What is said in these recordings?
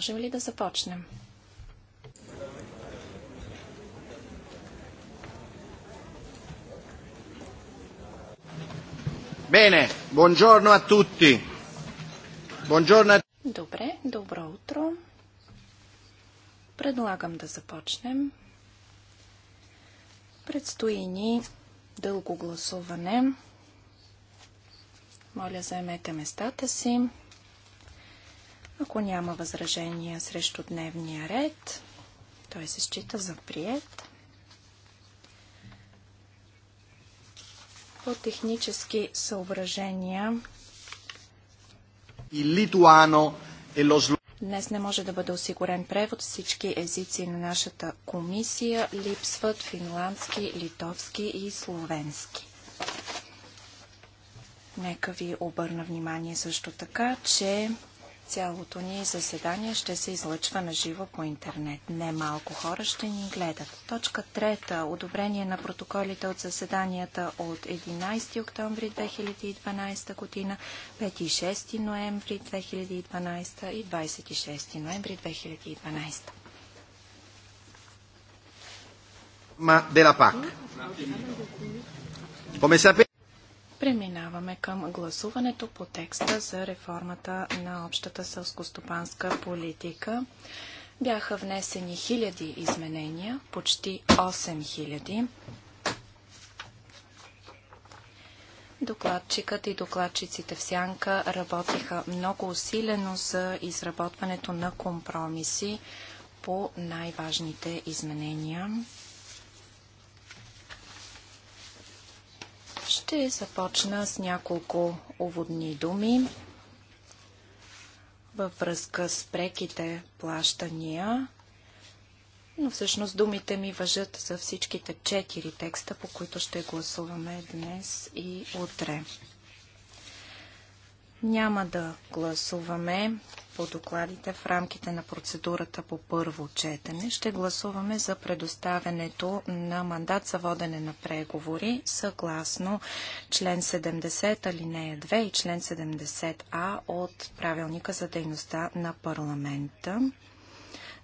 Можем ли да започнем? Bene, buongiorno a tutti. Buongiorno a... Добре, добро утро. Предлагам да започнем. Предстои ни дълго гласуване. Моля, заемете местата си. Ако няма възражения срещу дневния ред, той се счита за прият. По технически съображения е Днес не може да бъде осигурен превод. Всички езици на нашата комисия липсват финландски, литовски и словенски. Нека ви обърна внимание също така, че Цялото ни заседание ще се излъчва на живо по интернет. Немалко хора ще ни гледат. Точка трета. Одобрение на протоколите от заседанията от 11 октомври 2012 година, 5 и 6 ноември 2012 и 26 ноември 2012. Ma della PAC. Come sapete... Преминаваме към гласуването по текста за реформата на общата сълскостопанска политика. Бяха внесени хиляди изменения, почти 8000. Докладчикът и докладчиците в Сянка работиха много усилено за изработването на компромиси по най-важните изменения. Ще започна с няколко уводни думи във връзка с преките плащания, но всъщност думите ми въжат за всичките четири текста, по които ще гласуваме днес и утре. Няма да гласуваме по докладите в рамките на процедурата по първо четене. Ще гласуваме за предоставянето на мандат за водене на преговори съгласно член 70 алинея 2 и член 70а от правилника за дейността на парламента.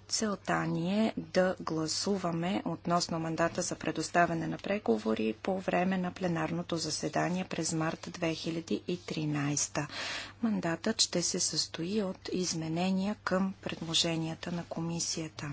Целта ни е да гласуваме относно мандата за предоставяне на преговори по време на пленарното заседание през март 2013. Мандатът ще се състои от изменения към предложенията на комисията.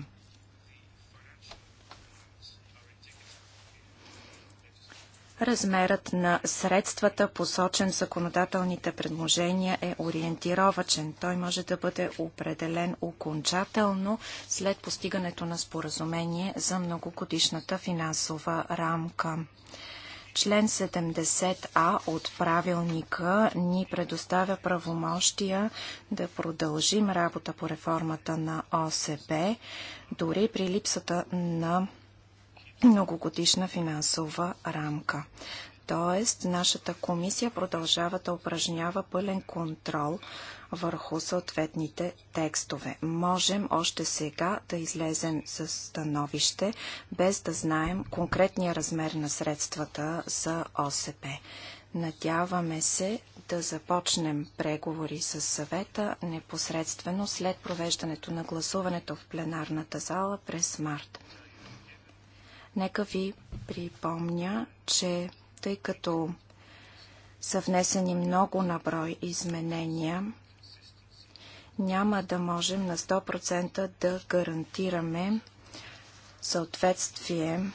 Размерът на средствата, посочен в законодателните предложения, е ориентировачен. Той може да бъде определен окончателно след постигането на споразумение за многогодишната финансова рамка. Член 70а от правилника ни предоставя правомощия да продължим работа по реформата на ОСБ, дори при липсата на многогодишна финансова рамка. Тоест, нашата комисия продължава да упражнява пълен контрол върху съответните текстове. Можем още сега да излезем с становище, без да знаем конкретния размер на средствата за ОСП. Надяваме се да започнем преговори с съвета непосредствено след провеждането на гласуването в пленарната зала през март. Нека ви припомня, че тъй като са внесени много наброй изменения, няма да можем на 100% да гарантираме съответствие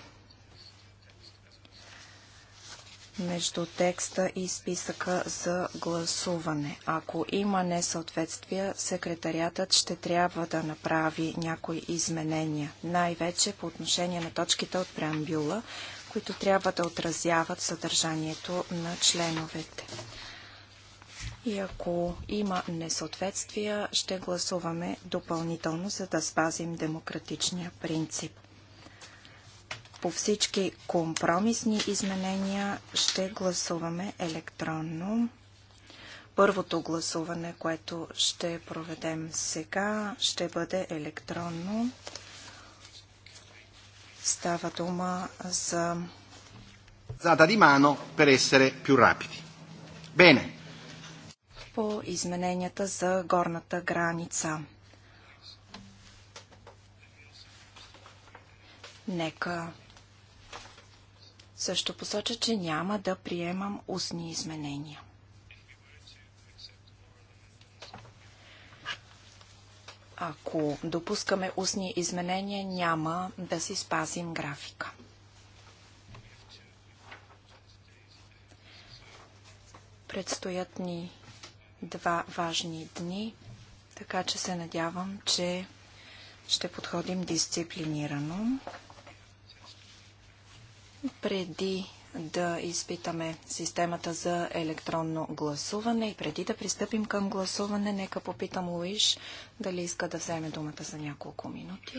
между текста и списъка за гласуване. Ако има несъответствия, секретариатът ще трябва да направи някои изменения, най-вече по отношение на точките от преамбюла, които трябва да отразяват съдържанието на членовете. И ако има несъответствия, ще гласуваме допълнително, за да спазим демократичния принцип. По всички компромисни изменения ще гласуваме електронно. Първото гласуване, което ще проведем сега, ще бъде електронно. Става дума за... Зада di mano per essere più rapidi. Bene. По измененията за горната граница. Нека също посоча, че няма да приемам устни изменения. Ако допускаме устни изменения, няма да си спазим графика. Предстоят ни два важни дни, така че се надявам, че ще подходим дисциплинирано. Преди да изпитаме системата за електронно гласуване и преди да пристъпим към гласуване, нека попитам Луиш дали иска да вземе думата за няколко минути.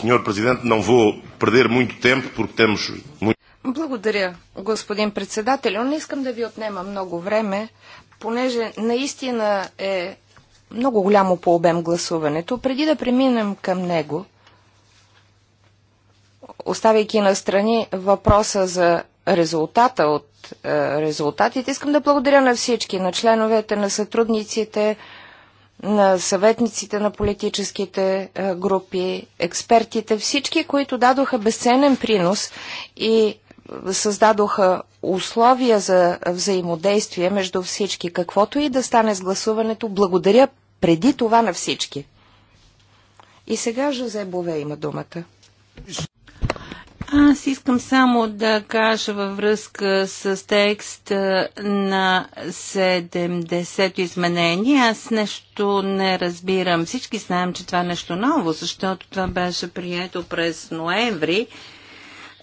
Сеньор президент, não vou perder muito tempo, porque Благодаря, господин председател. Не искам да ви отнема много време, понеже наистина е много голямо по обем гласуването. Преди да преминем към него, оставяйки на страни въпроса за резултата от е, резултатите, искам да благодаря на всички, на членовете, на сътрудниците, на съветниците на политическите е, групи, експертите, всички, които дадоха безценен принос и е, създадоха условия за взаимодействие между всички. Каквото и да стане с гласуването, благодаря преди това на всички. И сега Жозе Бове има думата. Аз искам само да кажа във връзка с текст на 70 изменение. Аз нещо не разбирам. Всички знаем, че това е нещо ново, защото това беше прието през ноември.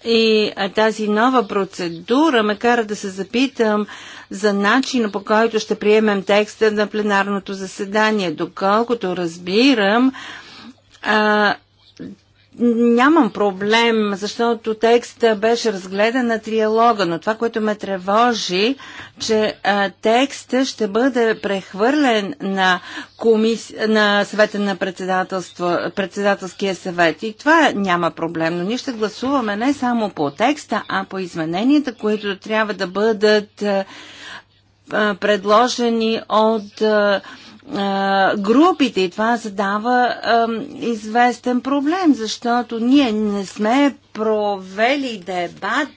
И тази нова процедура ме кара да се запитам за начина по който ще приемем текста на пленарното заседание. Доколкото разбирам, а, Нямам проблем, защото текста беше разгледан на триалога, но това, което ме тревожи, че а, текста ще бъде прехвърлен на, комис... на съвета на председателство, председателския съвет. И това няма проблем, но ние ще гласуваме не само по текста, а по измененията, които трябва да бъдат а, предложени от. А, групите и това задава известен проблем, защото ние не сме провели дебат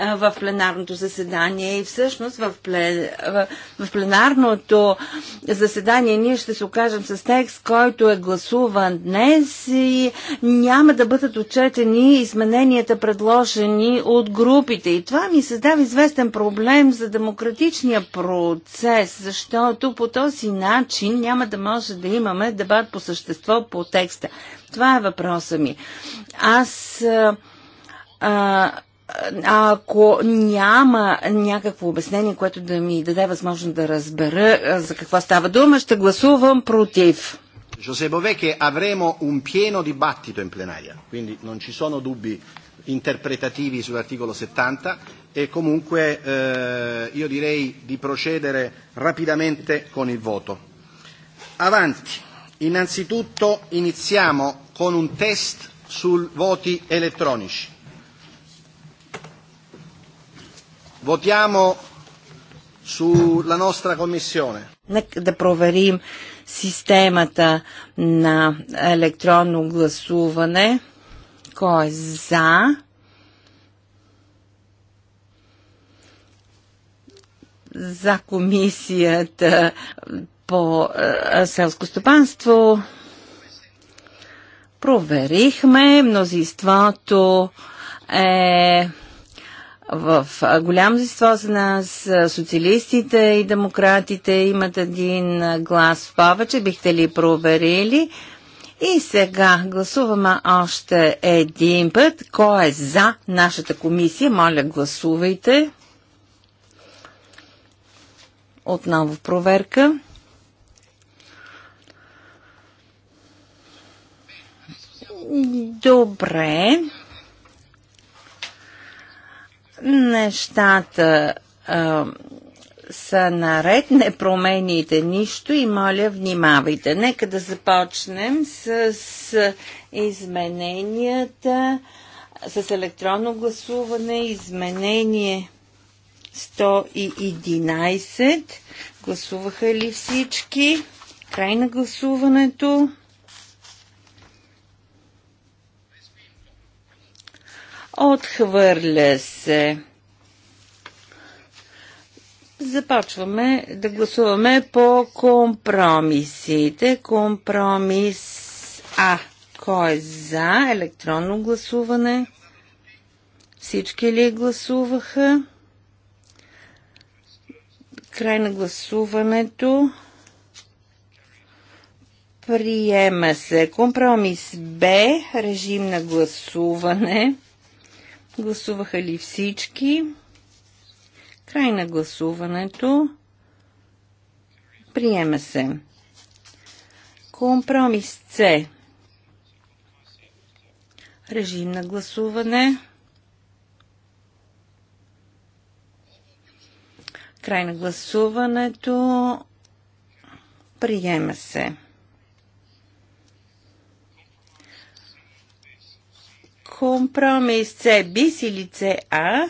в пленарното заседание и всъщност в, плен, в, в пленарното заседание ние ще се окажем с текст, който е гласуван днес и няма да бъдат отчетени измененията предложени от групите. И това ми създава известен проблем за демократичния процес, защото по този начин няма да може да имаме дебат по същество по текста. Това е въпроса ми. Аз а, а ако няма някакво обяснение, което да ми даде възможност да разбера за какво става дума, ще гласувам против. José Bové avremo un pieno dibattito in plenaria, quindi non ci sono dubbi interpretativi sull'articolo 70 e comunque eh, io direi di procedere rapidamente con il voto. Avanti. Innanzitutto iniziamo con un test sui voti elettronici. Votiamo sulla nostra commissione. Нека да проверим системата на електронно гласуване. Кой е за? За комисията по е, селско стопанство Проверихме, мнозинството е в голям мнозинство за нас, социалистите и демократите имат един глас повече. Бихте ли проверили? И сега гласуваме още един път. Кой е за нашата комисия? Моля, гласувайте. Отново проверка. Добре. Нещата а, са наред, не промените нищо и моля внимавайте. Нека да започнем с, с измененията, с електронно гласуване, изменение 111. Гласуваха ли всички? Край на гласуването. Отхвърля се. Започваме да гласуваме по компромисите. Компромис А. Кой е за електронно гласуване? Всички ли гласуваха? Край на гласуването. Приема се компромис Б, режим на гласуване. Гласуваха ли всички? Край на гласуването. Приема се. Компромис С. Режим на гласуване. Край на гласуването. Приема се. Компромис С бис или С А.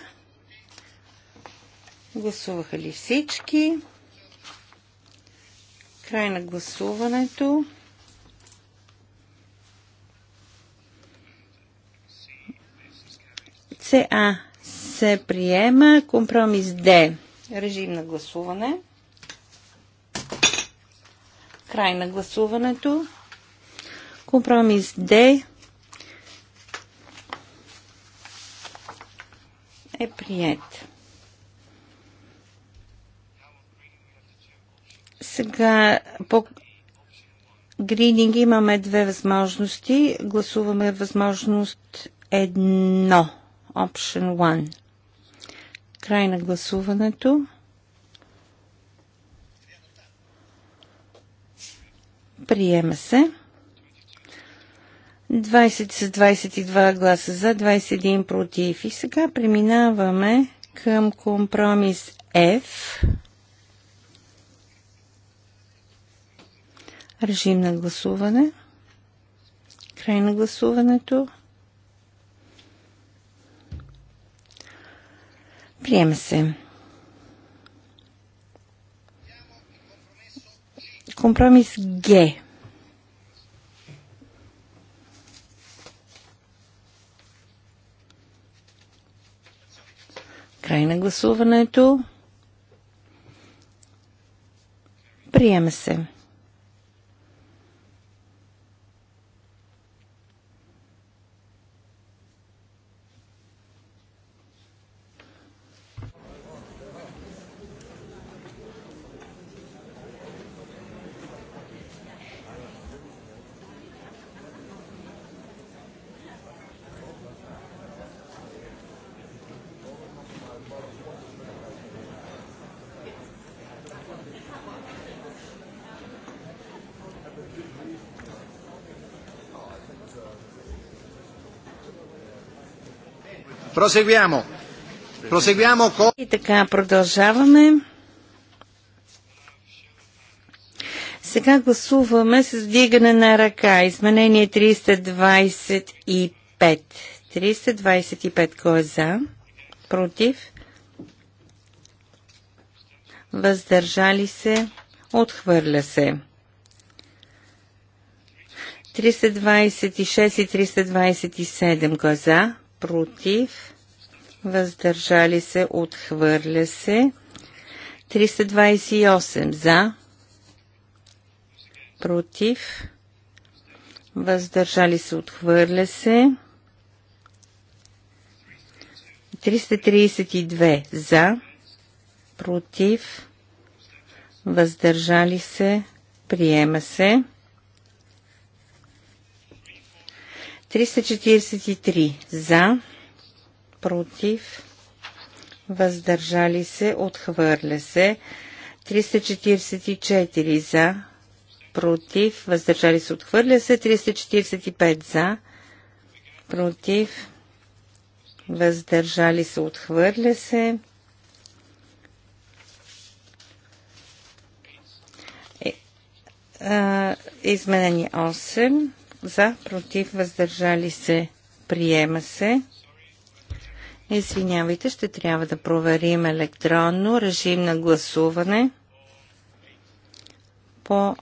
Гласуваха ли всички? Край на гласуването. СА се приема. Компромис Д. Режим на гласуване. Край на гласуването. Компромис Д е прият. Сега по гридинг имаме две възможности. Гласуваме възможност едно. Option One. Край на гласуването. Приема се. 20 с 22 гласа за, 21 против. И сега преминаваме към компромис F. Режим на гласуване. Край на гласуването. Приема се. Компромис Г. гласуването. Приема се. И така, продължаваме. Сега гласуваме с вдигане на ръка. Изменение 325. 325. Кой е за? Против? Въздържали се? Отхвърля се. 326 и 327 е за? против, въздържали се, отхвърля се. 328 за, против, въздържали се, отхвърля се. 332 за, против, въздържали се, приема се. 343 за, против, въздържали се, отхвърля се. 344 за, против, въздържали се, отхвърля се. 345 за, против, въздържали се, отхвърля се. Е, Изменени 8 за, против, въздържали се, приема се. Извинявайте, ще трябва да проверим електронно режим на гласуване по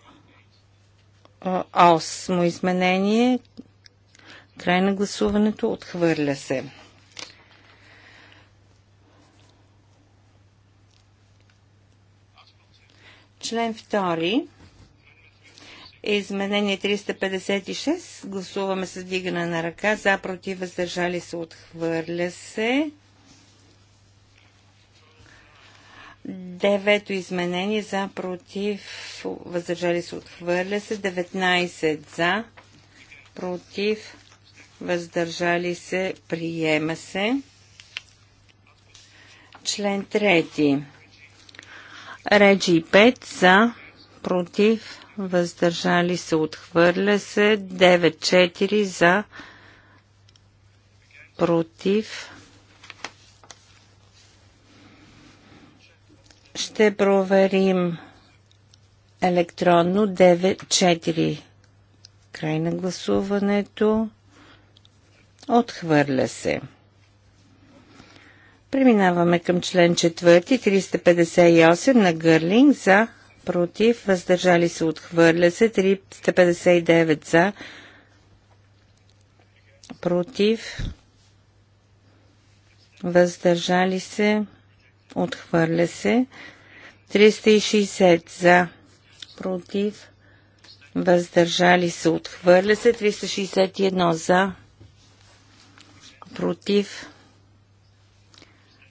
осмо изменение. Край на гласуването отхвърля се. Член 2. Изменение 356. Гласуваме с дигане на ръка. За, против, въздържали се, отхвърля се. Девето изменение за, против, въздържали се, отхвърля се. 19 за, против, въздържали се, приема се. Член 3. Реджи 5 за, против, въздържали се, отхвърля се, 9-4 за, против. Ще проверим електронно 9-4. Край на гласуването. Отхвърля се. Преминаваме към член 4, 358 на Гърлинг за против, въздържали се, отхвърля се, 359 за, против, въздържали се, отхвърля се, 360 за, против, въздържали се, отхвърля се, 361 за, против,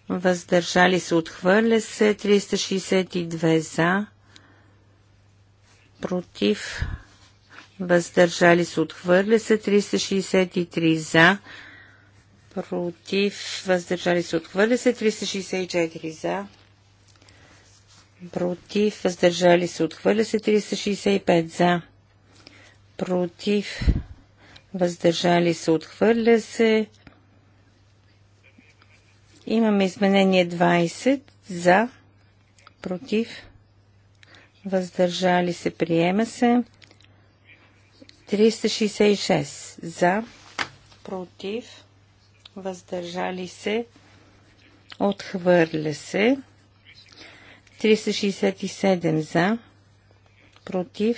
въздържали се, отхвърля се, 362 за, против, въздържали се, отхвърля се 363 за, против, въздържали се, отхвърля се 364 за, против, въздържали се, отхвърля се 365 за, против, въздържали се, отхвърля се. Имаме изменение 20 за, против, въздържали се, приема се. 366 за, против, въздържали се, отхвърля се. 367 за, против,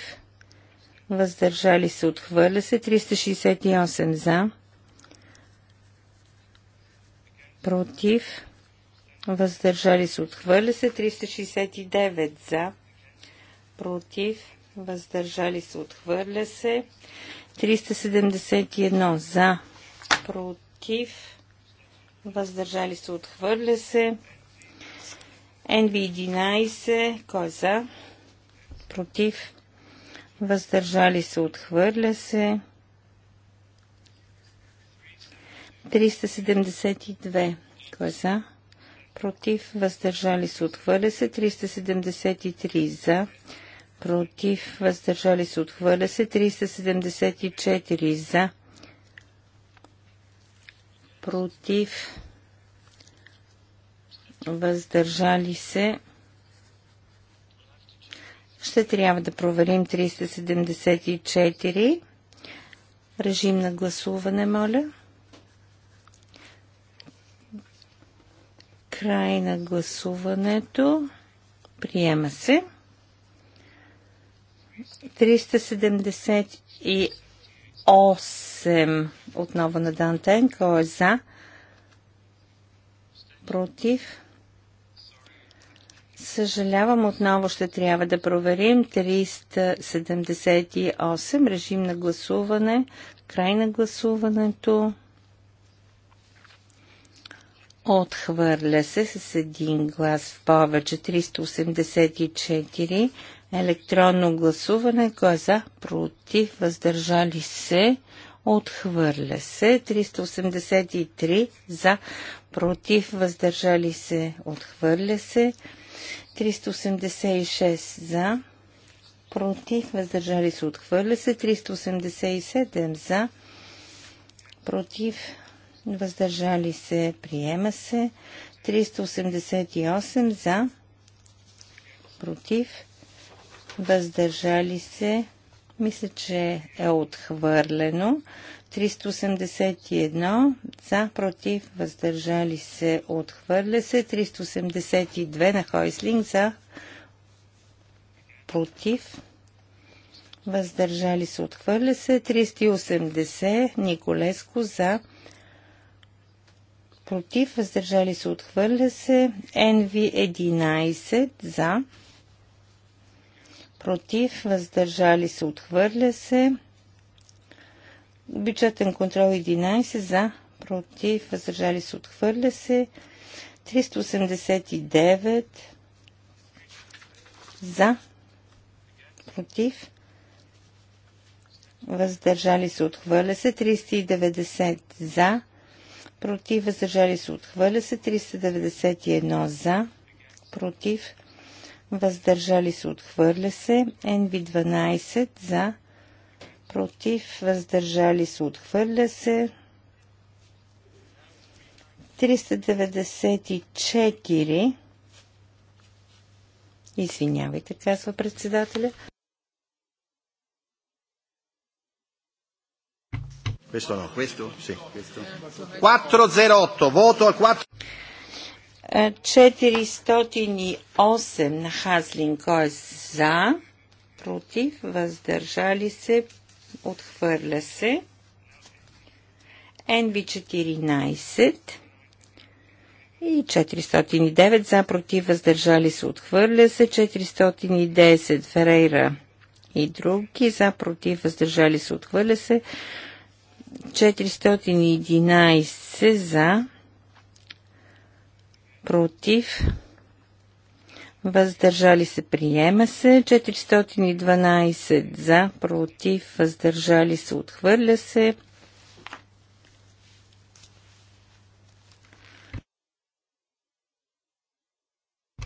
въздържали се, отхвърля се. 368 за, против, въздържали се, отхвърля се. 369 за, против, въздържали се, отхвърля се. 371 за, против, въздържали се, отхвърля се. NV11, кой е за? Против, въздържали се, отхвърля се. 372, кой е за? Против, въздържали се, отхвърля се. 373 за против, въздържали се, отхвърля се. 374 за, против, въздържали се. Ще трябва да проверим 374. Режим на гласуване, моля. Край на гласуването. Приема се. 378 отново на Дантен. Кой е за? Против? Съжалявам, отново ще трябва да проверим. 378. Режим на гласуване. Край на гласуването. Отхвърля се с един глас в повече. 384 Електронно гласуване. Кой е за? Против. Въздържали се. Отхвърля се. 383 за. Против. Въздържали се. Отхвърля се. 386 за. Против. Въздържали се. Отхвърля се. 387 за. Против. Въздържали се. Приема се. 388 за. Против въздържали се, мисля, че е отхвърлено. 381 за, против, въздържали се, отхвърля се. 382 на Хойслинг за, против, въздържали се, отхвърля се. 380 Николеско за, против, въздържали се, отхвърля се. NV 11 за, против, против, въздържали се, отхвърля се. Бюджетен контрол 11 за, против, въздържали се, отхвърля се. 389 за, против, въздържали се, отхвърля се. 390 за, против, въздържали се, отхвърля се. 391 за, против, въздържали се, отхвърля се. nb 12 за, против, въздържали се, отхвърля се. 394. Извинявайте, казва председателя. Questo no, questo? Sì. Questo. 408, voto al 4. 408 на Хазлин. Кой е за? Против? Въздържали се? Отхвърля се. NB14 и 409 за против въздържали се отхвърля се 410 Ферейра и други за против въздържали се отхвърля се 411 за против, въздържали се, приема се, 412 за, против, въздържали се, отхвърля се.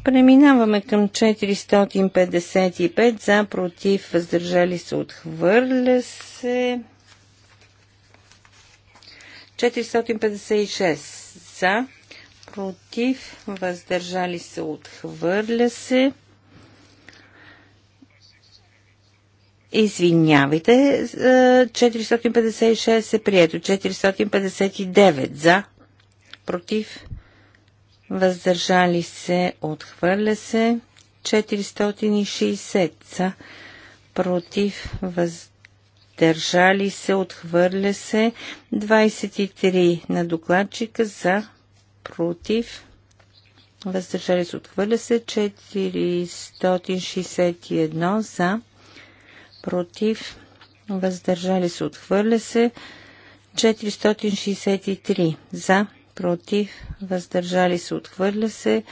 Преминаваме към 455 за, против, въздържали се, отхвърля се. 456 за, против, въздържали се, отхвърля се. Извинявайте, 456 е, се е прието, 459 за, против, въздържали се, отхвърля се, 460 за, против, въздържали се, отхвърля се, 23 на докладчика за, против, въздържали се, отхвърля се 461 за, против, въздържали се, отхвърля се 463 за, против, въздържали се, отхвърля се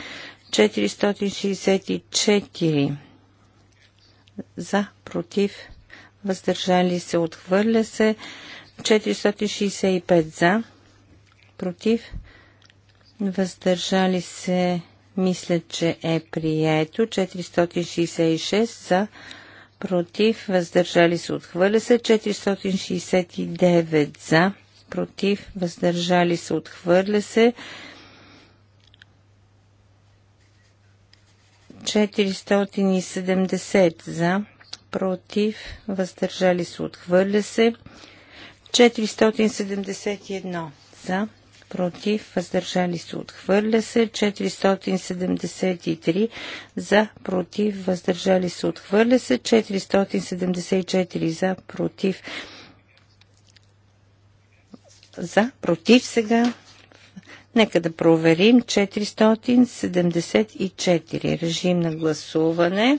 464 за, против, въздържали се, отхвърля се 465 за, против, въздържали се, мисля, че е прието. 466 за, против, въздържали се, отхвърля се. 469 за, против, въздържали се, отхвърля се. 470 за, против, въздържали се, отхвърля се. 471 за, против, въздържали се, отхвърля се, 473 за, против, въздържали се, отхвърля се, 474 за, против, за, против сега. Нека да проверим 474. Режим на гласуване.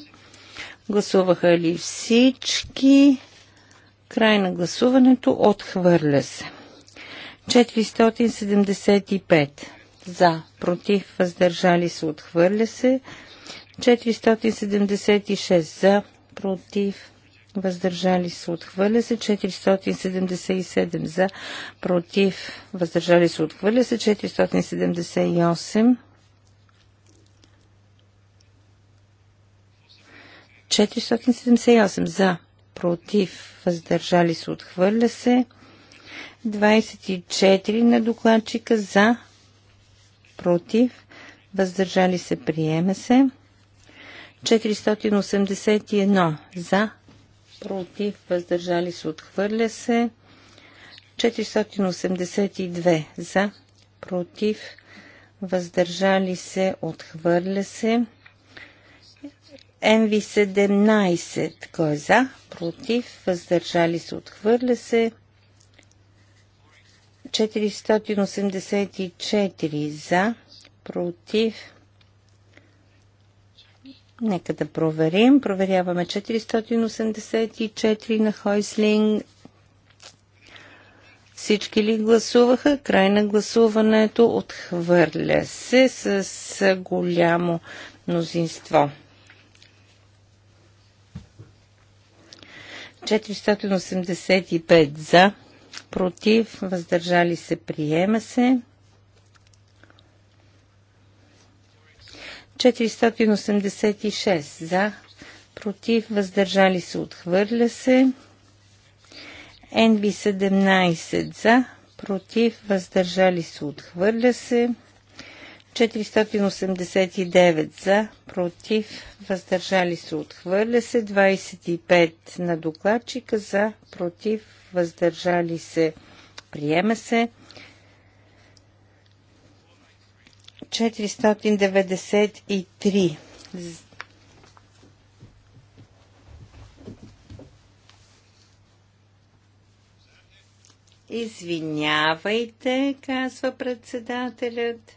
Гласуваха ли всички? Край на гласуването отхвърля се. 475 за, против, въздържали се, отхвърля се. 476 за, против, въздържали се, отхвърля се. 477 за, против, въздържали се, отхвърля се. 478 478 за, против, въздържали се, отхвърля се. 24 на докладчика за, против, въздържали се, приема се. 481 за, против, въздържали се, отхвърля се. 482 за, против, въздържали се, отхвърля се. МВ-17, кой е за, против, въздържали се, отхвърля се. 484 за, против. Нека да проверим. Проверяваме 484 на Хойслинг. Всички ли гласуваха? Край на гласуването отхвърля се с голямо мнозинство. 485 за, против, въздържали се, приема се. 486 за, против, въздържали се, отхвърля се. NB 17 за, против, въздържали се, отхвърля се. 489 за, против, въздържали се, отхвърля се. 25 на докладчика за, против, въздържали се, приема се. 493 Извинявайте, казва председателят.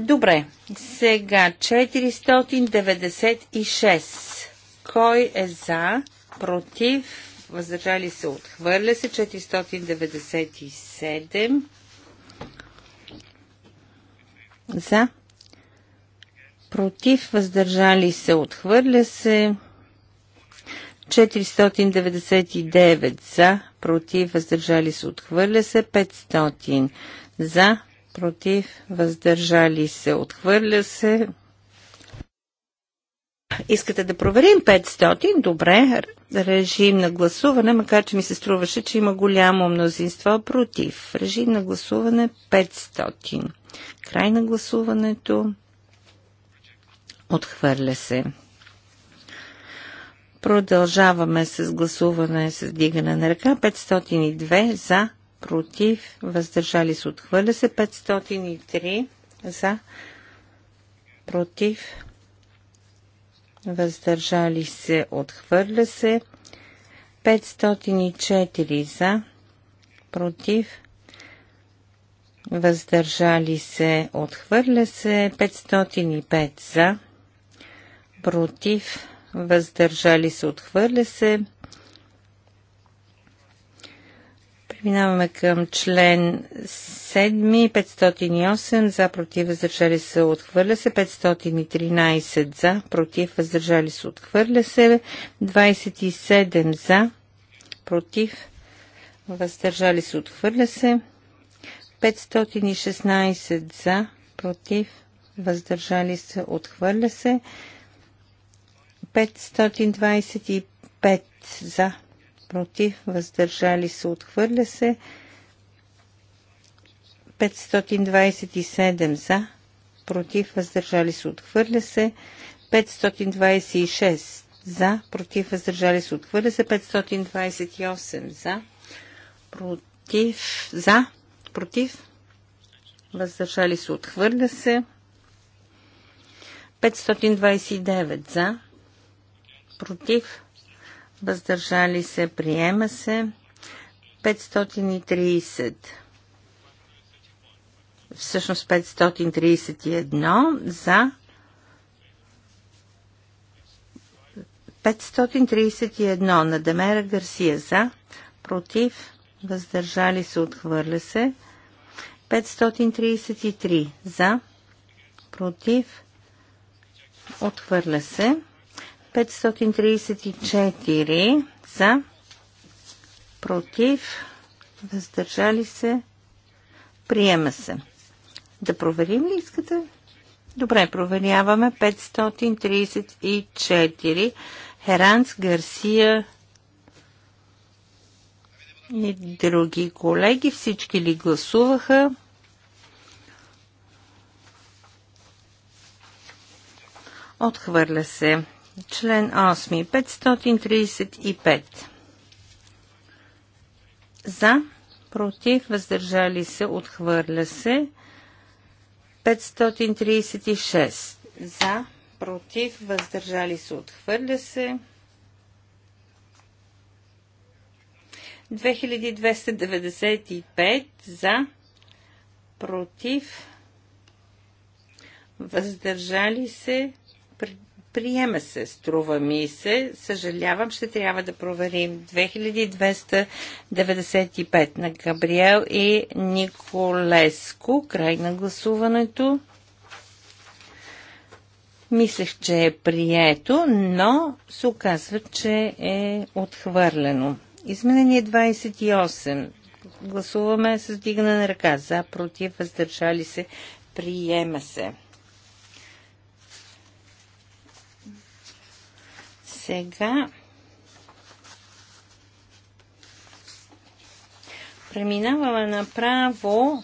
Добре, сега 496. Кой е за, против, въздържали се, отхвърля се 497. За, против, въздържали се, отхвърля се 499 за, против, въздържали се, отхвърля се 500 за, против, въздържали се, отхвърля се. Искате да проверим 500? Добре, режим на гласуване, макар че ми се струваше, че има голямо мнозинство против. Режим на гласуване 500. Край на гласуването. Отхвърля се. Продължаваме с гласуване с дигане на ръка. 502 за, против, въздържали се, отхвърля се 503 за, против, въздържали се, отхвърля се 504 за, против, въздържали се, отхвърля се 505 за, против, въздържали се, отхвърля се 505 Преминаваме към член 7, 508 за, против, въздържали се, отхвърля се, 513 за, против, въздържали се, отхвърля се, 27 за, против, въздържали се, отхвърля се, 516 за, против, въздържали се, отхвърля се, 525 за, против, въздържали се, отхвърля се. 527 за, против, въздържали се, отхвърля се. 526 за, против, въздържали се, отхвърля се. 528 за, против, за, против, въздържали се, отхвърля се. 529 за, против, въздържали се, приема се. 530. Всъщност 531 за 531 на Демера Гарсия за, против, въздържали се, отхвърля се. 533 за, против, отхвърля се. 534 за, против, въздържали се, приема се. Да проверим ли искате? Добре, проверяваме 534 Херанс Гарсия и други колеги. Всички ли гласуваха? Отхвърля се. Член 8. 535. За. Против. Въздържали се. Отхвърля се. 536. За. Против. Въздържали се. Отхвърля се. 2295 за, против, въздържали се, Приема се, струва ми се. Съжалявам, ще трябва да проверим. 2295 на Габриел и Николеско. Край на гласуването. Мислех, че е прието, но се оказва, че е отхвърлено. Изменение 28. Гласуваме с дигане на ръка. За, против, въздържали се. Приема се. Сега преминаваме направо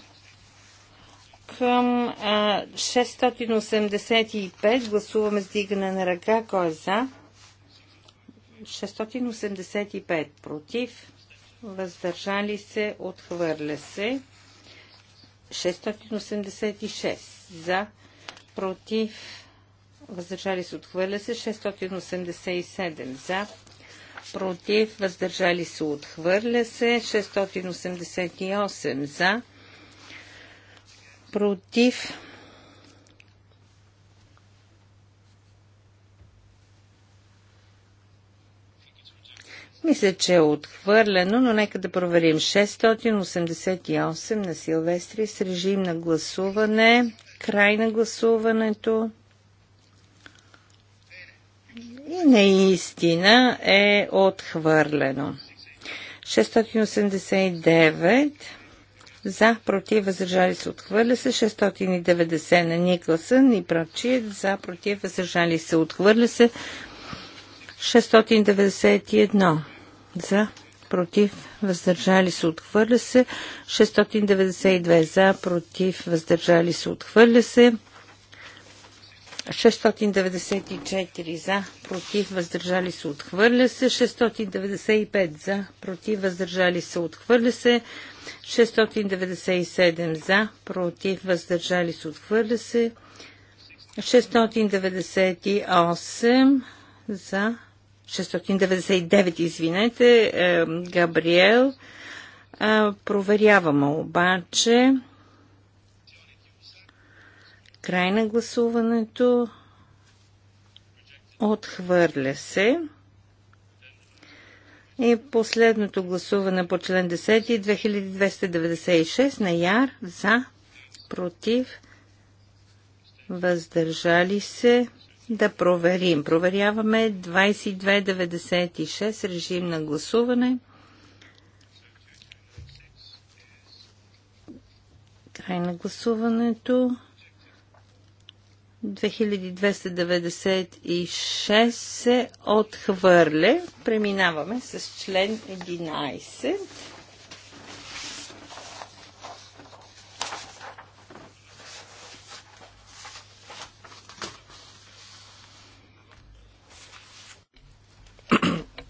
към 685. Гласуваме с дигане на ръка. Кой е за? 685 против. Въздържали се. Отхвърля се. 686 за. Против въздържали се, отхвърля се. 687 за, против, въздържали се, отхвърля се. 688 за, против, Мисля, че е отхвърлено, но нека да проверим. 688 на Силвестри с режим на гласуване. Край на гласуването и наистина е отхвърлено. 689 за, против, въздържали се, отхвърля се. 690 на Никълсън и прочие. За, против, въздържали се, отхвърля се. 691 за, против, въздържали се, отхвърля се. 692 за, против, въздържали се, отхвърля се. 694 за, против, въздържали се, отхвърля се. 695 за, против, въздържали се, отхвърля се. 697 за, против, въздържали се, отхвърля се. 698 за, 699, извинете, е, Габриел. Проверяваме обаче. Край на гласуването. Отхвърля се. И последното гласуване по член 10 2296 на Яр за, против, въздържали се. Да проверим. Проверяваме 2296 режим на гласуване. Край на гласуването. 2296 се отхвърля. Преминаваме с член 11.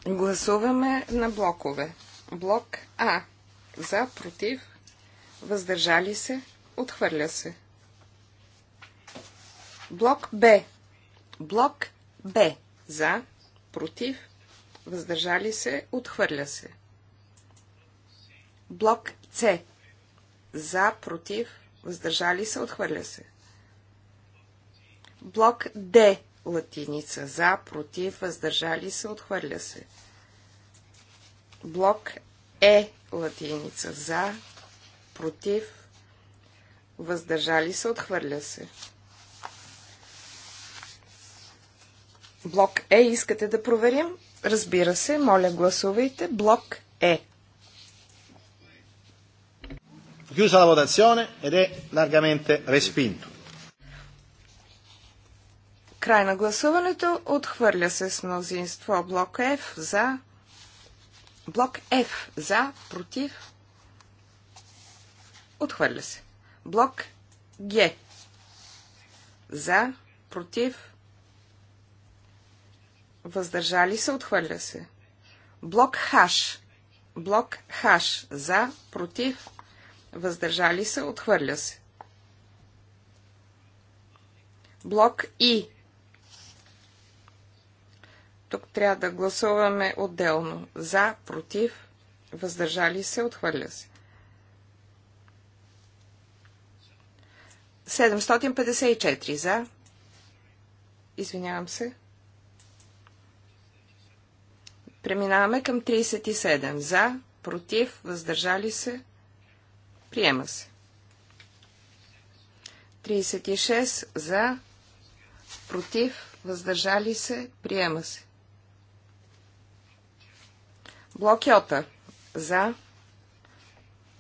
Гласуваме на блокове. Блок А. За, против, въздържали се, отхвърля се. Блок Б. Блок Б. За, против, въздържали се, отхвърля се. Блок С. За, против, въздържали се, отхвърля се. Блок Д. Латиница. За, против, въздържали се, отхвърля се. Блок Е. Латиница. За, против, въздържали се, отхвърля се. Блок Е искате да проверим? Разбира се, моля гласувайте. Блок Е. Chiusa la votazione ed è largamente respinto. Край на гласуването отхвърля се с мнозинство блок F за блок F за против отхвърля се. Блок Г за против въздържали се, отхвърля се. Блок хаш. Блок хаш. За, против, въздържали се, отхвърля се. Блок И. Тук трябва да гласуваме отделно. За, против, въздържали се, отхвърля се. 754 за. Извинявам се. Преминаваме към 37. За, против, въздържали се, приема се. 36. За, против, въздържали се, приема се. Блок Йота. За.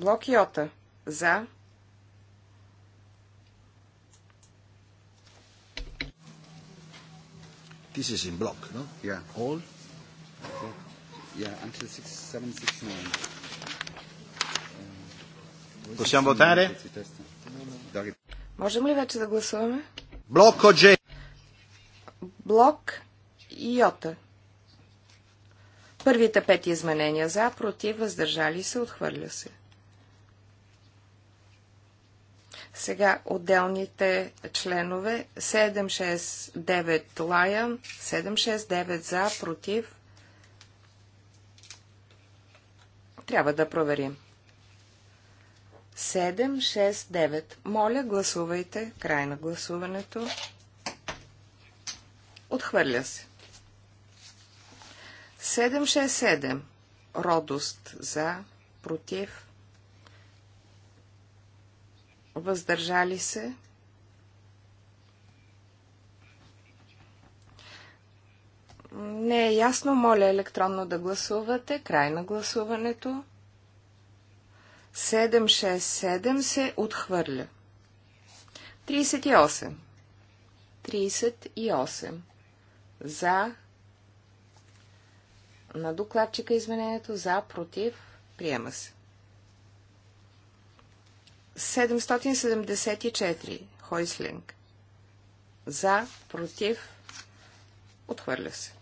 Блок Йота. За. Ти is блок, block, no? Yeah. Possiamo votare? Можем ли вече да гласуваме? Блок J. Блок Йота. Първите пет изменения за, против, въздържали се, отхвърля се. Сега отделните членове 769 лая, 769 за, против, Трябва да проверим. 769. Моля, гласувайте. Край на гласуването. Отхвърля се. 767. Родост за, против, въздържали се, не е ясно, моля електронно да гласувате. Край на гласуването. 767 се отхвърля. 38. 38. За. На докладчика изменението за, против, приема се. 774. Хойслинг. За, против, отхвърля се.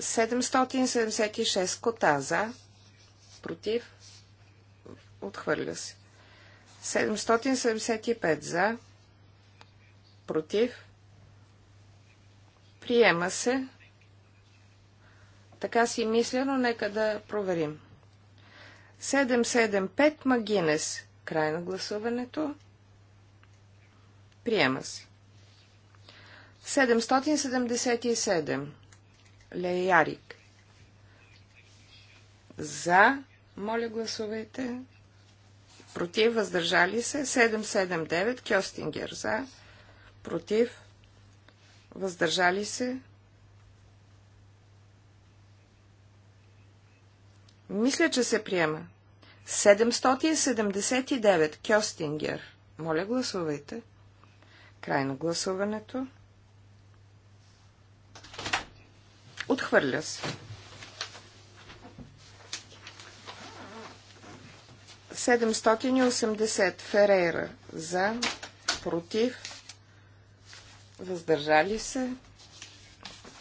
776 кота за, против, отхвърля се. 775 за, против, приема се. Така си мисля, но нека да проверим. 775 Магинес. Край на гласуването. Приема се. 777 Леярик. За. Моля, гласувайте. Против. Въздържали се. 779. Кьостингер. За. Против. Въздържали се. Мисля, че се приема. 779. Кьостингер. Моля, гласувайте. Край на гласуването. Отхвърля се. Седемстотини осемдесет. Ферейра. За. Против. Въздържали се.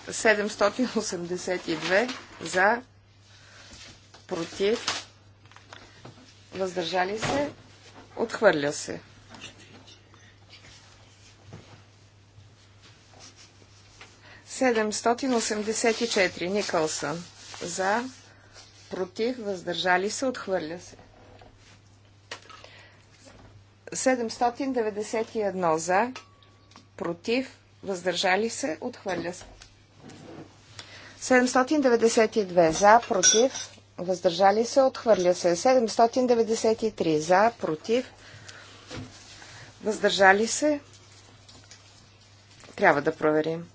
782 за, против, въздържали се, отхвърля се. 784. Никълсън. За. Против. Въздържали се. Отхвърля се. 791 за, против, въздържали се, отхвърля се. 792 за, против, въздържали се, отхвърля се. 793 за, против, въздържали се. Трябва да проверим.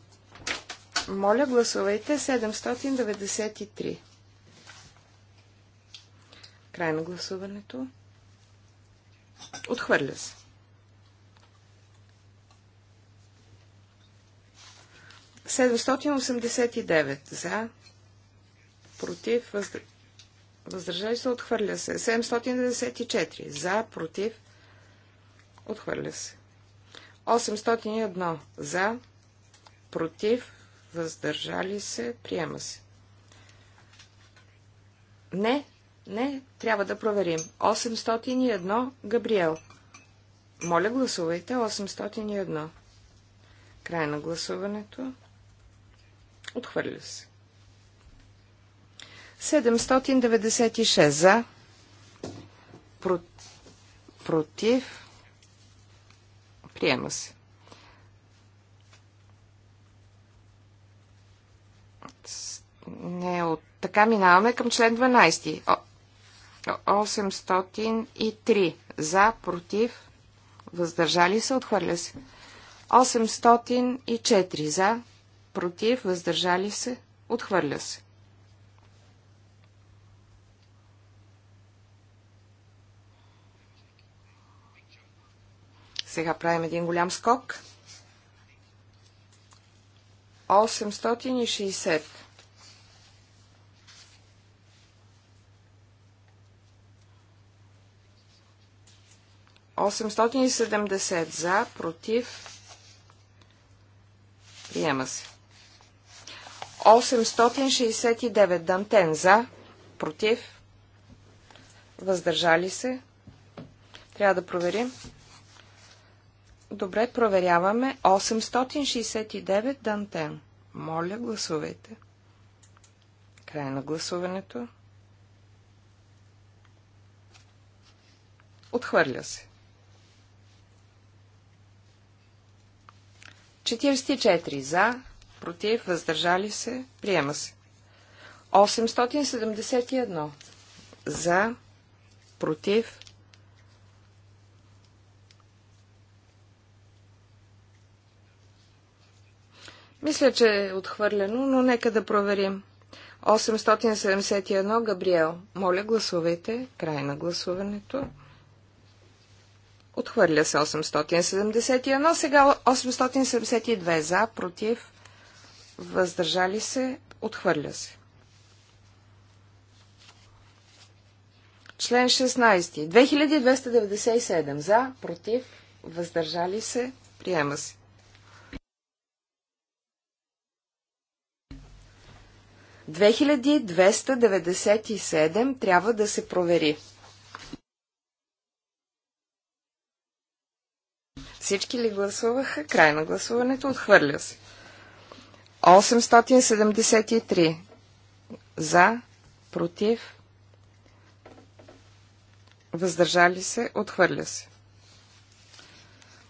Моля, гласувайте 793. Край на гласуването. Отхвърля се. Седемстотин за, против, въздър... въздържали се, отхвърля се. 794 за, против, отхвърля се. 801 за, против, въздържали се, приема се. Не, не, трябва да проверим. 801 Габриел. Моля, гласувайте 801. Край на гласуването. Отхвърля се. 796 за. Против. Приема се. не от... Така минаваме към член 12. 803 за, против, въздържали се, отхвърля се. 804 за, против, въздържали се, отхвърля се. Сега правим един голям скок. 860. 870 за, против, приема се. 869 Дантен за, против, въздържали се. Трябва да проверим. Добре, проверяваме. 869 Дантен. Моля, гласувайте. Край на гласуването. Отхвърля се. 44 за, против, въздържали се, приема се. 871 за, против, Мисля, че е отхвърлено, но нека да проверим. 871 Габриел. Моля, гласувайте. Край на гласуването. Отхвърля се 871. Сега 872 за, против, въздържали се, отхвърля се. Член 16. 2297 за, против, въздържали се, приема се. Две трябва да се провери. Всички ли гласуваха? Край на гласуването. Отхвърля се. 873. За. Против. Въздържали се. Отхвърля се.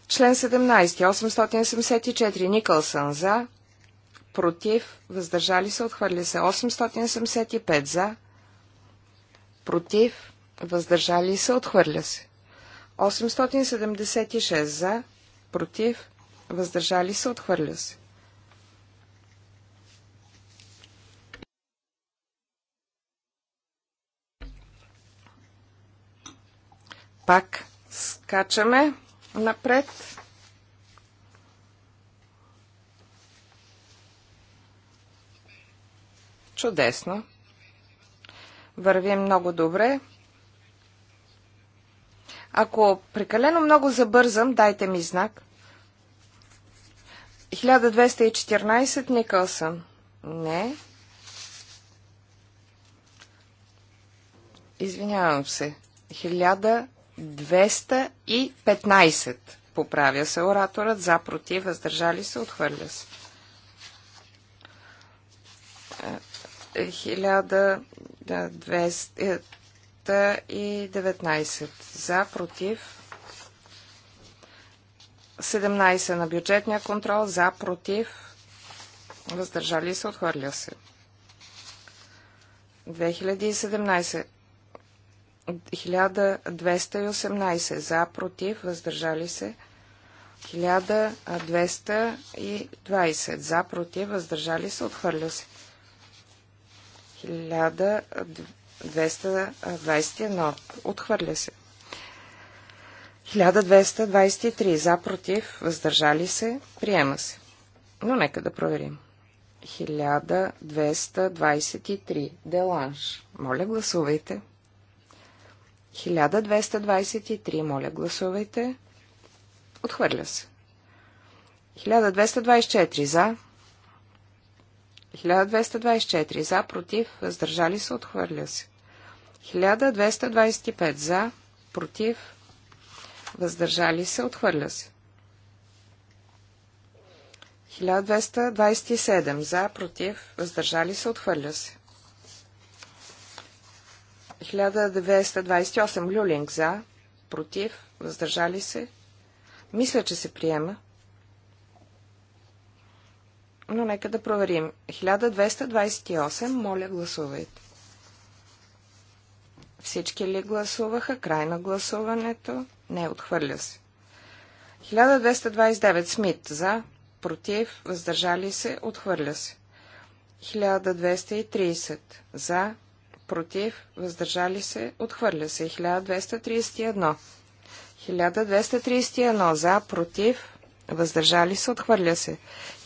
Член 17. 874. Никълсън. За. Против. Въздържали се. Отхвърля се. 875. За. Против. Въздържали се. Отхвърля се. 876 за, против, въздържали се, отхвърля се. Пак скачаме напред. Чудесно. Вървим много добре. Ако прекалено много забързам, дайте ми знак. 1214 Никълсън. Не. Извинявам се. 1215. Поправя се ораторът. За, против, въздържали се, отхвърля се. 1200. Е, 319 за, против 17 на бюджетния контрол, за, против въздържали се, отхвърля се. 2017 1218 за, против, въздържали се 1220 за, против, въздържали се, отхвърля се. 1220 221. Отхвърля се. 1223. За, против, въздържали се, приема се. Но нека да проверим. 1223. Деланш. Моля, гласувайте. 1223. Моля, гласувайте. Отхвърля се. 1224. За, 1224 за, против, въздържали се, отхвърля се. 1225 за, против, въздържали се, отхвърля се. 1227 за, против, въздържали се, отхвърля се. 1228 люлинг за, против, въздържали се. Мисля, че се приема. 1229 но нека да проверим. 1228, моля гласувайте. Всички ли гласуваха? Край на гласуването? Не, отхвърля се. 1229 Смит за, против, въздържали се, отхвърля се. 1230 за, против, въздържали се, отхвърля се. 1231 1231 за, против, въздържали се, отхвърля се.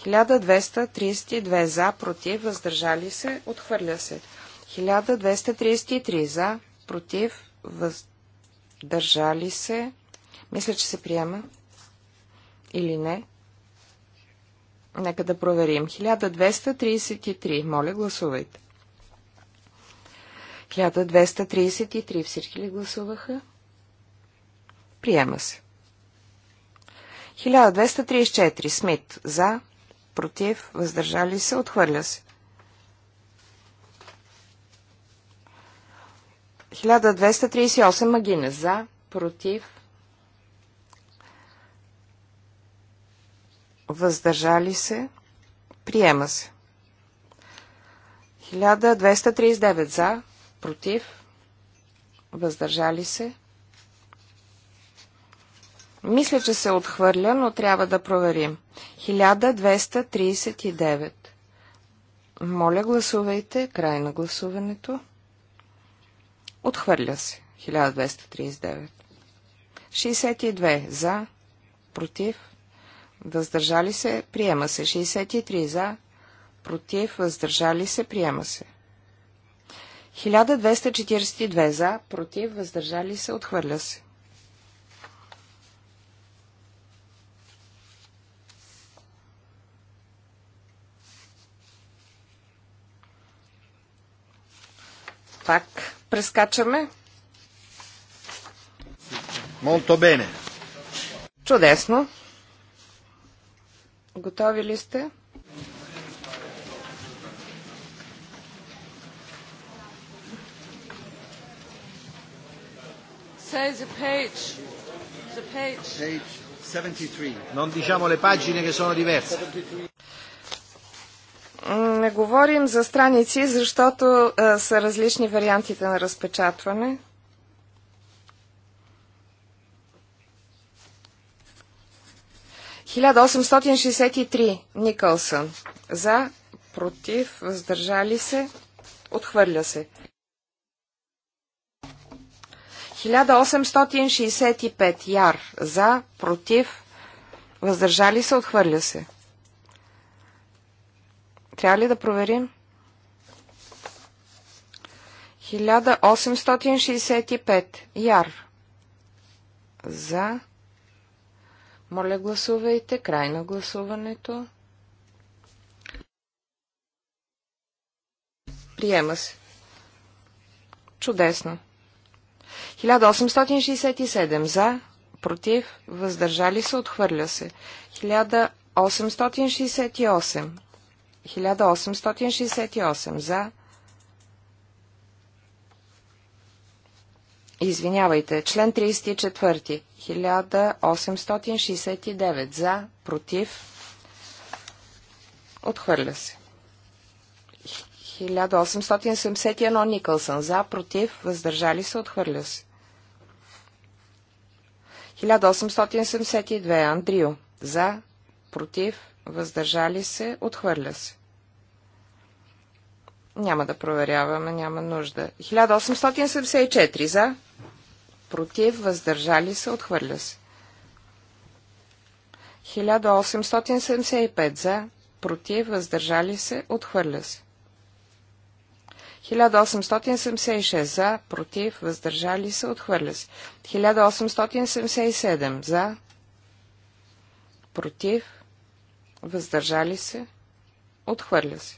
1232 за, против, въздържали се, отхвърля се. 1233 за, против, въздържали се. Мисля, че се приема. Или не? Нека да проверим. 1233. Моля, гласувайте. 1233. Всички ли гласуваха? Приема се. 1234. Смит. За. Против. Въздържали се. Отхвърля се. 1238. Магина. За. Против. Въздържали се. Приема се. 1239. За. Против. Въздържали се. Мисля, че се отхвърля, но трябва да проверим. 1239. Моля, гласувайте. Край на гласуването. Отхвърля се. 1239. 62 за, против, въздържали се, приема се. 63 за, против, въздържали се, приема се. 1242 за, против, въздържали се, отхвърля се. Пак прескачаме. Молто бене. Чудесно. Готови ли сте? Say the page. The page. Page 73. Non diciamo le pagine che sono diverse. Не говорим за страници, защото а, е, са различни вариантите на разпечатване. ...1863 Никълсън. За, против, въздържали се, отхвърля се. 1865 Яр. За, против, въздържали се, отхвърля се. 1866 трябва ли да проверим? 1865. Яр. За. Моля, гласувайте. Край на гласуването. Приема се. Чудесно. 1867 за, против, въздържали се, отхвърля се. 1868 1868 за. Извинявайте, член 34. 1869 за, против. Отхвърля се. 1871 Никълсън за, против, въздържали се, отхвърля се. 1872 Андрио за, против, въздържали се, отхвърля се. Няма да проверяваме, няма нужда. 1874 за, против, въздържали се, отхвърля се. 1875 за, против, въздържали се, отхвърля се. 1876 за, против, въздържали се, отхвърля се. 1877 за, против, въздържали се, отхвърля се.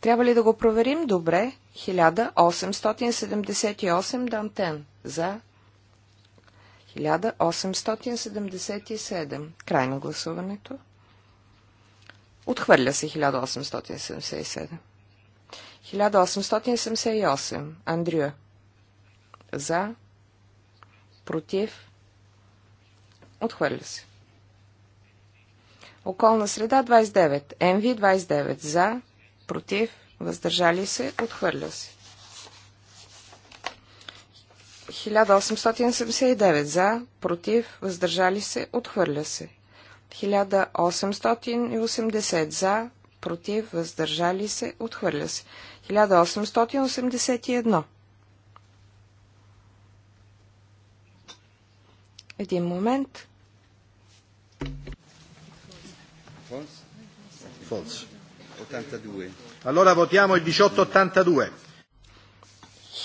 Трябва ли да го проверим? Добре. 1878 Дантен за 1877. Край на гласуването. Отхвърля се 1877. 1878. Андрю. За. Против. Отхвърля се. Околна среда 29. МВ 29. За, против, въздържали се, отхвърля се. 1879. За, против, въздържали се, отхвърля се. 1880. За, против, въздържали се, отхвърля се. 1881. Един момент. 82. Allora votiamo il 1882.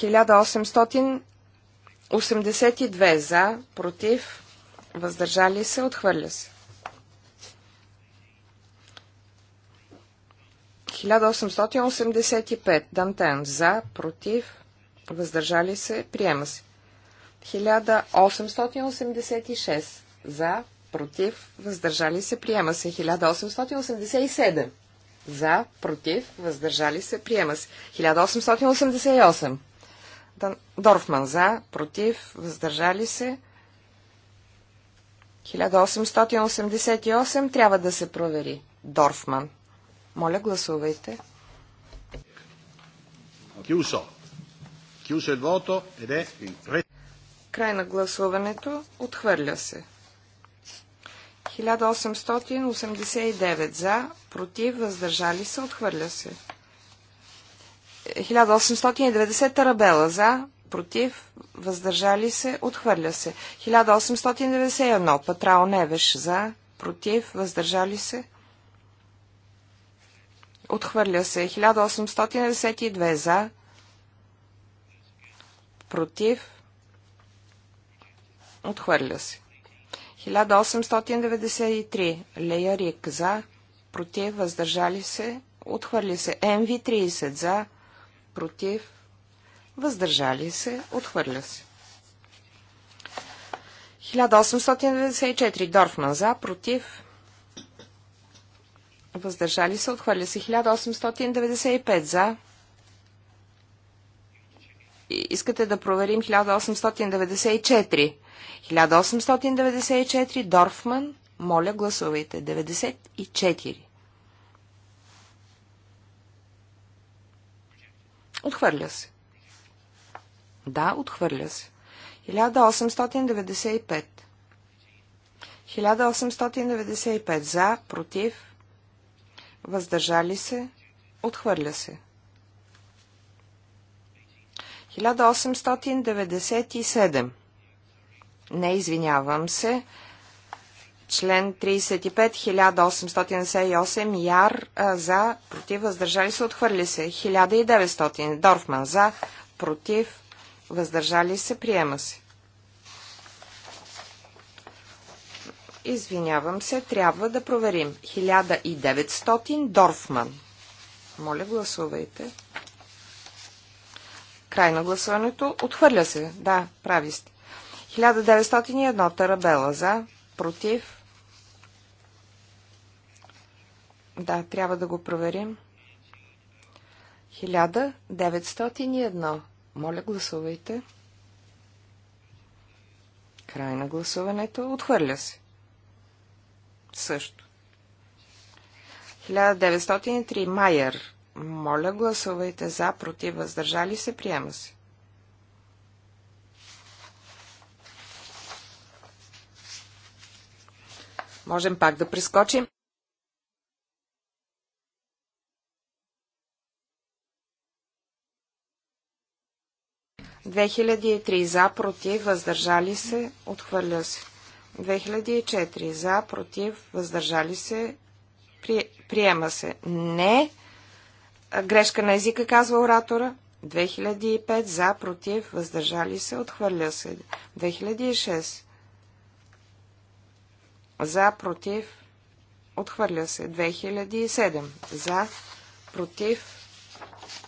1882 за, против, въздържали се, отхвърля се. 1885 Дантен за, против, въздържали се, приема се. 1886 за, против, въздържали се, приема се. 1887 за, против, въздържали се, приема се. 1888 Дорфман за, против, въздържали се. 1888 трябва да се провери. Дорфман. Моля, гласувайте. Кюсо. Кюсо е двото. Край на гласуването. Отхвърля се. 1889 за, против, въздържали се, отхвърля се. 1890 Тарабела за, против, въздържали се, отхвърля се. 1891 Патрао Невеш за, против, въздържали се, отхвърля се. 1892 за, против, отхвърля се. 1893. Лея Рик за, против, въздържали се, отхвърли се. МВ-30 за, против, въздържали се, отхвърля се. 1894. Дорфман за, против, въздържали се, отхвърля се. 1895 за, искате да проверим 1894. 1894, Дорфман, моля гласувайте. 94. Отхвърля се. Да, отхвърля се. 1895. 1895 за, против, въздържали се, отхвърля се. 1896. 1897. Не, извинявам се. Член 35, 1878, Яр за, против, въздържали се, отхвърли се. 1900, Дорфман за, против, въздържали се, приема се. Извинявам се, трябва да проверим. 1900, Дорфман. Моля, гласувайте. Край на гласуването. Отхвърля се. Да, прави сте. 1901 Тарабела за, против. Да, трябва да го проверим. 1901. Моля, гласувайте. Край на гласуването. Отхвърля се. Също. 1903. Майер. Моля, гласувайте за, против, въздържали се, приема се. Можем пак да прескочим. Две за, против, въздържали се, отхвърля се. 2004 за, против, въздържали се, при, приема се. Не. Грешка на езика, казва оратора. 2005 за, против, въздържали се, отхвърля се. 2006 за, против, отхвърля се. 2007 за, против,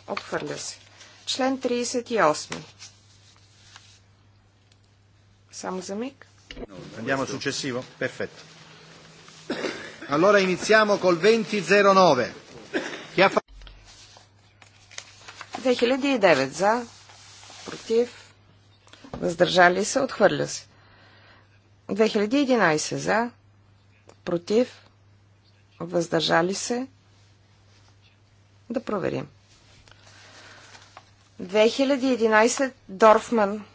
отхвърля се. Член 38. Само за миг. Andiamo al successivo? Perfetto. Allora iniziamo col 2009. 2009 за, против, въздържали се, отхвърля се. 2011 за, против, въздържали се. Да проверим. 2011 Дорфман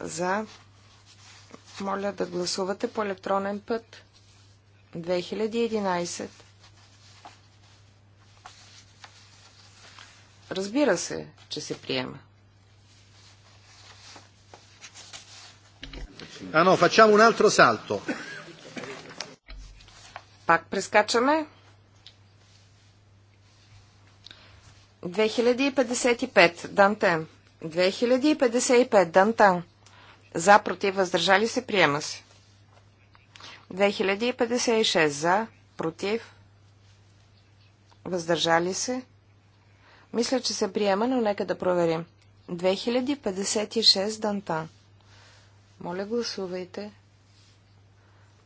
за. Моля да гласувате по електронен път. 2011 Разбира се, че се приема. А, но, facciamo un altro salto. Пак прескачаме. 2055, Дантен. 2055, Дантан. За, против, въздържали се, приема се. 2056, за, против, въздържали се, мисля, че се приема, но нека да проверим. 2056 Дантан. Моля, гласувайте.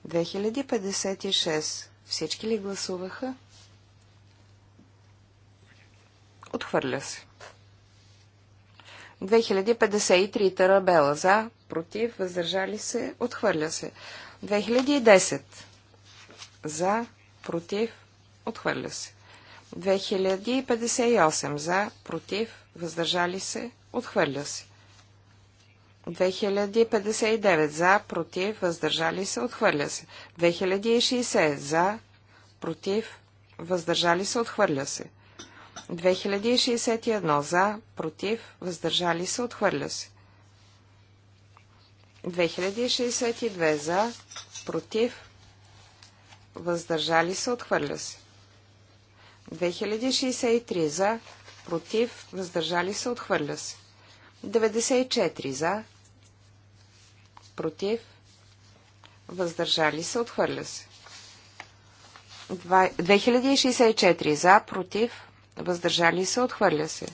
2056. Всички ли гласуваха? Отхвърля се. 2053 Тарабела за, против, въздържали се, отхвърля се. 2010 за, против, отхвърля се. 2058 за, против, въздържали се, отхвърля се. 2059 за, против, въздържали се, отхвърля се. 2060 за, против, въздържали се, отхвърля се. 2061 за, против, въздържали се, отхвърля се. 2062 за, против, въздържали се, отхвърля се. 2063 за, против, въздържали се, отхвърля се. 94 за, против, въздържали се, отхвърля се. 2064 за, против, въздържали се, отхвърля се.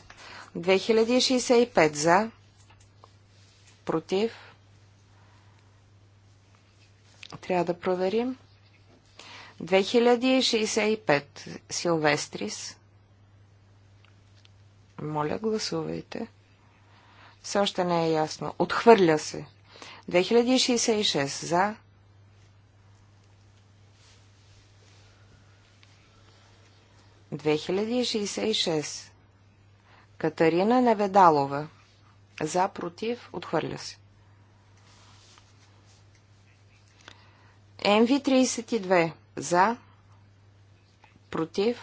2065 за, против. Трябва да проверим. 2065 Силвестрис. Моля, гласувайте. Все още не е ясно. Отхвърля се. 2066 за. ...2066. Катарина Неведалова. За, против, отхвърля се. МВ-32. За. Против.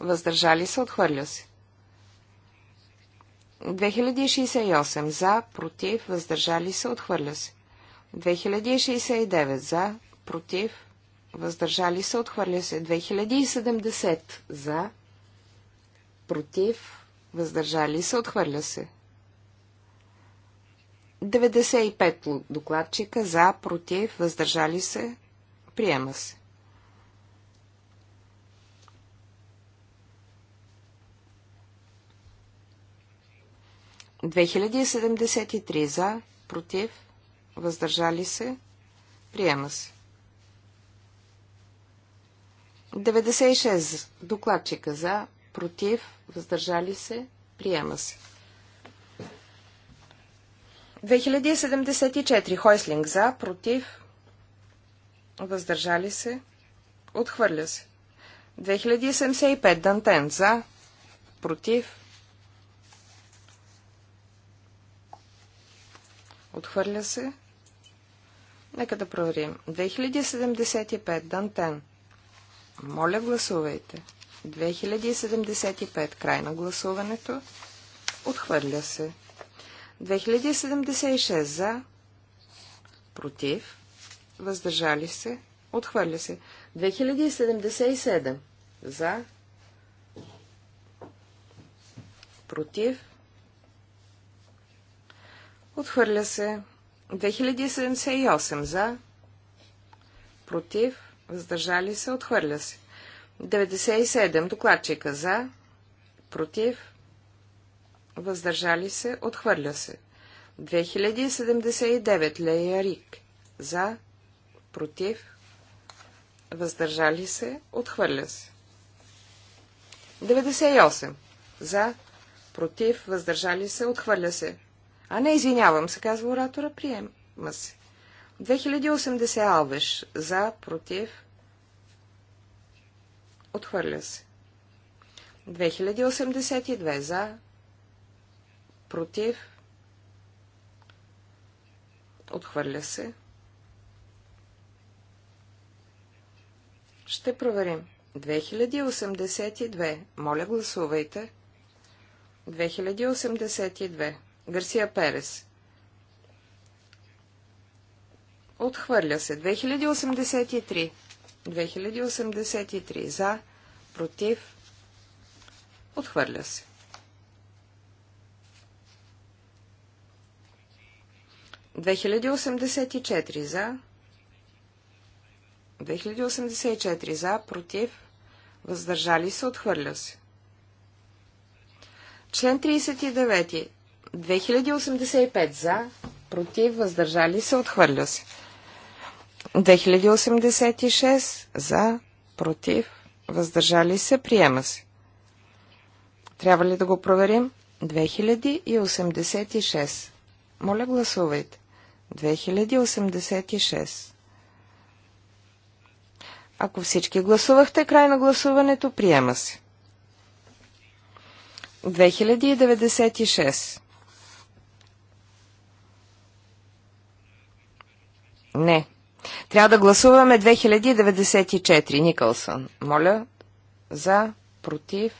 Въздържали се. Отхвърля се. 2068. За. Против. Въздържали се. Отхвърля се. 2069. За. Против. Въздържали се. Отхвърля се. 2070. За. Против. Въздържали се. Отхвърля се. 95 докладчика за, против, въздържали се, Приема се. Две за, против, въздържали се, приема се. 96. Докладчика за, против, въздържали се, приема се. 2074. Хойслинг за, против, въздържали се, отхвърля се. 2075 Дантен за, против, отхвърля се. Нека да проверим. 2075 Дантен. Моля, гласувайте. 2075 край на гласуването. Отхвърля се. 2076 за, против, въздържали се, отхвърля се. 2077 за, против, отхвърля се. 2078 за, против, въздържали се, отхвърля се. 97 докладчика за, против, въздържали се, отхвърля се. 2079 Лея Рик за, против, въздържали се, отхвърля се. 98. За, против, въздържали се, отхвърля се. А не, извинявам се, казва оратора, приема се. 2080 алвеш. За, против, отхвърля се. 2082 за, против, отхвърля се. 2083 Ще проверим. 2082. Моля, гласувайте. 2082. Гарсия Перес. Отхвърля се. 2083. 2083. За. Против. Отхвърля се. 2084. За. 2084 за, против, въздържали се, отхвърля се. Член 39. 2085 за, против, въздържали се, отхвърля се. 2086 за, против, въздържали се, приема се. Трябва ли да го проверим? 2086. Моля гласувайте. 2086. Ако всички гласувахте, край на гласуването приема се. 2096. Не. Трябва да гласуваме 2094. Никълсън. Моля. За. Против.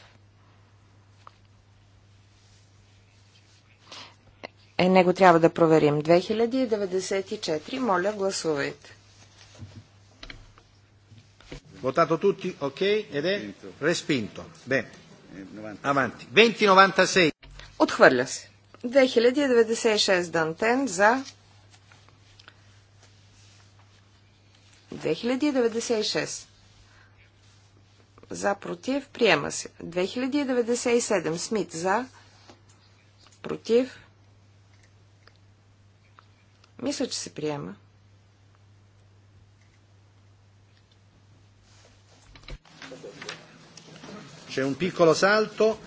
Е, него трябва да проверим. 2094. Моля, гласувайте. Votato tutti? Ok? Ed è respinto. Bene. Eh, Avanti. 2096. Отхвърля се. 2096 Дантен за 2096 за против приема се 2097 Смит за против мисля, че се приема C'è un piccolo salto.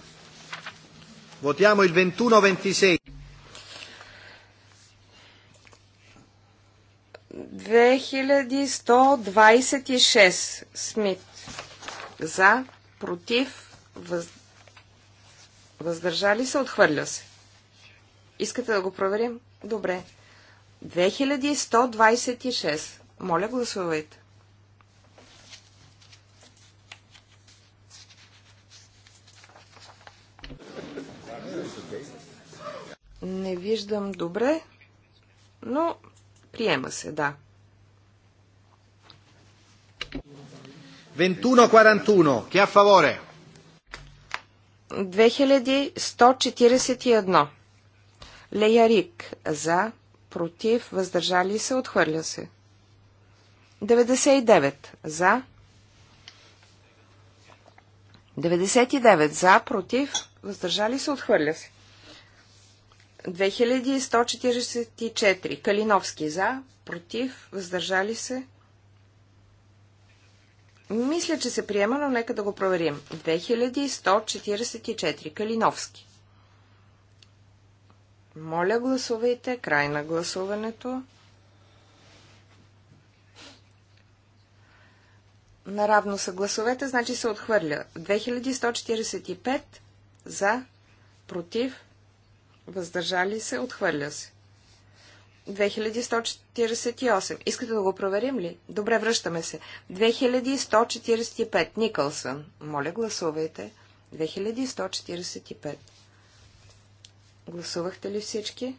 Votiamo il 21-26. 2126 Смит. За, против, въз... въздържали се, отхвърля се. Искате да го проверим? Добре. 2126. Моля, гласувайте. Не виждам добре, но приема се, да. 21-41. Кя е фаворе. 2141. Леярик. За. Против. Въздържали се. Отхвърля се. 99. За. 99. За. Против. Въздържали се. Отхвърля се. 2144. Калиновски е за, против, въздържали се. Мисля, че се приема, но нека да го проверим. 2144. Калиновски. Моля, гласувайте. Край на гласуването. Наравно са гласовете, значи се отхвърля. 2145 за, против, Въздържали се, отхвърля се. 2148. Искате да го проверим ли? Добре, връщаме се. 2145. Никълсън. Моля, гласувайте. 2145. Гласувахте ли всички?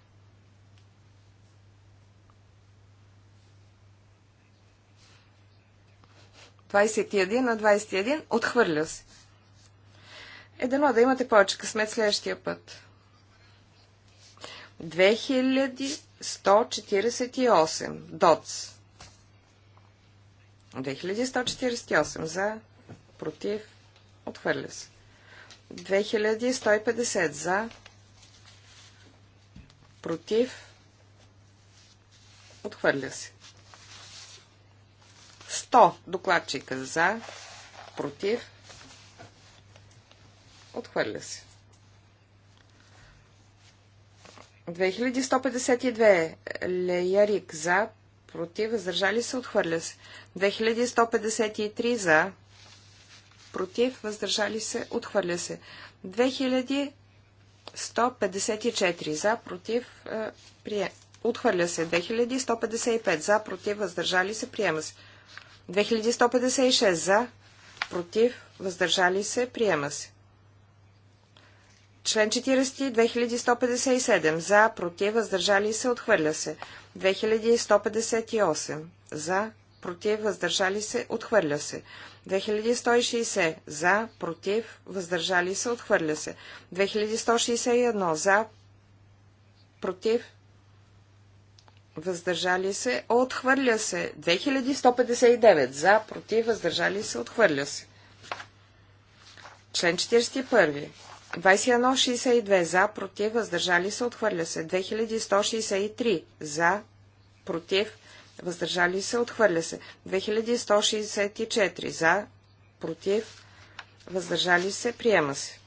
Двадесет на 21. Отхвърля се. Едно да имате повече късмет следващия път. 2148. ДОЦ. 2148 за, против, отхвърля се. 2150 за, против, отхвърля се. 100 докладчика за, против, отхвърля се. 2152 Леярик за, против, въздържали се, отхвърля се. 2153 за, против, въздържали се, отхвърля се. 2154 за, против, е, прие... отхвърля се. 2155 за, против, въздържали се, приема се. 2156 за, против, въздържали се, приема се. Член 40, 2157. За, против, въздържали се, отхвърля се. 2158. За, против, въздържали се, отхвърля се. 2160. За, против, въздържали се, отхвърля се. 2161. За, против, въздържали се, отхвърля се. 2159. За, против, въздържали се, отхвърля се. Член 41. 2162 за, против, въздържали се, отхвърля се. 2163 за, против, въздържали се, отхвърля се. 2164 за, против, въздържали се, приема се.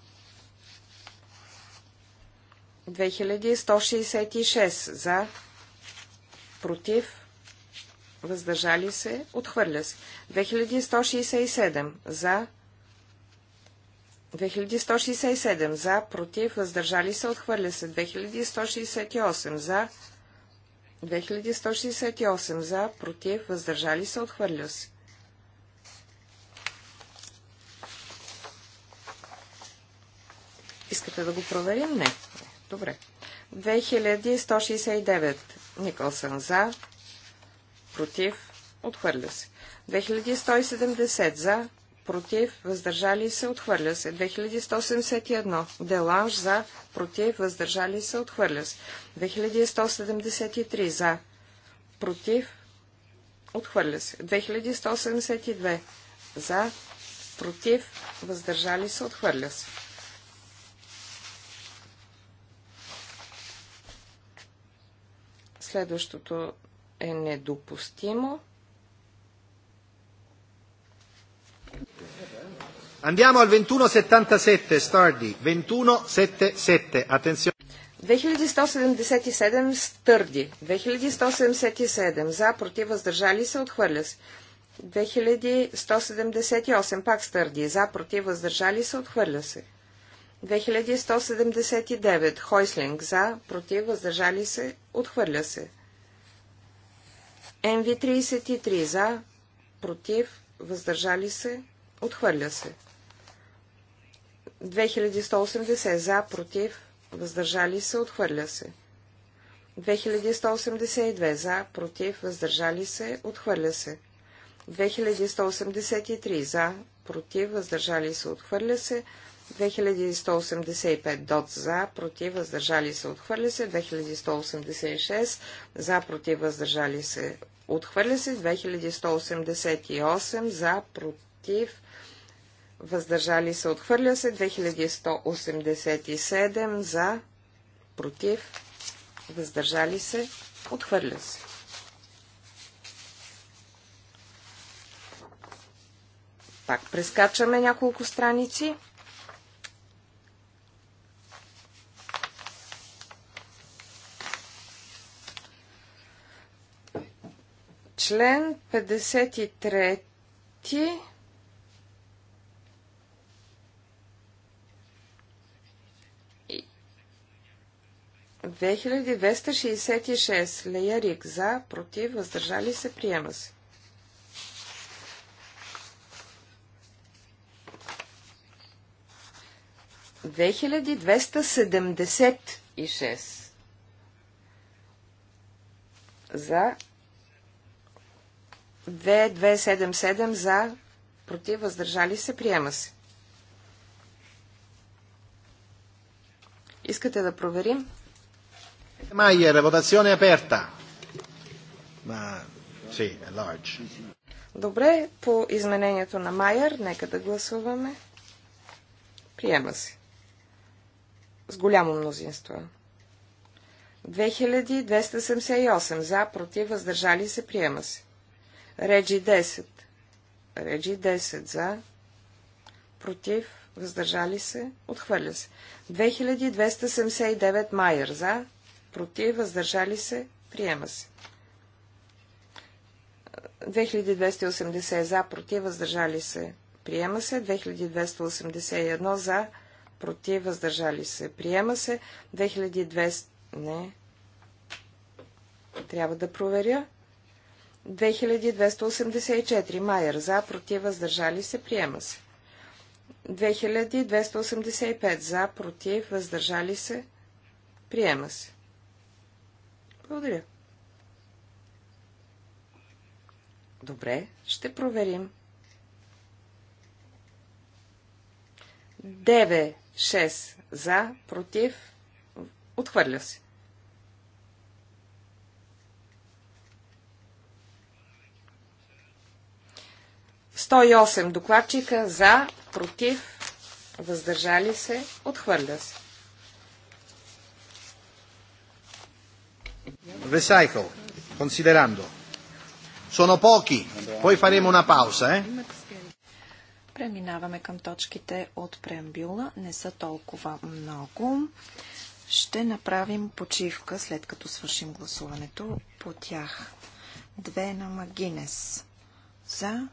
2166 за, против, въздържали се, отхвърля се. 2167 за, против, 2167 за, против, въздържали се, отхвърля се. 2168 за, 2168 за, против, въздържали се, отхвърля се. Искате да го проверим? Не. Добре. 2169 Николсън за, против, отхвърля се. 2170 за, против, въздържали се, отхвърля се. 2171. Деланж за, против, въздържали се, отхвърля се. 2173. За, против, отхвърля се. 2172. За, против, въздържали се, отхвърля се. Следващото е недопустимо. Andiamo al 2177, Stardi. 2177, attenzione. 2177 стърди, 2177 за, против, въздържали се, отхвърля се. 2178 пак стърди, за, против, въздържали се, отхвърля се. 2179 Хойслинг, за, против, въздържали се, отхвърля се. МВ 33 за, против, въздържали се, отхвърля се. 2180 за, против, въздържали се, отхвърля се. 2182 за, против, въздържали се, отхвърля се. 2183 за, против, въздържали се, отхвърля се. 2185 дот за, против, въздържали се, отхвърля се. 2186 за, против, въздържали се, отхвърля се. 2188 за, против, въздържали се, отхвърля се, 2187 за, против, въздържали се, отхвърля се. Пак прескачаме няколко страници. Член 53 2266. Лея Рик. За, против, въздържали се, приема се. 2276 за седем за против въздържали се приема се. Искате да проверим? Майер, votazione aperta. Ma, sì, large. Добре, по изменението на Майер, нека да гласуваме. Приема се. С голямо мнозинство. 2278 за, против, въздържали се, приема се. Реджи 10. Реджи 10 за, против, въздържали се, отхвърля се. 2279 Майер за, против, въздържали се, приема се. 2280 за, против, въздържали се, приема се. 2281 за, против, въздържали се, приема се. 2200... Не. Трябва да проверя. 2284 Майер за, против, въздържали се, приема се. 2285 за, против, въздържали се, приема се. Благодаря. Добре, ще проверим. 9-6 за, против, отхвърля се. Сто и осем докладчика за, против, въздържали се, отхвърля се. Recycle, considerando. Sono pochi, poi faremo una pausa, eh? Преминаваме към точките от преамбюла. Не са толкова много. Ще направим почивка, след като свършим гласуването по тях. Две на Магинес. За.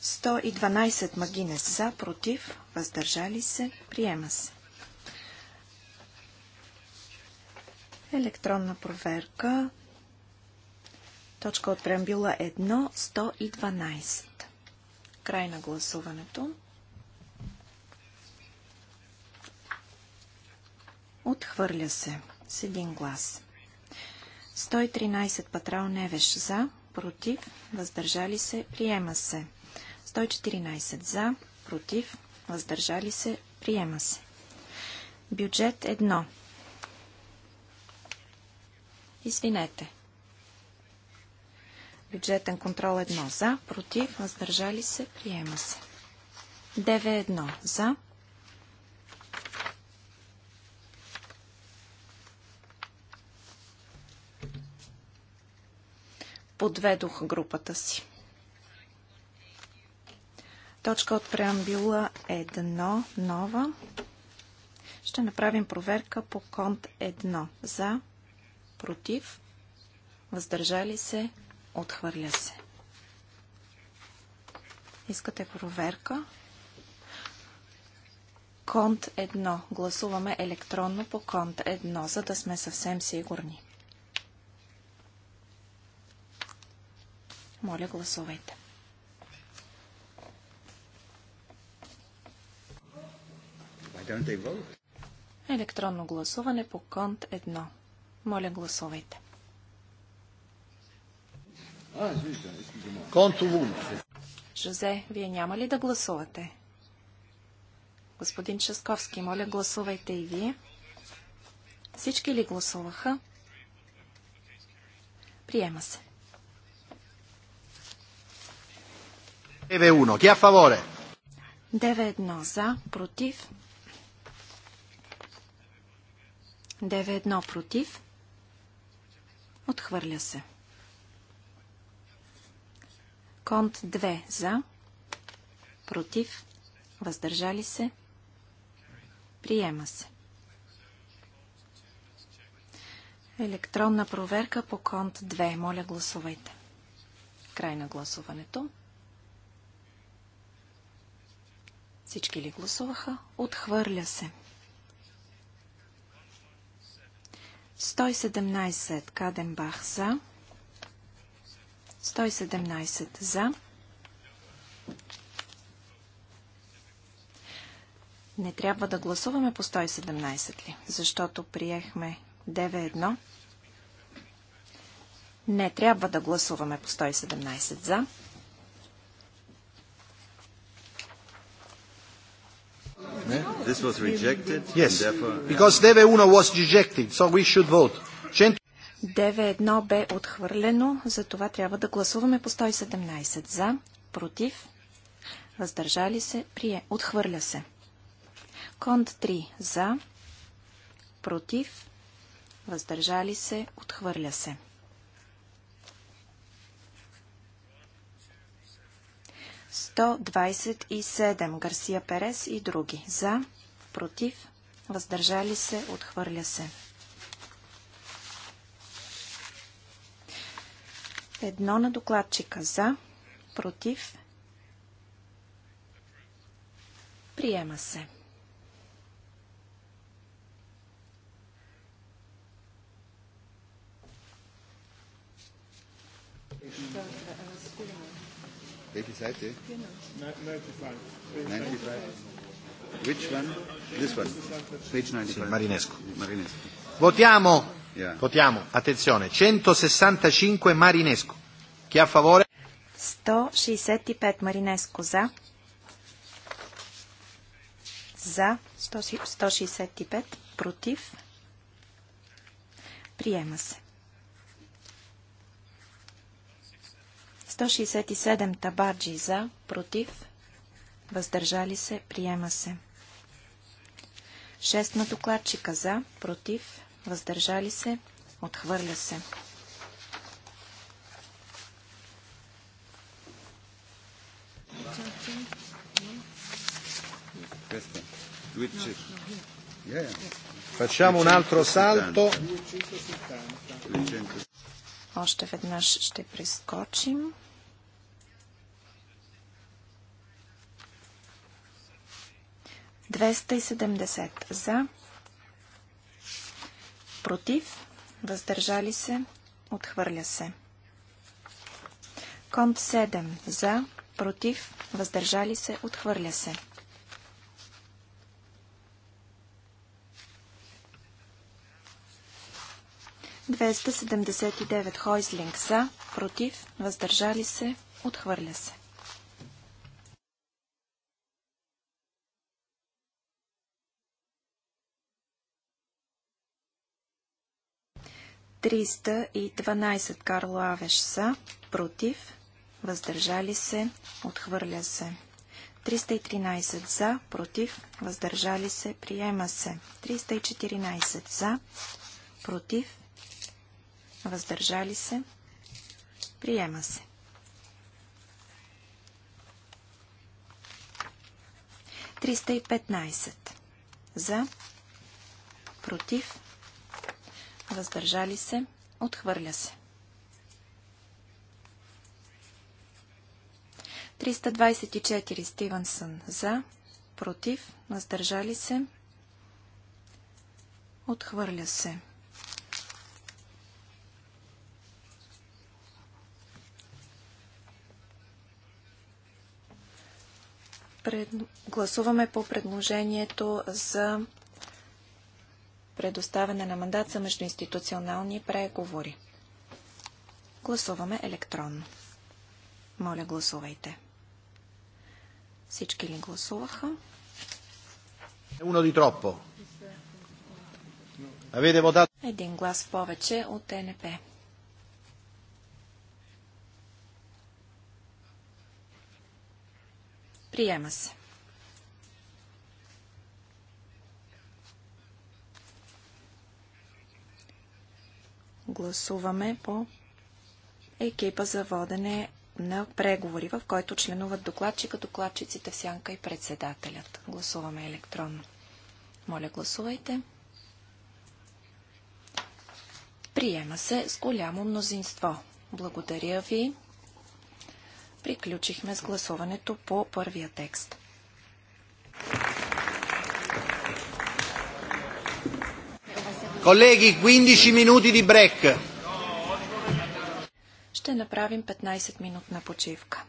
Сто и дванайсет Магинес за, против, въздържали се, приема се. Електронна проверка. Точка от преамбюла 1, 112. Край на гласуването. Отхвърля се с един глас. 113 патрал Невеш за, против, въздържали се, приема се. 114 за, против, въздържали се, приема се. Бюджет 1 Извинете. Бюджетен контрол 1 за, против, въздържали се, приема се. 9-1 за. Подведох групата си. Точка от преамбюла 1 нова. Ще направим проверка по конт 1 за против, въздържали се, отхвърля се. Искате проверка? Конт 1. Гласуваме електронно по конт 1, за да сме съвсем сигурни. Моля, гласувайте. Електронно гласуване по конт 1. Моля, гласувайте. Жозе, вие няма ли да гласувате? Господин Часковски, моля, гласувайте и вие. Всички ли гласуваха? Приема се. Деве едно Chi a favore? дв за, против. Деве едно против. Отхвърля се. Конт 2 за. Против. Въздържали се. Приема се. Електронна проверка по конт 2. Моля, гласувайте. Край на гласуването. Всички ли гласуваха? Отхвърля се. 117 Каденбах за. 117 за. Не трябва да гласуваме по 117 ли? Защото приехме 9-1. Не трябва да гласуваме по 117 за. This was rejected. Yes, because DV1 was rejected, so we should vote. ДВ1 бе отхвърлено, затова трябва да гласуваме по 117 за, против, въздържали се, прие, отхвърля се. Конд 3 за, против, въздържали се, отхвърля се. 127. Гарсия Перес и други. За, против, въздържали се, отхвърля се. Едно на докладчика. За, против, приема се. Thank you. Welche Seite? 95. Which one? This one. Page 95. Sì, Marinesco. Marinesco. Votiamo. Yeah. Votiamo. Attenzione. 165 Marinesco. Chi è a favore? 165 Marinesco Za. Za. 165 Protiv. Приема се. 167 табарджи за, против, въздържали се, приема се. 6 на докладчика за, против, въздържали се, отхвърля се. Facciamo un altro salto. Още веднъж ще прескочим. Двеста и седемдесет за, против, въздържали се, отхвърля се. Комп 7 за, против, въздържали се, отхвърля се. 279 Хойзлинг за, против, въздържали се, отхвърля се. Триста и дванайсет Карло Авеш са, против, въздържали се, отхвърля се. 313 за, против, въздържали се, приема се. 314 за, против, въздържали се, приема се. Триста и петнайсет. За, против, въздържали се, отхвърля се. 324 Стивенсън за, против, въздържали се, отхвърля се. Пред... Гласуваме по предложението за предоставяне на мандат за междуинституционални преговори. Гласуваме електронно. Моля, гласувайте. Всички ли гласуваха? Едно di тропо. Един глас повече от ТНП. Приема се. Гласуваме по екипа за водене на преговори, в който членуват докладчика, докладчиците в сянка и председателят. Гласуваме електронно. Моля, гласувайте. Приема се с голямо мнозинство. Благодаря ви. Приключихме с гласуването по първия текст. Колеги, 15 минути ди брек. Ще направим 15 минутна почивка.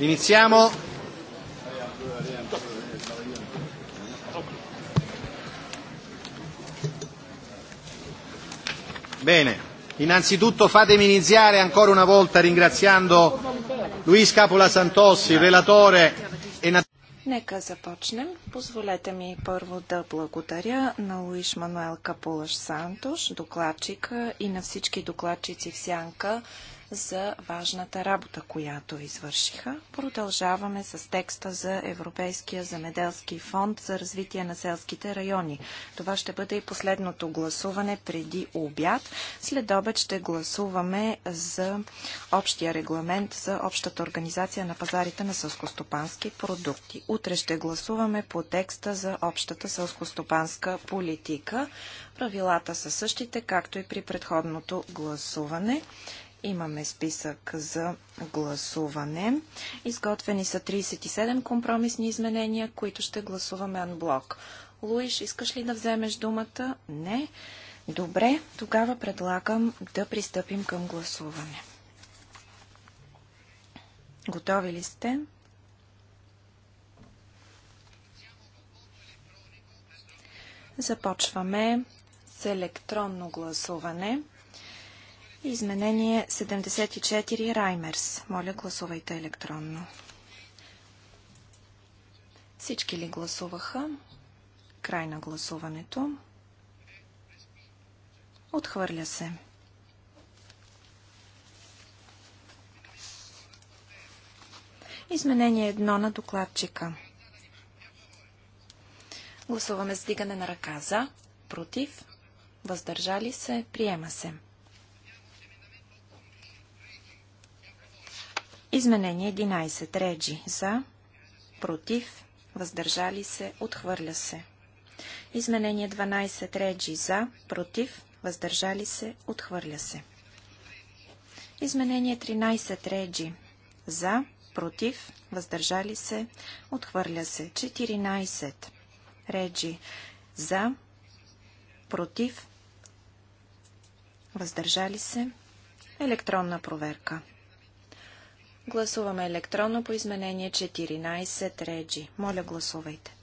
Iniziamo. Bene, innanzitutto fatemi iniziare ancora una volta ringraziando Luis Capola Santossi, relatore e Нека Позволете ми първо да благодаря на Луиш Мануел Капулаш Сантош, докладчика и на всички докладчици в Сянка за важната работа, която извършиха. Продължаваме с текста за Европейския замеделски фонд за развитие на селските райони. Това ще бъде и последното гласуване преди обяд. След обед ще гласуваме за общия регламент за общата организация на пазарите на съскостопански продукти. Утре ще гласуваме по по текста за общата сълскостопанска политика. Правилата са същите, както и при предходното гласуване. Имаме списък за гласуване. Изготвени са 37 компромисни изменения, които ще гласуваме анблок. Луиш, искаш ли да вземеш думата? Не. Добре, тогава предлагам да пристъпим към гласуване. Готови ли сте? Започваме с електронно гласуване. Изменение 74 Раймерс. Моля, гласувайте електронно. Всички ли гласуваха? Край на гласуването. Отхвърля се. Изменение 1 на докладчика. Гласуваме с дигане на ръка за, против, въздържали се, приема се. Изменение 11. Реджи. За. Против. Въздържали се. Отхвърля се. Изменение 12. Реджи. За. Против. Въздържали се. Отхвърля се. Изменение 13. Реджи. За. Против. Въздържали се. Отхвърля се. 14. Реджи за, против, въздържали се, електронна проверка. Гласуваме електронно по изменение 14 Реджи. Моля, гласувайте.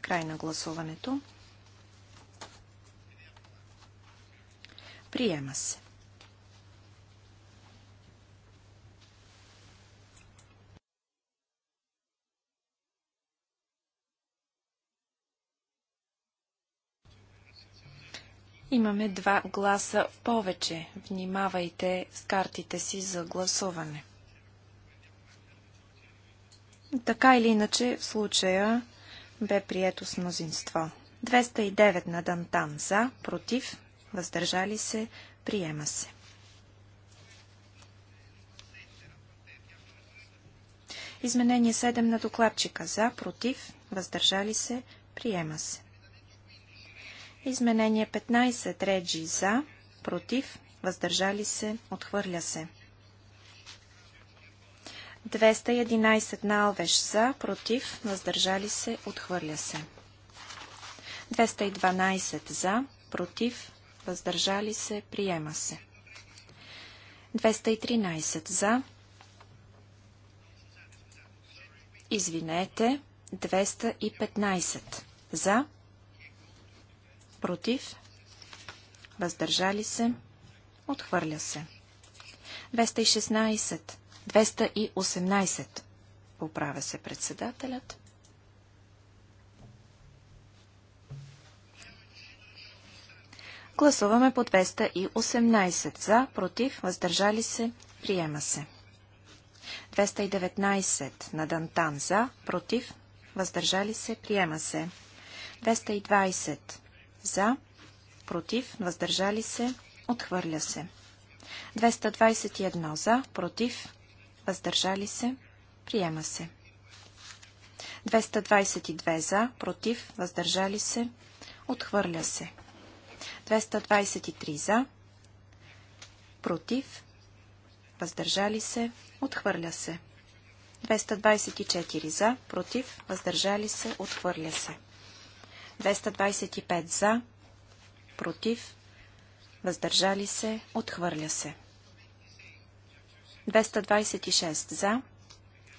Край на гласуването. Приема се. Имаме два гласа в повече. Внимавайте с картите си за гласуване. Така или иначе, в случая бе прието с мнозинство. 209 на Дантан за, против, въздържали се, приема се. Изменение 7 на докладчика за, против, въздържали се, приема се. Изменение 15. Реджи за, против, въздържали се, отхвърля се. 211 налвеш за, против, въздържали се, отхвърля се. 212 за, против, въздържали се, приема се. 213 за. Извинете, 215 за против, въздържали се, отхвърля се. 216, 218, поправя се председателят. Гласуваме по 218 за, против, въздържали се, приема се. 219 на Дантан за, против, въздържали се, приема се. 220 за. Против. Въздържали се. Отхвърля се. 221 за. Против. Въздържали се. Приема се. 222 за. Против. Въздържали се. Отхвърля се. 223 за. Против. Въздържали се. Отхвърля се. 224 за. Против. Въздържали се. Отхвърля се. 225 за, против, въздържали се, отхвърля се. 226 за,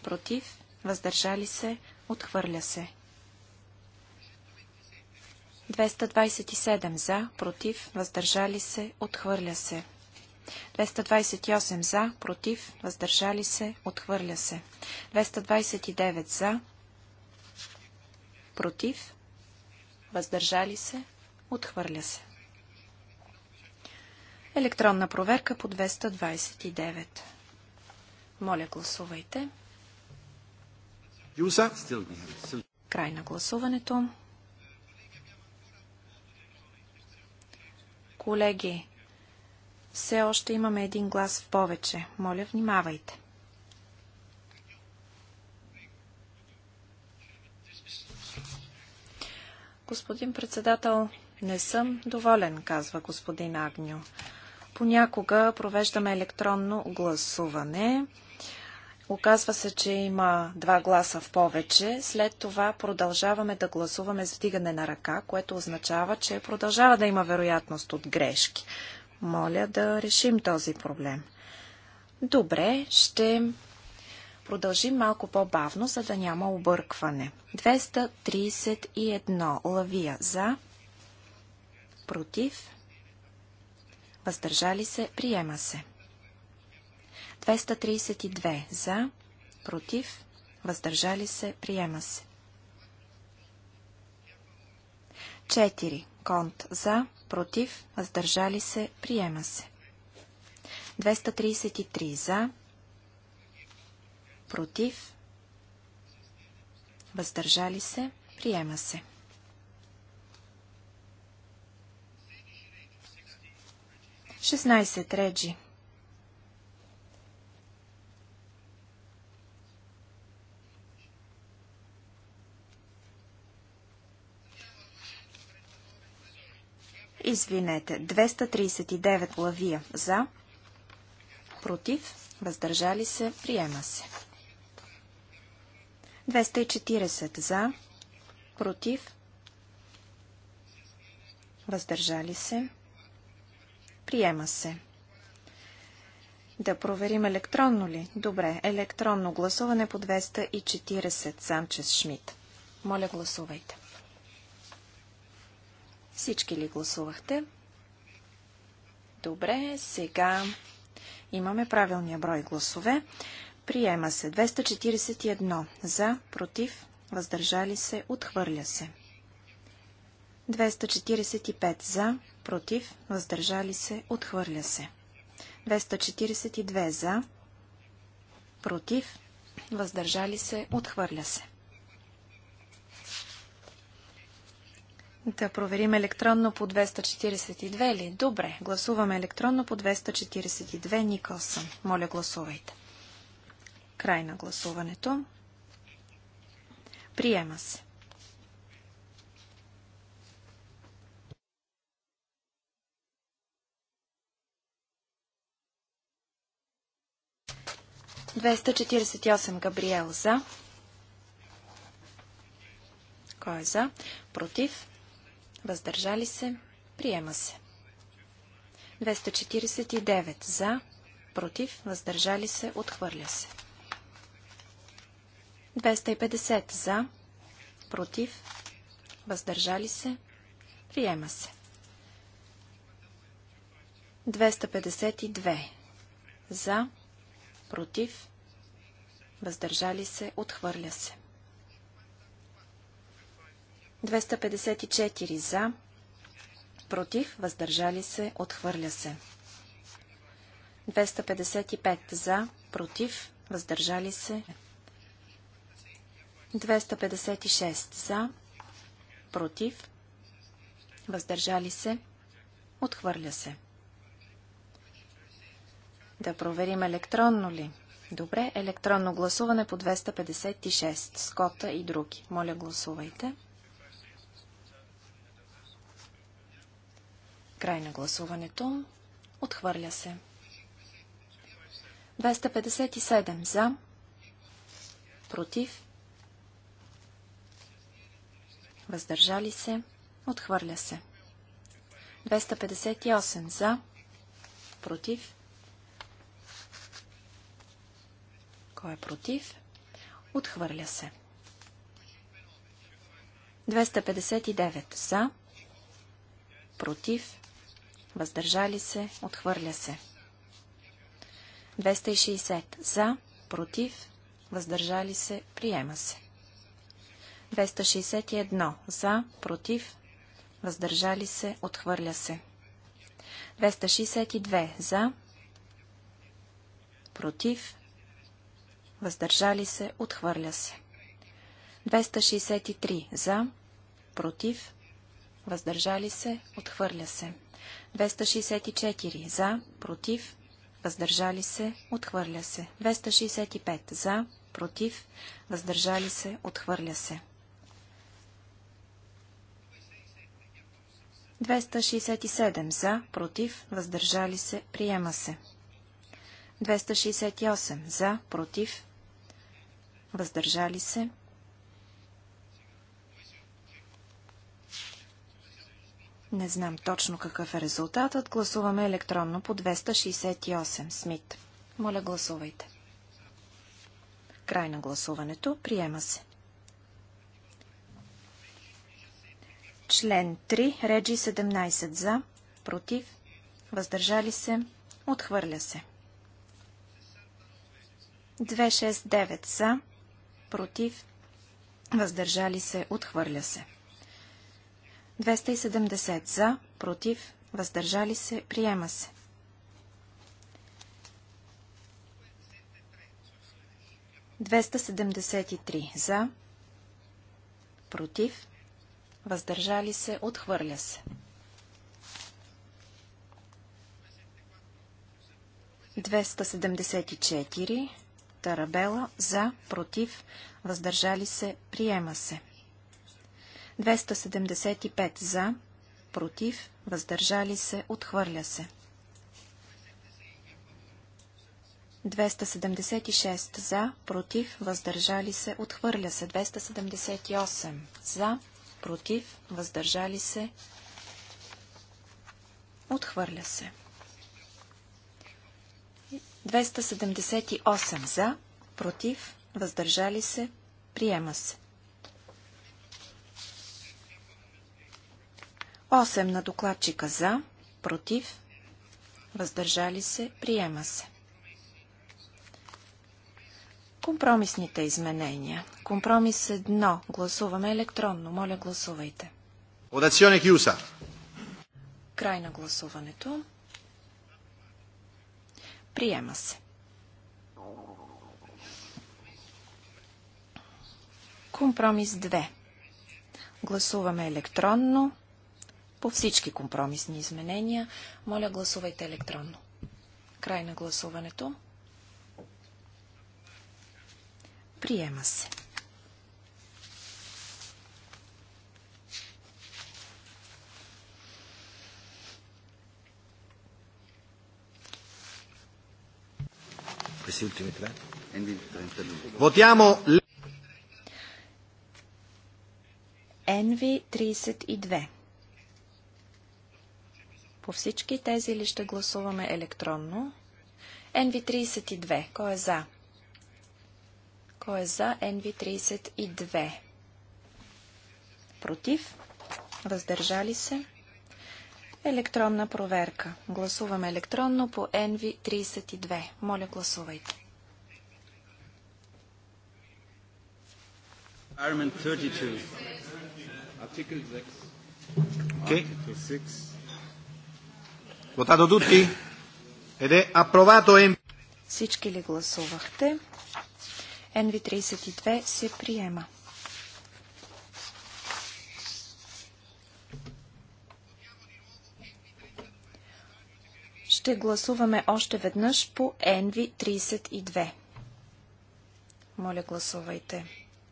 против, въздържали се, отхвърля се. 227 за, против, въздържали се, отхвърля се. 228 за, против, въздържали се, отхвърля се. 229 за, против, въздържали се, отхвърля се. Електронна проверка по 229. Моля, гласувайте. Е. Край на гласуването. Колеги, все още имаме един глас в повече. Моля, внимавайте. Господин председател, не съм доволен, казва господин Агню. Понякога провеждаме електронно гласуване. Оказва се, че има два гласа в повече. След това продължаваме да гласуваме с вдигане на ръка, което означава, че продължава да има вероятност от грешки. Моля да решим този проблем. Добре, ще Продължим малко по-бавно, за да няма объркване. 231. Лавия за. Против. Въздържали се. Приема се. 232. За. Против. Въздържали се. Приема се. 4. Конт за, против, въздържали се, приема се. 233 за, против, въздържали се, приема се. Шестнайсет реджи. Извинете, 239 лавия за, против, въздържали се, приема се. 240 за, против, въздържали се, приема се. Да проверим електронно ли? Добре, електронно гласуване по 240 Санчес Шмидт. Моля, гласувайте. Всички ли гласувахте? Добре, сега имаме правилния брой гласове. Приема се. 241. За, против, въздържали се, отхвърля се. 245. За, против, въздържали се, отхвърля се. 242. За, против, въздържали се, отхвърля се. Да проверим електронно по 242 ли? Добре, гласуваме електронно по 242 Николсън. Моля, гласувайте. Край на гласуването. Приема се. Двеста четиридесет и осем Габриел за. Кой е за? Против? Въздържали се? Приема се. 249 за, против, въздържали се, отхвърля се. 250 за, против, въздържали се, приема се. 252 за, против, въздържали се, отхвърля се. 254 за, против, въздържали се, отхвърля се. 255 за, против, въздържали се, 256 за, против, въздържали се, отхвърля се. Да проверим електронно ли. Добре, електронно гласуване по 256, Скота и други. Моля, гласувайте. Край на гласуването. Отхвърля се. 257 за, против, въздържали се, отхвърля се. 258 за, против. Кой е против? Отхвърля се. 259 за, против, въздържали се, отхвърля се. 260 за, против, въздържали се, приема се. 261 за, против, въздържали се, отхвърля се. 262 за, против, въздържали се, отхвърля се. 263 за, против, въздържали се, отхвърля се. 264 за, против, въздържали се, отхвърля се. 265 за, против, въздържали се, отхвърля се. 267 за, против, въздържали се, приема се. 268 за, против, въздържали се. Не знам точно какъв е резултатът. Гласуваме електронно по 268. Смит. Моля, гласувайте. Край на гласуването. Приема се. Член 3, Реджи 17 за, против, въздържали се, отхвърля се. 269 за, против, въздържали се, отхвърля се. 270 за, против, въздържали се, приема се. 273 за, против, въздържали се, отхвърля се. 274. Тарабела за, против, въздържали се, приема се. 275 за, против, въздържали се, отхвърля се. 276 за, против, въздържали се, отхвърля се. 278 за, против, въздържали се, отхвърля се. 278 за, против, въздържали се, приема се. 8 на докладчика за, против, въздържали се, приема се. Компромисните изменения. Компромис 1. Гласуваме електронно. Моля, гласувайте. Votazione Кюса. Край на гласуването. Приема се. Компромис 2. Гласуваме електронно по всички компромисни изменения. Моля, гласувайте електронно. Край на гласуването. Приема се. Questi Votiamo... NV 32. По всички тези ли ще гласуваме електронно? NV32. Кой е за? Кой е за NV32? Против? Въздържали се? Електронна проверка. Гласуваме електронно по NV32. Моля, гласувайте. Environment 32. Article 6. Okay. Votato tutti? Ed è approvato. Всички ли гласувахте? NV32 се приема. Ще гласуваме още веднъж по NV32. Моля, гласувайте.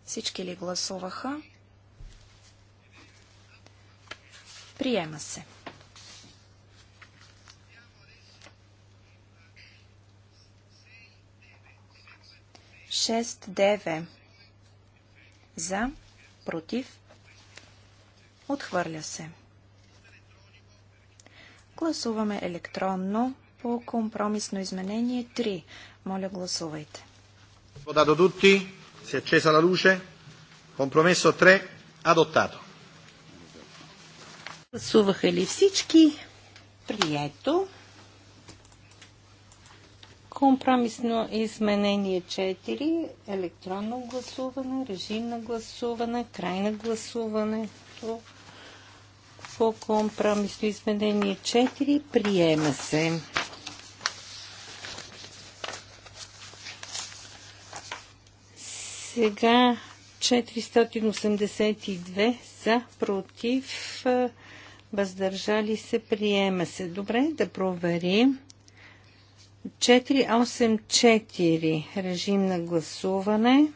Всички ли гласуваха? Приема се. 6-9. За, против, отхвърля се. Гласуваме електронно по компромисно изменение 3. Моля, гласувайте. Votato tutti, се е чеса на луше. Компромисо 3, адоптато. Гласуваха ли всички? Прието. Компромисно изменение 4. Електронно гласуване, режим на гласуване, край на гласуването. По компромисно изменение 4 приема се. Сега 482 за, против, въздържали се, приема се. Добре, да проверим. 484. Режим на гласуване.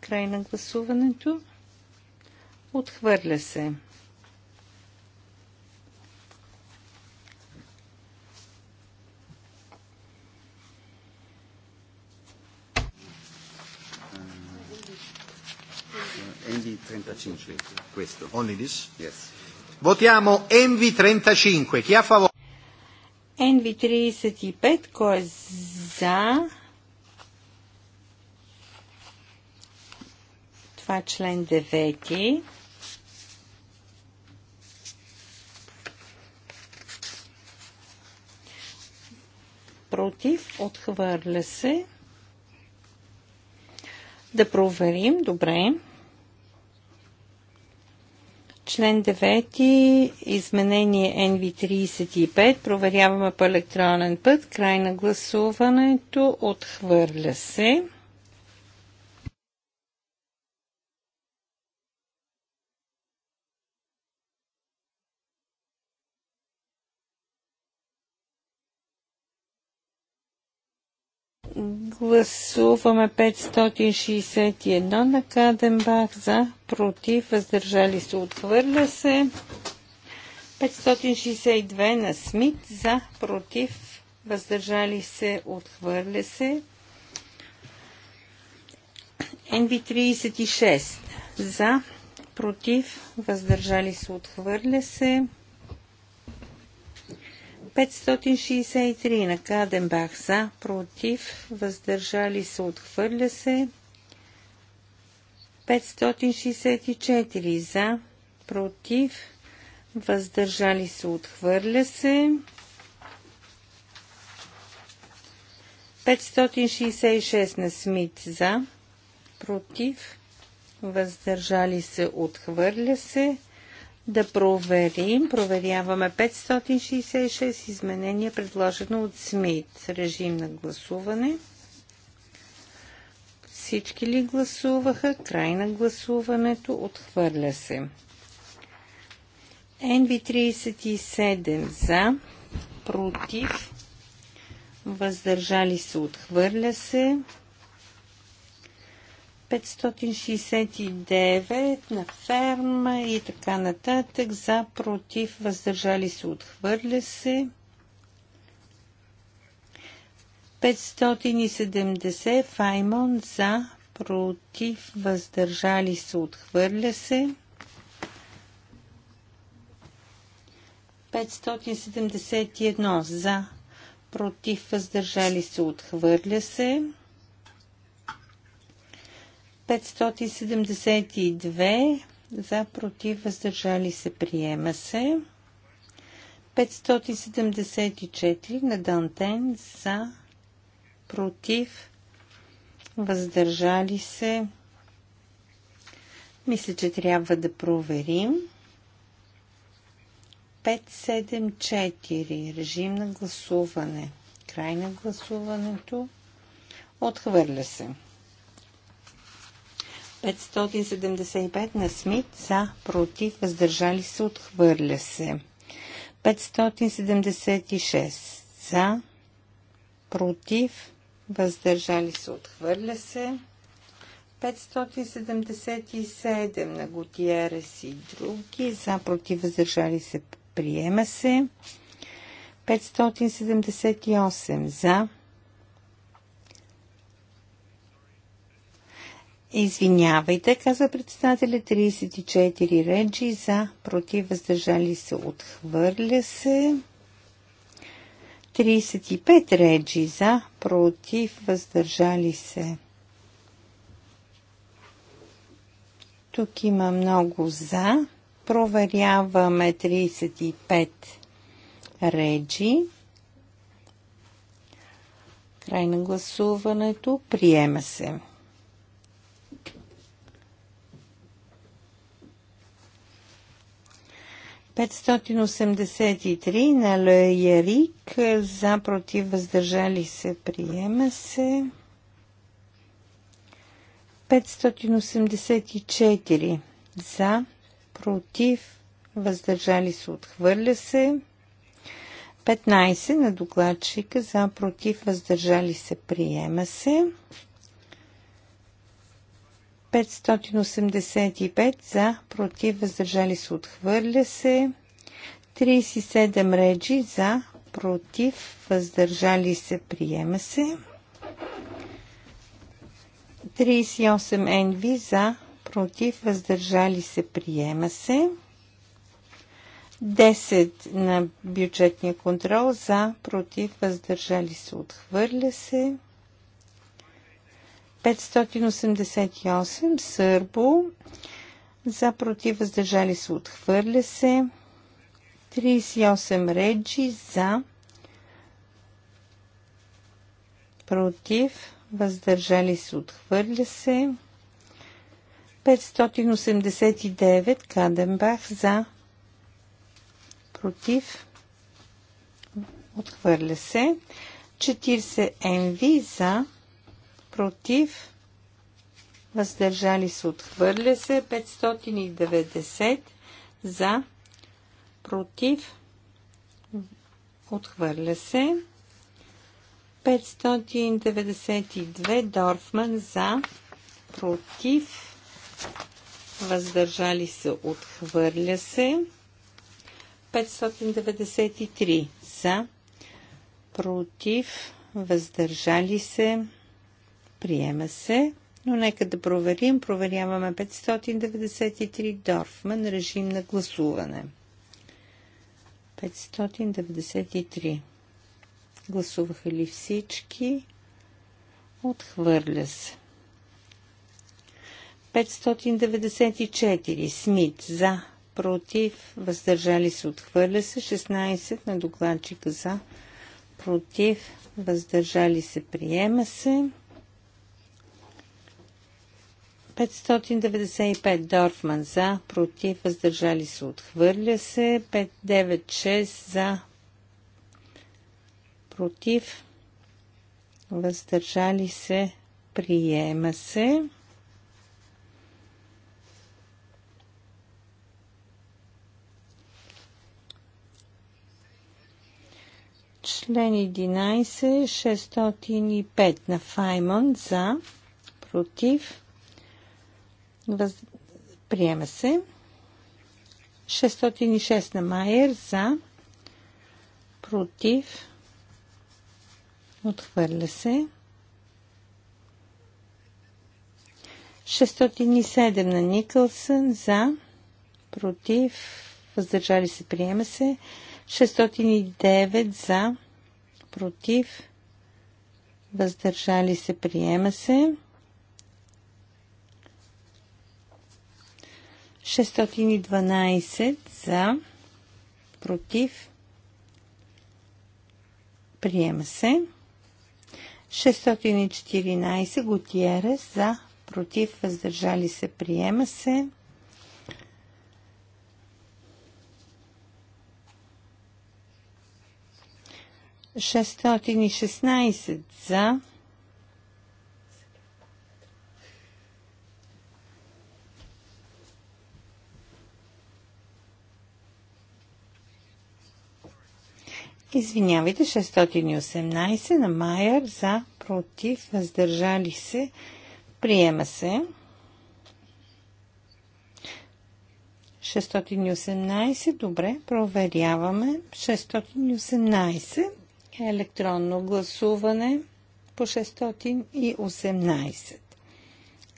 Край на гласуването. Отхвърля се. NV35, questo. Only this? Yes. Votiamo NV35. Chi ha favore? NV35, кой е за? Това е член 9. Против, отхвърля се. Да проверим. Добре. Член 9, изменение NV35, проверяваме по електронен път, край на гласуването, отхвърля се. Гласуваме 561 на Каденбах за, против, въздържали се, отхвърля се. 562 на Смит за, против, въздържали се, отхвърля се. NV36 за, против, въздържали се, отхвърля се. 563 на Каденбах за, против, въздържали се, отхвърля се. 564 за, против, въздържали се, отхвърля се. 566 на Смит за, против, въздържали се, отхвърля се да проверим. Проверяваме 566 изменения, предложено от СМИТ. Режим на гласуване. Всички ли гласуваха? Край на гласуването. Отхвърля се. NV37 за, против, въздържали се, отхвърля се. 569 на ферма и така нататък. За, против, въздържали се, отхвърля се. 570 Файмон за, против, въздържали се, отхвърля се. 571 за, против, въздържали се, отхвърля се. 572 за против въздържали се приема се. 574 на Дантен за против въздържали се. Мисля, че трябва да проверим. 574 режим на гласуване. Край на гласуването. Отхвърля се. 575 на Смит за, против, въздържали се, отхвърля се. 576 за, против, въздържали се, отхвърля се. 577 на Готиерес и други, за, против, въздържали се, приема се. 578 за, Извинявайте, каза председателя 34 реджи за, против, въздържали се, отхвърля се. 35 реджи за, против, въздържали се. Тук има много за. Проверяваме 35 реджи. Край на гласуването. Приема се. 583 на Леярик за против въздържали се приема се. 584 за против въздържали се отхвърля се. 15 на докладчика за против въздържали се приема се. 585 за, против, въздържали се, отхвърля се. 37 реджи за, против, въздържали се, приема се. 38 енви за, против, въздържали се, приема се. 10 на бюджетния контрол за, против, въздържали се, отхвърля се. 588 сърбо за против въздържали се отхвърля се 38 реджи за против въздържали се отхвърля се 589 Каденбах за против отхвърля се 40 МВ за против, въздържали се, отхвърля се, 590 за, против, отхвърля се, 592 Дорфман за, против, въздържали се, отхвърля се, 593 за, против, въздържали се, Приема се. Но нека да проверим. Проверяваме 593 Дорфман. Режим на гласуване. 593. Гласуваха ли всички? Отхвърля се. 594. Смит. За. Против. Въздържали се. Отхвърля се. 16 на докладчика за. Против. Въздържали се. Приема се. 595 Дорфман за, против, въздържали се, отхвърля се. 596 за, против, въздържали се, приема се. Член 11, 605 на Файмон за, против, Въз... Приема се. 606 на Майер за. Против. Отхвърля се. 607 на Никълсън за. Против. Въздържали се. Приема се. 609 за. Против. Въздържали се. Приема се. 612 за, против, приема се. 614 Готиера за, против, въздържали се, приема се. 616 за, Извинявайте, 618 на Майер за против, въздържали се, приема се. 618, добре, проверяваме. 618, електронно гласуване по 618.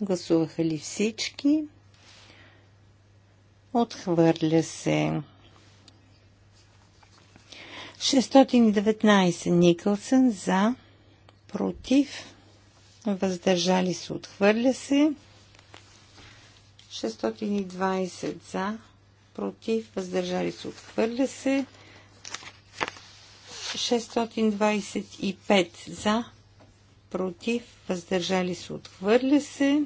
Гласуваха ли всички? Отхвърля се. 619 Никълсън за, против, въздържали се, отхвърля се. 620 за, против, въздържали се, отхвърля се. 625 за, против, въздържали се, отхвърля се.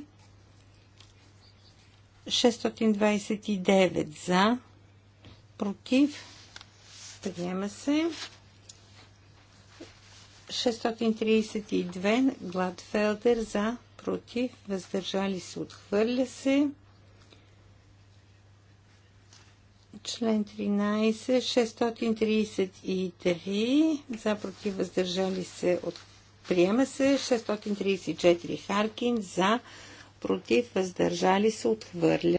629 за, против, Приема се. 632 Гладфелдер за, против, въздържали се, отхвърля се. Член 13, 633 за, против, въздържали се, от... приема се. 634 Харкин за, против, въздържали се, отхвърля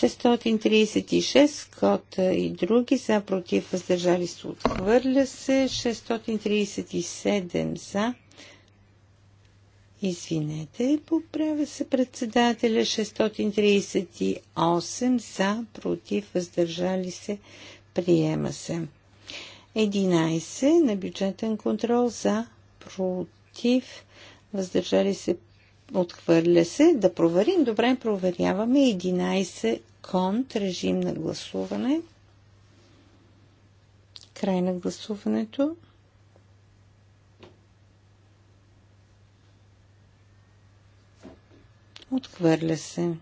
636 кота и други за против въздържали се отхвърля се 637 за Извинете, поправя се председателя 638 за против въздържали се приема се 11 на бюджетен контрол за против въздържали се отхвърля се. Да проверим. Добре, проверяваме. 11 Конт, режим на гласуване. Край на гласуването. Отхвърля се.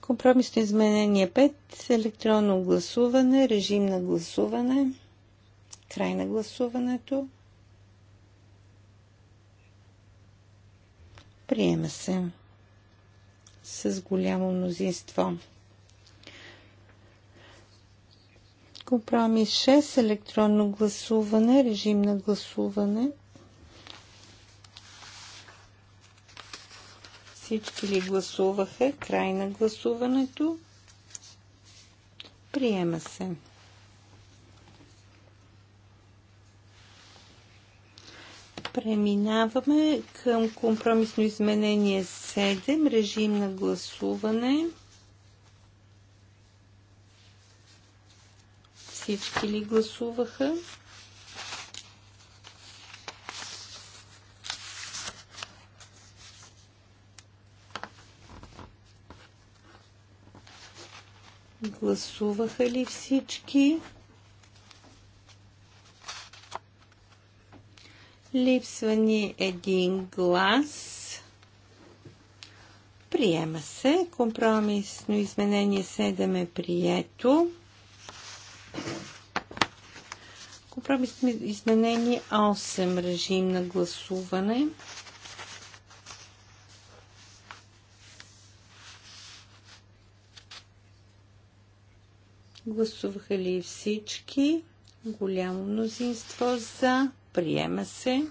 Компромисно изменение 5. Електронно гласуване. Режим на гласуване. Край на гласуването. Приема се с голямо мнозинство. Компромис 6. Електронно гласуване. Режим на гласуване. Всички ли гласуваха? Край на гласуването. Приема се. Преминаваме към компромисно изменение 7, режим на гласуване. Всички ли гласуваха? Гласуваха ли всички? Липсва ни един глас. Приема се. Компромисно изменение 7 е прието. Компромисно изменение 8. Режим на гласуване. Гласуваха ли всички? Голямо мнозинство за. Приема се.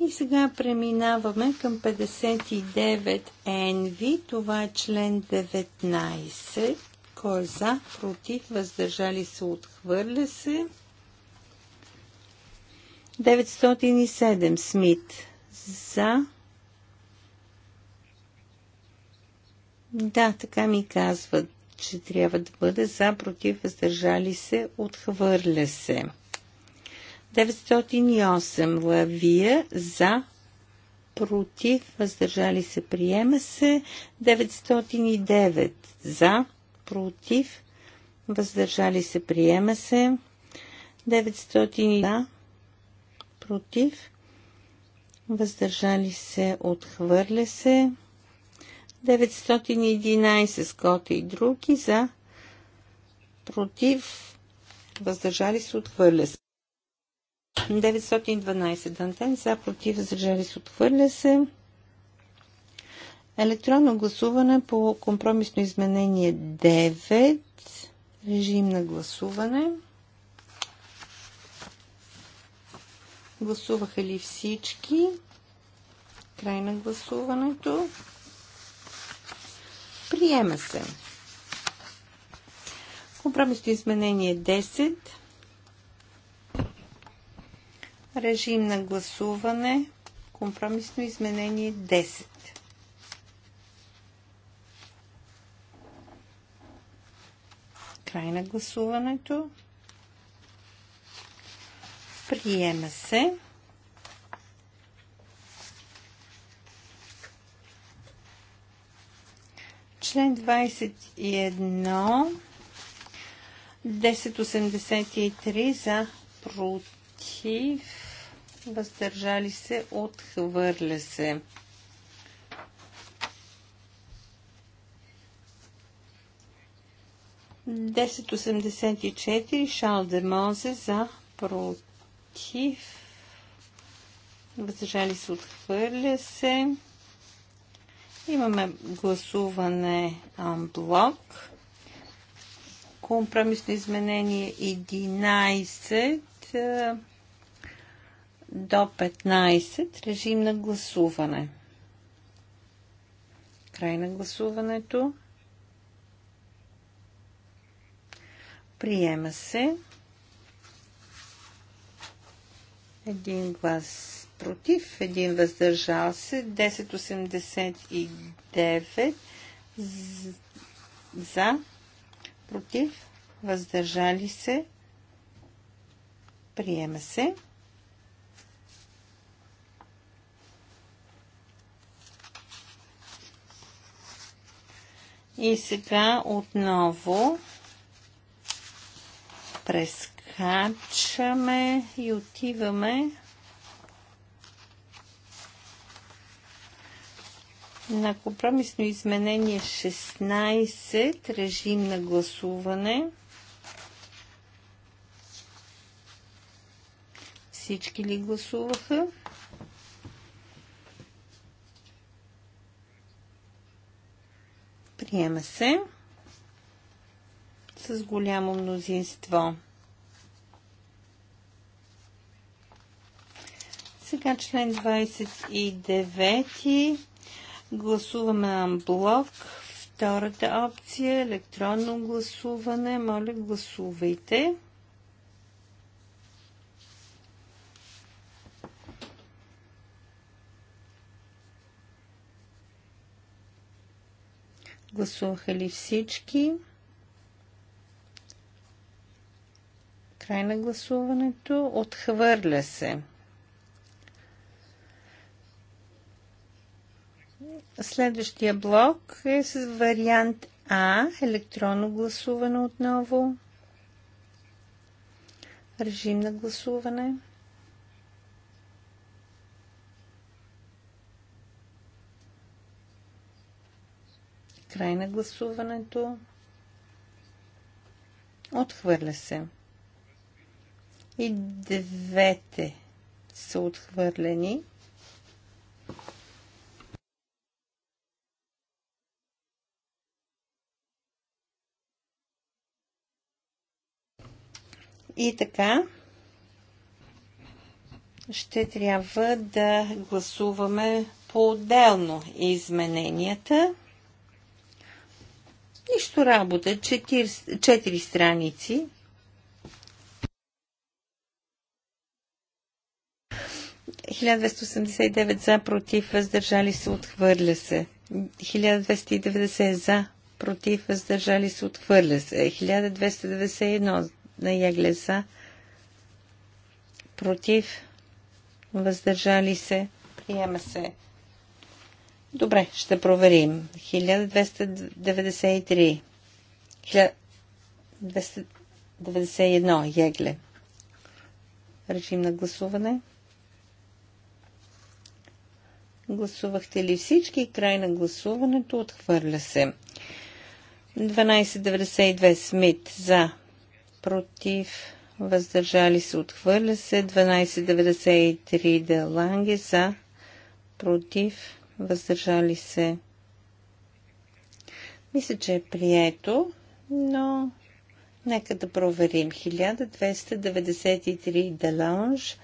И сега преминаваме към 59 NV. Това е член 19. Кой е за, против, въздържали се, отхвърля се. 907 Смит за, Да, така ми казват, че трябва да бъде за, против, въздържали се, отхвърля се. 908 лавия за, против, въздържали се, приема се. 909 за, против, въздържали се, приема се. 900 за, против, въздържали се, отхвърля се. 911 Скота и други за против въздържали се отхвърля се. 912 Дантен за против въздържали се отхвърля се. Електронно гласуване по компромисно изменение 9. Режим на гласуване. Гласуваха ли всички? Край на гласуването. Приема се. Компромисно изменение 10. Режим на гласуване. Компромисно изменение 10. Край на гласуването. Приема се. Член 21, 1083 за против, въздържали се, отхвърля се. Десет осемдесет и четири за против. Въздържали се, отхвърля се. Имаме гласуване блок. Компромисно изменение 11 е, до 15. Режим на гласуване. Край на гласуването. Приема се. Един глас против, 1 въздържал се, 1089 за, против, въздържали се, приема се. И сега отново прескачаме и отиваме на компромисно изменение 16, режим на гласуване. Всички ли гласуваха? Приема се с голямо мнозинство. Сега член 29. Гласуваме амблок. Втората опция е – електронно гласуване. Моля, гласувайте. Гласуваха ли всички? Край на гласуването. Отхвърля се. Следващия блок е с вариант А, електронно гласуване отново. Режим на гласуване. Край на гласуването. Отхвърля се. И двете са отхвърлени. И така, ще трябва да гласуваме по-отделно измененията. Нищо работа, 4, страници. ...1289 за, против, въздържали се, отхвърля се. 1290 за, против, въздържали се, отхвърля се. 1291 на Ягле против, въздържали се, приема се. Добре, ще проверим. 1293. 1291 Ягле. Режим на гласуване. Гласувахте ли всички? Край на гласуването отхвърля се. 1292 Смит за против, въздържали се, отхвърля се. 1293 Деланге за, против, въздържали се. Мисля, че е прието, но нека да проверим. 1293 Деланж. 1293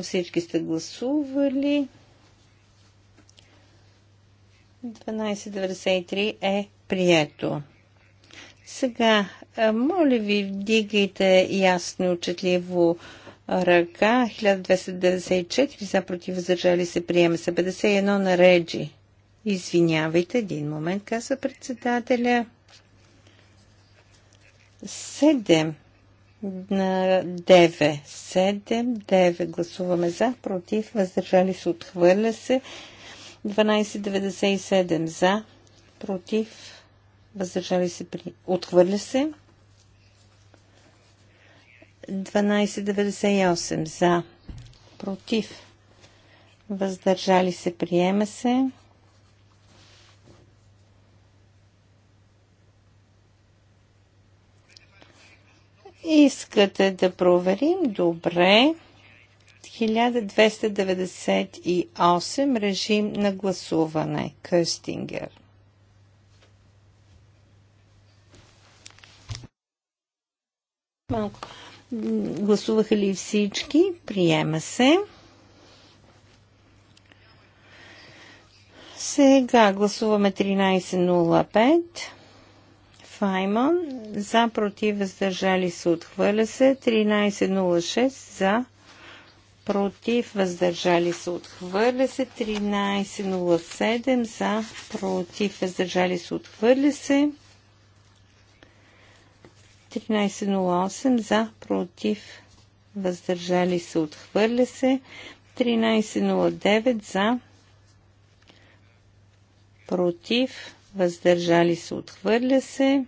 Ако всички сте гласували, 1293 е прието. Сега, моля ви, вдигайте ясно, и отчетливо ръка. 1294 за против въздържали се приема се. 51 на Реджи. Извинявайте, един момент, казва председателя. 7 на 9. 7, 9 гласуваме за, против, въздържали се, отхвърля се. 12,97 за, против, въздържали се, при... отхвърля се. 12,98 за, против, въздържали се, приема се. Искате да проверим? Добре. 1298 режим на гласуване. Къстингер. Малко. Гласуваха ли всички? Приема се. Сега гласуваме 1305. Файман. За, против, въздържали се, отхвърля се. 1306 за, против, въздържали се, отхвърля се. 1307 за, против, въздържали се, отхвърля се. 1308 за, против, въздържали се, отхвърля се. 1309 за, против, въздържали се, отхвърля се.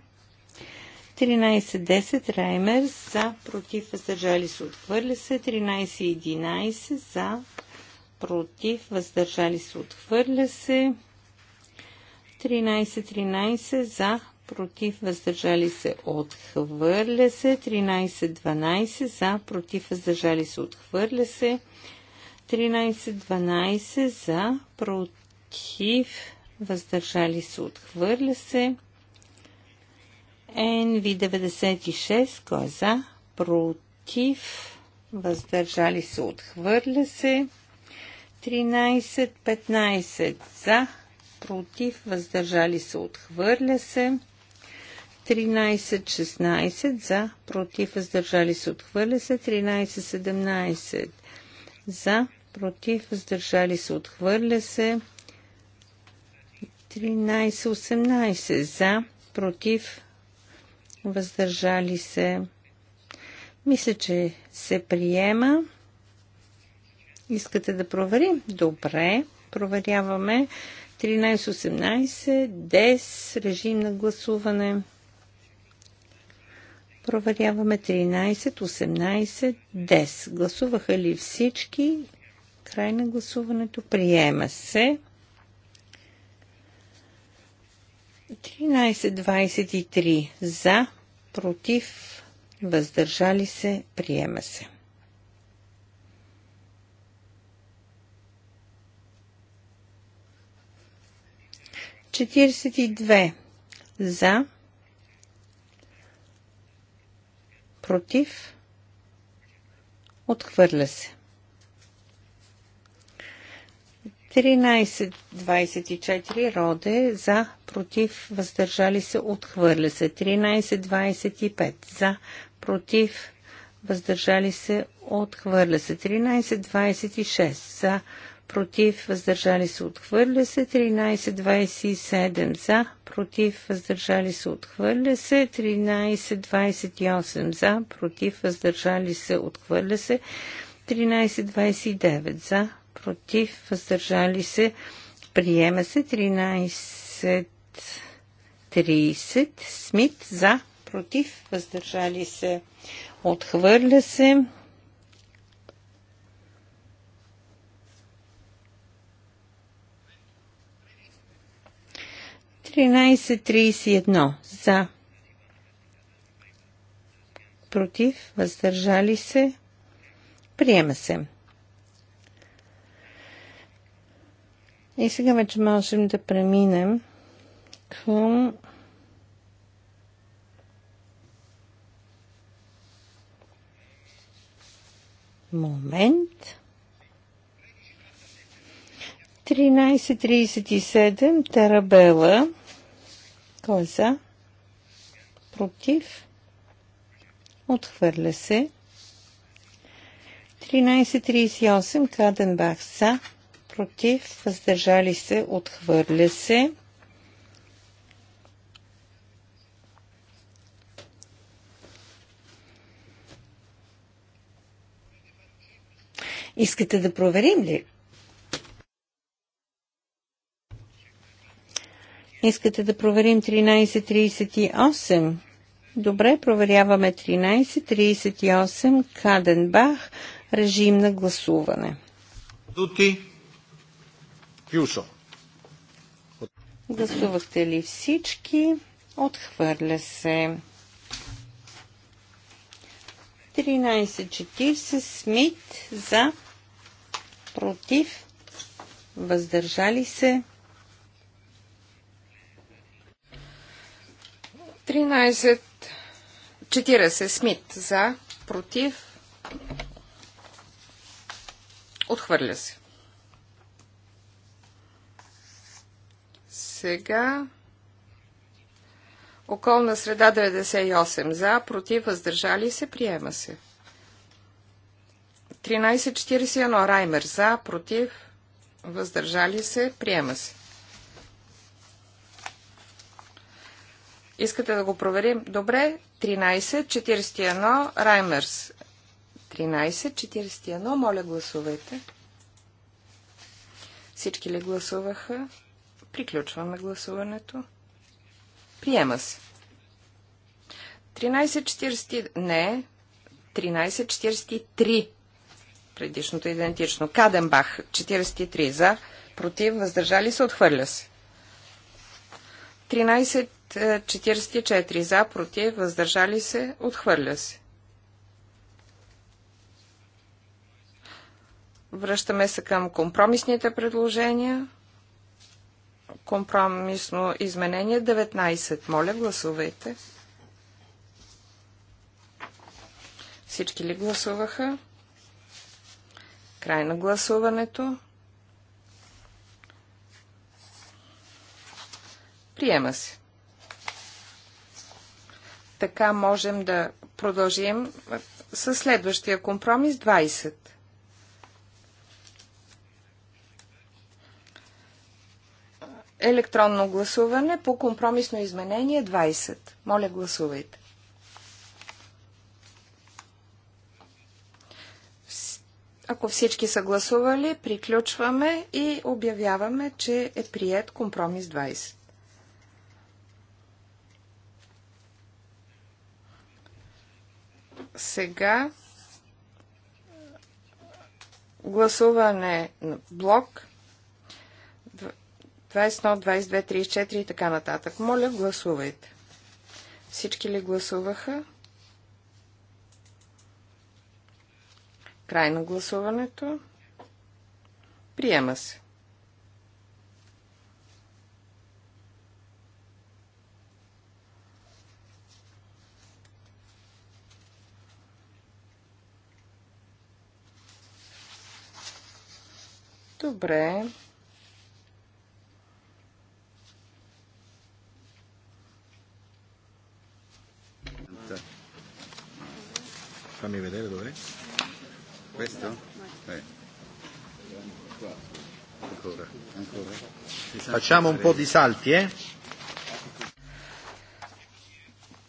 13-10 Раймер за, против, въздържали се, отхвърля се. 13-11 за, против, въздържали се, отхвърля се. 13-13 за, против, въздържали се, отхвърля се. 13-12 за, против, въздържали се, отхвърля се. 13-12 за, против, въздържали се, отхвърля се. NV96, кой е за, против, въздържали се, отхвърля се. 13-15 за, против, въздържали се, отхвърля се. 13-16 за, против, въздържали се, отхвърля се. 13-17 за, против, въздържали се, отхвърля се. 13-18 за, против, въздържали се. Мисля, че се приема. Искате да проверим? Добре, проверяваме. 13-18, ДЕС, режим на гласуване. Проверяваме 13-18, ДЕС. Гласуваха ли всички? Край на гласуването. Приема се. 13.23 за, против, въздържали се, приема се. Четиридесет и две за, против, отхвърля се. 13.24 Роде за, против, въздържали се, отхвърля се. 13.25 за, против, въздържали се, отхвърля се. 13.26 за, против, въздържали се, отхвърля се. 13.27 за, против, въздържали се, отхвърля се. 13.28 за, против, въздържали се, отхвърля се. 13.29 за, против, въздържали се, приема се 13.30. Смит за, против, въздържали се, отхвърля се. за против, въздържали се, приема се. И сега вече можем да преминем към момент. 13.37 Тарабела. Кой е за? Против. Отхвърля се. 13.38 Каденбах са против, въздържали се, отхвърля се. Искате да проверим ли? Искате да проверим 13.38? Добре, проверяваме 13.38 Каденбах, режим на гласуване. Дути. Chiuso. Гласувахте ли всички? Отхвърля се. 13.40 Смит за против въздържали се 13.40 Смит за против отхвърля се Сега околна среда 98 за, против, въздържали се, приема се. 1341 Раймер за, против, въздържали се, приема се. Искате да го проверим? Добре. 13.41 Раймерс. 13.41. Моля, гласувайте. Всички ли гласуваха? Приключваме гласуването. Приема се. 13.40... Не. 13.43. Предишното е идентично. Каденбах. 43 за. Против. Въздържали се. Отхвърля се. 13.44 за. Против. Въздържали се. Отхвърля се. Връщаме се към компромисните предложения. Компромисно изменение 19. Моля, гласувайте. Всички ли гласуваха? Край на гласуването. Приема се. Така можем да продължим с следващия компромис 20. електронно гласуване по компромисно изменение 20. Моля, гласувайте. Ако всички са гласували, приключваме и обявяваме, че е прият компромис 20. Сега гласуване на блок 21, 22, 34 и така нататък. Моля, гласувайте. Всички ли гласуваха? Край на гласуването. Приема се. Добре. Fammi vedere dov'è. Questo? Eh. Ancora, ancora. Facciamo un po' di salti, eh?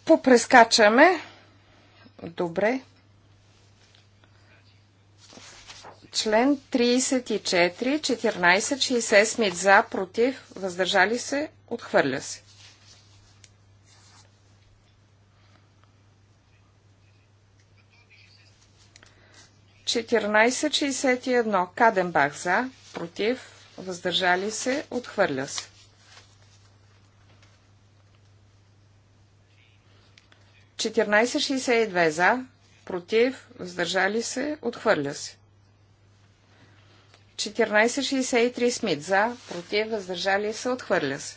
Попрескачаме. Добре. Член 34, 14, 60 за, против, въздържали се, отхвърля се. 1461 Каденбах за, против, въздържали се, отхвърля се. 1462 за, против, въздържали се, отхвърля се. 1463 Смит за, против, въздържали се, отхвърля се.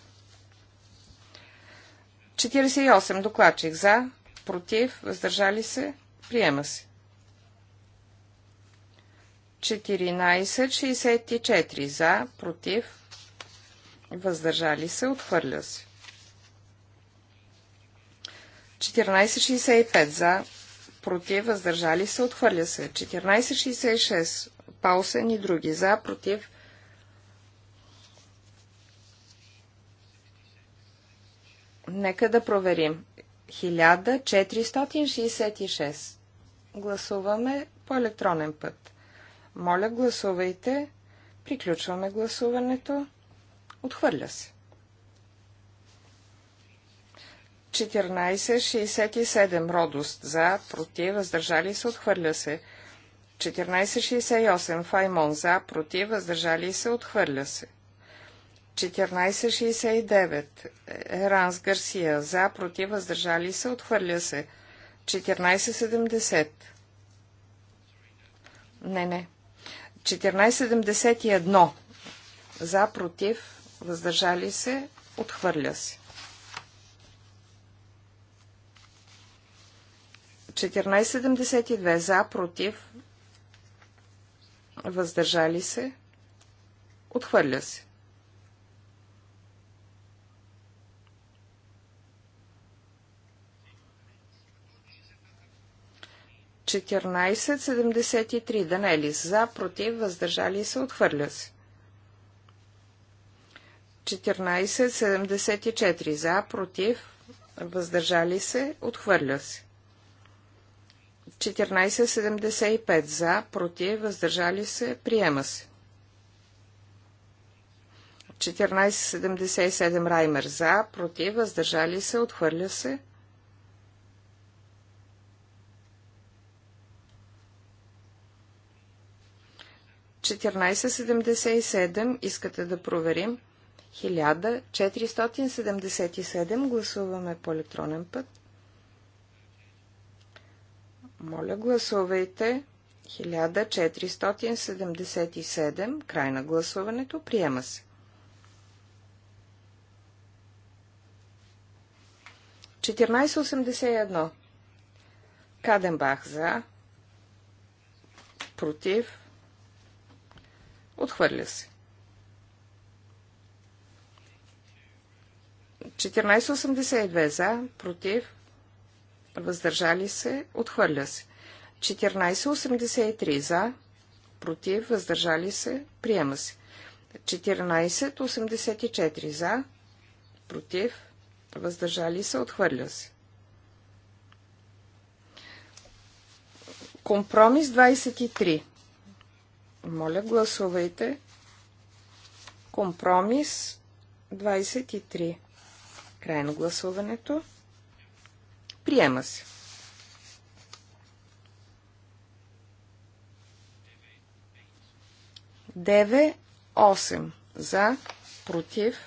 48 докладчик за, против, въздържали се, приема се. 14.64 за, против, въздържали се, отхвърля се. 14.65 за, против, въздържали се, отхвърля се. 14.66 Паусен и други за, против. Нека да проверим. 1466. Гласуваме по електронен път. 1466. Моля, гласувайте. Приключваме гласуването. Отхвърля се. 1467 Родост за, против, въздържали се, отхвърля се. 1468 Файмон за, против, въздържали се, отхвърля се. 1469 Еранс Гарсия за, против, въздържали се, отхвърля се. 1470 Не, не. 1471 за, против, въздържали се, отхвърля се. 1472 за, против, въздържали се, отхвърля се. 1473. Данелис за, против, въздържали се, отхвърля се. 1474 за, против, въздържали се, отхвърля се. 1475 за, против, въздържали се, приема се. 1477 Раймер за, против, въздържали се, отхвърля се. 1477 искате да проверим. 1477 гласуваме по електронен път. Моля, гласувайте. 1477. Край на гласуването. Приема се. 1481. Каденбах за. Против. Отхвърля се. 1482 за, против, въздържали се, отхвърля се. 1483 за, против, въздържали се, приема се. 1484 за, против, въздържали се, отхвърля се. Компромис 23 моля, гласувайте. Компромис 23. Край на гласуването. Приема се. Деве 8 за, против,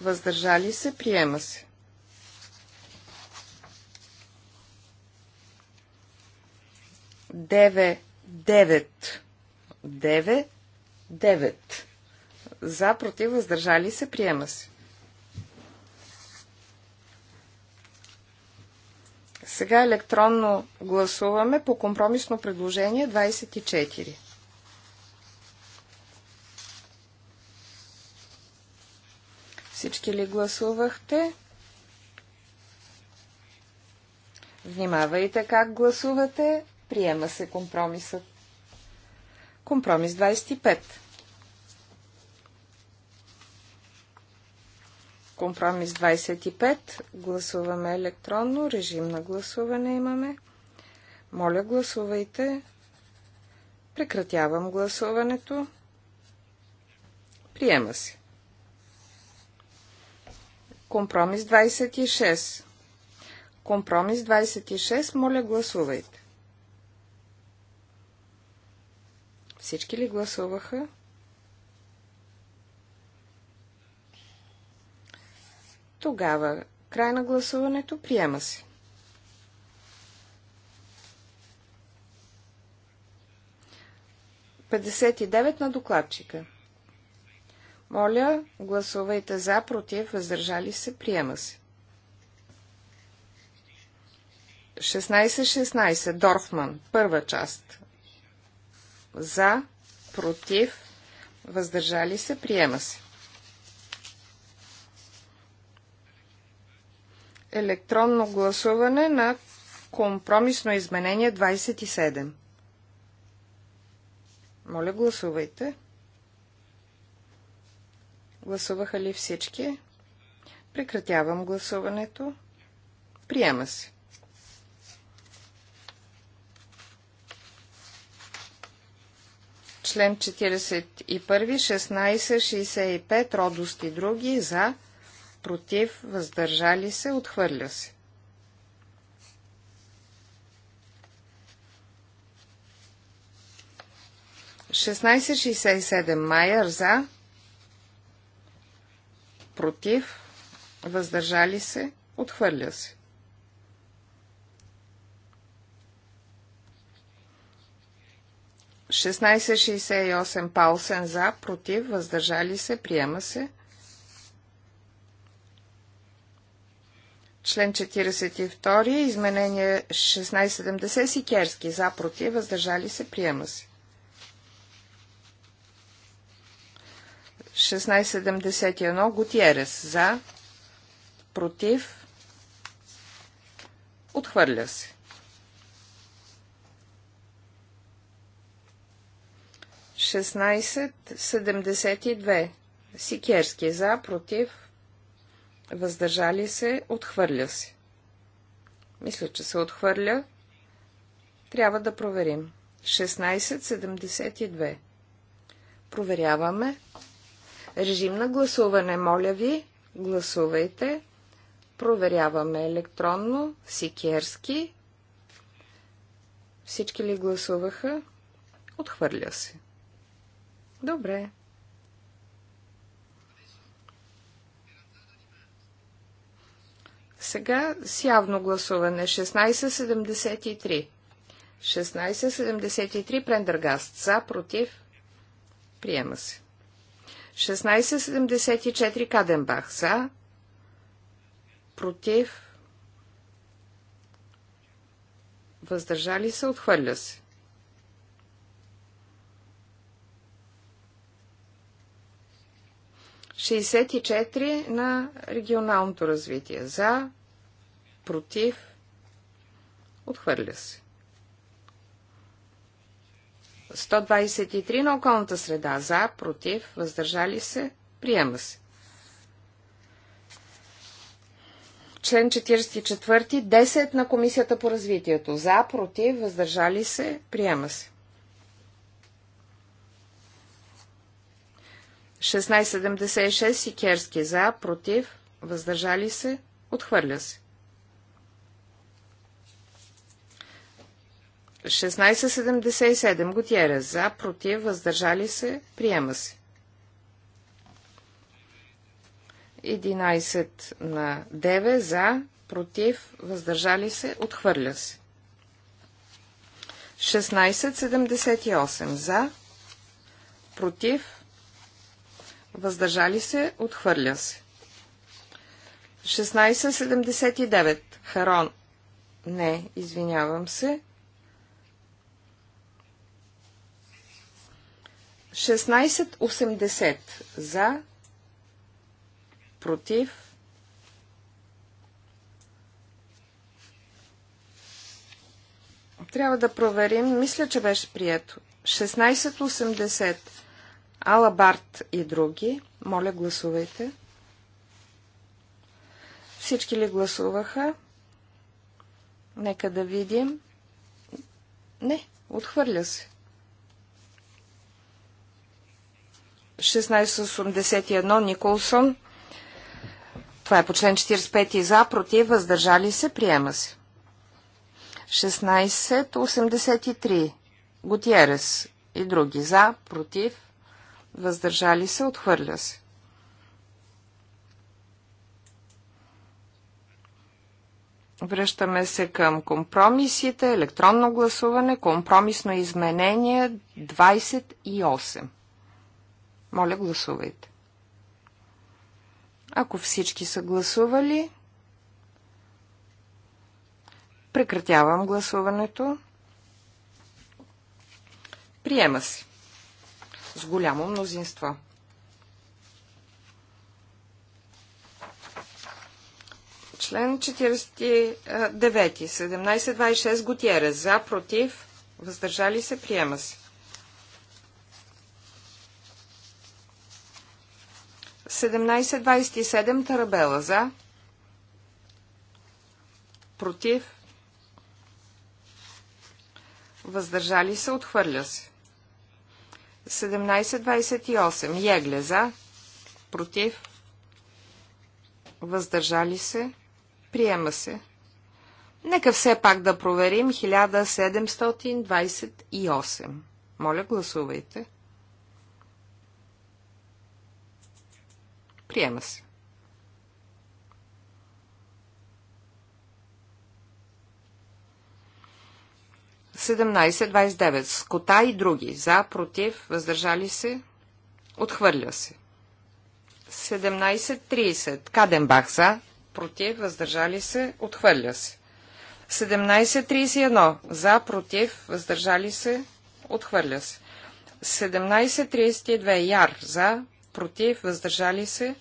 въздържали се, приема се. Деве 9 9, 9. За, против, въздържали се, приема се. Сега електронно гласуваме по компромисно предложение 24. Всички ли гласувахте? Внимавайте как гласувате. Приема се компромисът. Компромис 25. Компромис 25. Гласуваме електронно. Режим на гласуване имаме. Моля, гласувайте. Прекратявам гласуването. Приема се. Компромис 26. Компромис 26. Моля, гласувайте. Всички ли гласуваха? Тогава край на гласуването приема се. Петдесет и девет на докладчика. Моля, гласувайте за, против, въздържали се, приема се. 16-16, Дорфман, първа част. За, против, въздържали се, приема се. Електронно гласуване на компромисно изменение 27. Моля, гласувайте. Гласуваха ли всички? Прекратявам гласуването. Приема се. Член 41, 16, 65, родост и други, за, против, въздържали се, отхвърля се. Шестнайсет шестдесет седем Майер за, против, въздържали се, отхвърля се. 1668 Паусен за, против, въздържали се, приема се. Член 42, изменение 1670 Сикерски за, против, въздържали се, приема се. 1671 Гутиерес за, против, отхвърля се. 1672. Сикерски е за, против, въздържали се, отхвърля се. Мисля, че се отхвърля. Трябва да проверим. 1672. Проверяваме. Режим на гласуване, моля ви, гласувайте. Проверяваме електронно, Сикерски. Всички ли гласуваха? Отхвърля се. Добре. Сега с явно гласуване 1673. 1673 Прендергаст. За, против. Приема се. 1674 Каденбах. За, против. Въздържали се, отхвърля се. 64 на регионалното развитие. За, против, отхвърля се. 123 на околната среда. За, против, въздържали се, приема се. Член 44, 10 на Комисията по развитието. За, против, въздържали се, приема се. 1676 Сикерски е за, против, въздържали се, отхвърля се. 1677 Готиера за, против, въздържали се, приема се. 11 на 9 за, против, въздържали се, отхвърля се. 1678 за, против, въздържали се, отхвърля се. 1679 Харон. Не, извинявам се. 1680 за, против, Трябва да проверим. Мисля, че беше прието. 1680. Ала Барт и други. Моля, гласувайте. Всички ли гласуваха? Нека да видим. Не, отхвърля се. 1681 Николсон. Това е по член 45 за, против, въздържали се, приема се. 1683 Гутиерес и други за, против, въздържали се, отхвърля се. Връщаме се към компромисите, електронно гласуване, компромисно изменение 28. Моля, гласувайте. Ако всички са гласували, прекратявам гласуването. Приема се голямо мнозинство. Член 49, 1726 Готиера. За, против, въздържали се, приема се. 1727 Тарабела. За, против, въздържали се, отхвърля се. 17.28. Егле за. Против. Въздържали се. Приема се. Нека все пак да проверим 1728. Моля, гласувайте. Приема се. 17.29. Скота и други. За, против, въздържали се. Отхвърля се. 17.30. Каденбах. За, против, въздържали се. Отхвърля се. 17.31. За, против, въздържали се. Отхвърля се. 17.32. Яр. За, против, въздържали се.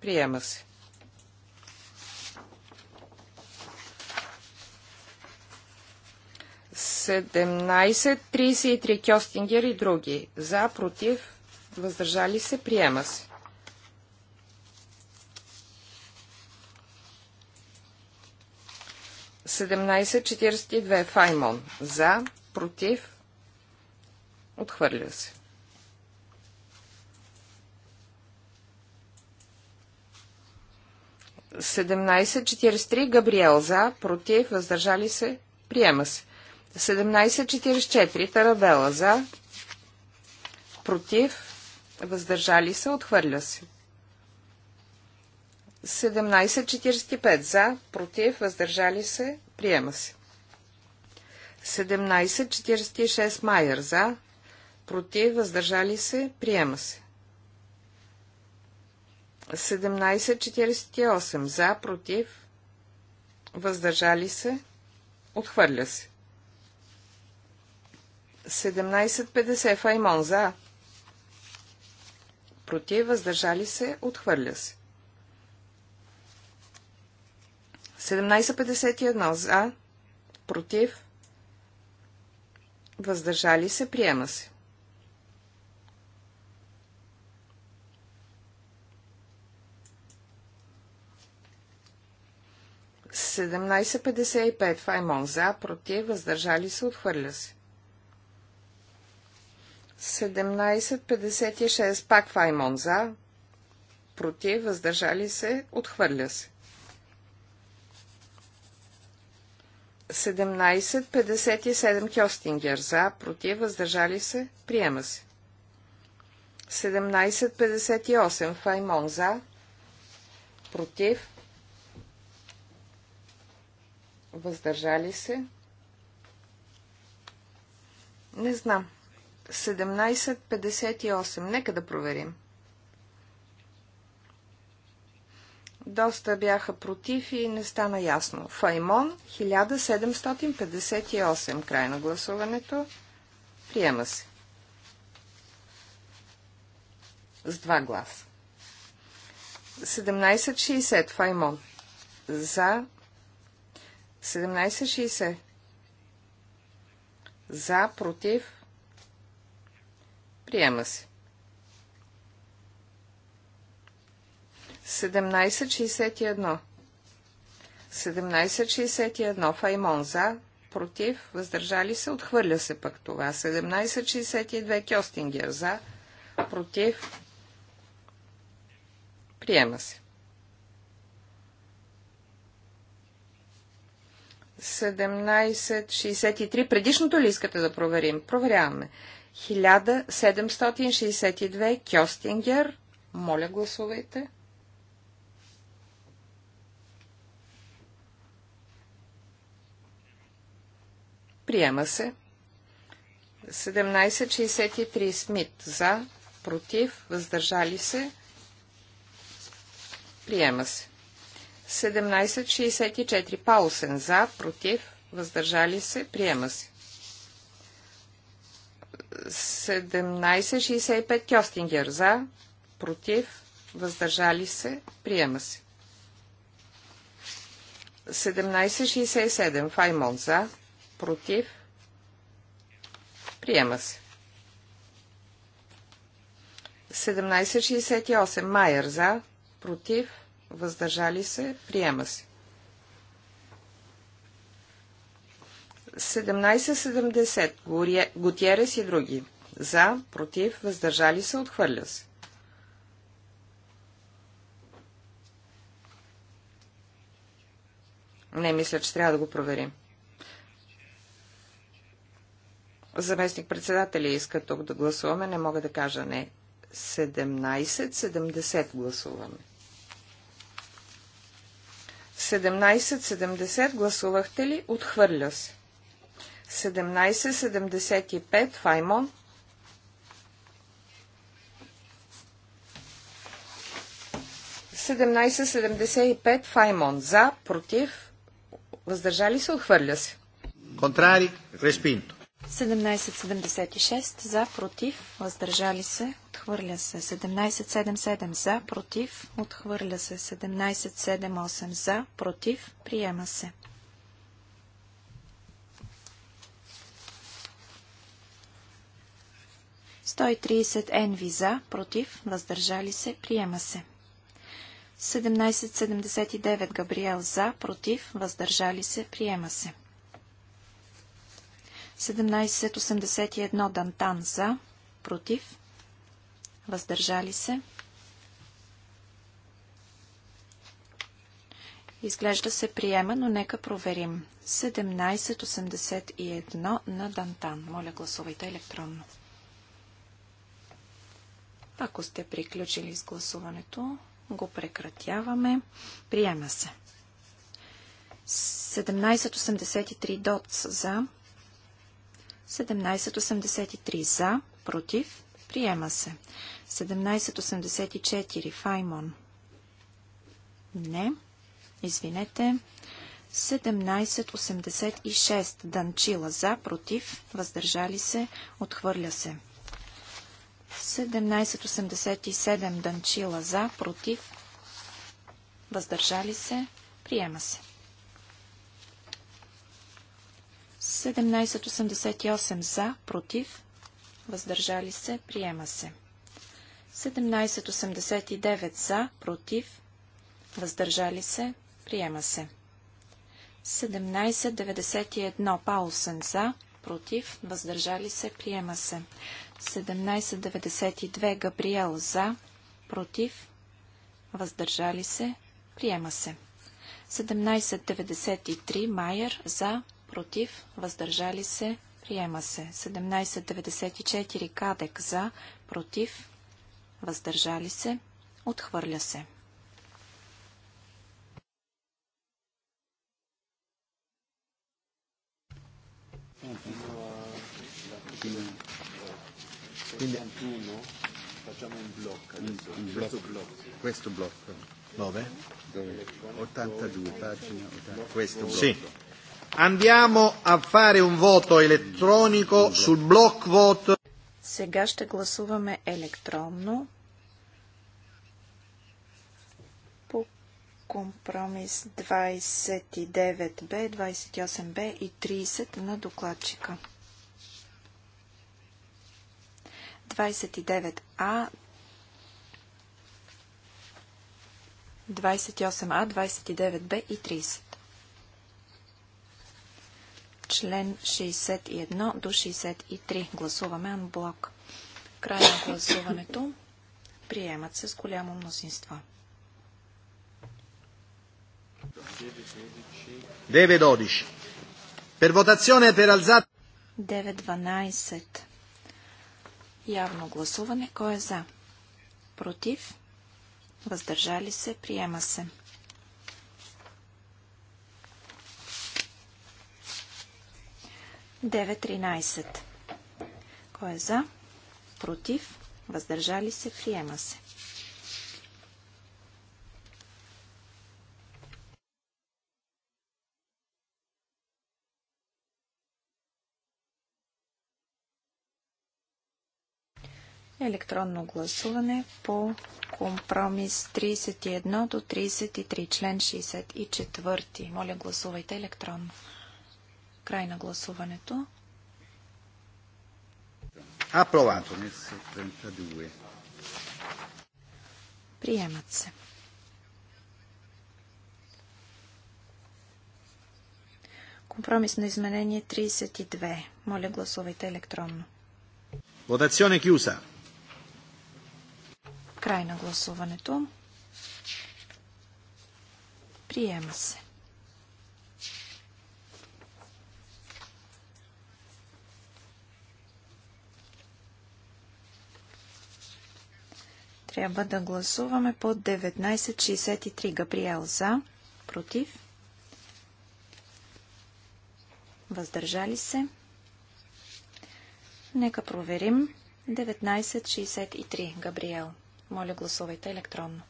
Приема се. 1733 Кьостингер и други. За, против, въздържали се, приема се. Седемнайсет, четиридесет Файмон. За, против, отхвърля се. 17.43 Габриел. За, против, въздържали се, приема се. 1744 тарабела за, против, въздържали се, отхвърля се. 1745 за, против, въздържали се, приема се. 1746 Майер за, против, въздържали се, приема се. 1748 за, против, въздържали се, отхвърля се. 17.50 Файмон за. Против, въздържали се, отхвърля се. 17.51 за. Против, въздържали се, приема се. 1755, Файмон за, против, въздържали се, отхвърля се. 17.56. Пак Файмон за. Против. Въздържали се. Отхвърля се. 17.57. Кьостингер за. Против. Въздържали се. Приема се. 17.58. Файмон за. Против. Въздържали се. Не знам. 17.59. 17.58. Нека да проверим. Доста бяха против и не стана ясно. Файмон 1758. Край на гласуването. Приема се. С два гласа. 1760. Файмон. За. 1760. За, против, Приема се. 1761 1761 Файмон за, против, въздържали се, отхвърля се пък това. 1762 Кьостингер за, против, приема се. 1763. Предишното ли искате да проверим? Проверяваме. 1763. 1762 Кьостингер. Моля, гласувайте. Приема се. 1763 Смит за, против, въздържали се. Приема се. 1764 Паусен за, против, въздържали се. Приема се. 1765 Кьостингер за, против, въздържали се, приема се. 1767 Файмон за, против, приема се. 1768 Майер за, против, въздържали се, приема се. 1769 1770. Готиерес и други. За, против, въздържали се, отхвърля се. Не, мисля, че трябва да го проверим. Заместник председателя иска тук да гласуваме, не мога да кажа не. 17-70 гласуваме. 17-70 гласувахте ли? Отхвърля се. 1775 Файмон. Седемнайсет Файмон. За, против, въздържали се, отхвърля се. Контрари, респинто. 1776 за, против, въздържали се, отхвърля се. 1777 за, против, отхвърля се. 1778 за, против, приема се. 130 енви за, против, въздържали се, приема се. 1779 Габриел за, против, въздържали се, приема се. 1781 Дантан за, против, въздържали се. Изглежда се приема, но нека проверим. 1781 на Дантан. Моля, гласувайте електронно. Ако сте приключили с гласуването, го прекратяваме. Приема се. 1783 дот за. 1783 за. Против. Приема се. 1784 Файмон. Не. Извинете. 1786 Данчила за. Против. Въздържали се. Отхвърля се. 1787 1787 Данчила за, против, въздържали се, приема се. 1788 за, против, въздържали се, приема се. 1789 за, против, въздържали се, приема се. 1791 паусен за, против, въздържали се, приема се. 1792 Габриел за, против, въздържали се, приема се. 1793 Майер за, против, въздържали се, приема се. 1794 Кадек за, против, въздържали се, отхвърля се. Thank you. 61 facciamo un blocco adesso, un blocco. questo blocco. Questo blocco. Dove? Dove? 82, pagina 82. Questo blocco. Sì. Andiamo a fare un voto elettronico sul block vote. Сега ще гласуваме електронно по компромис 29b, 28b и 30 на докладчика. 29А, 28А, 29Б и 30. Член 61 до 63. Гласуваме анблок. Край на гласуването. Приемат се с голямо мнозинство. 9-12. Per votazione per alzata. 9-12. Явно гласуване. Кой е за? Против? Въздържали се? Приема се. Девет тринайсет. Кой е за? Против? Въздържали се? Приема се. електронно гласуване по компромис 31 до 33, член 64. Моля, гласувайте електронно. Край на гласуването. Апровато. Приемат се. Компромисно изменение 32. Моля, гласувайте електронно. Votazione chiusa. Край на гласуването. Приема се. Трябва да гласуваме по 1963. Габриел за, против, въздържали се. Нека проверим. 1963. Габриел. 1963. Моля, гласувайте електронно.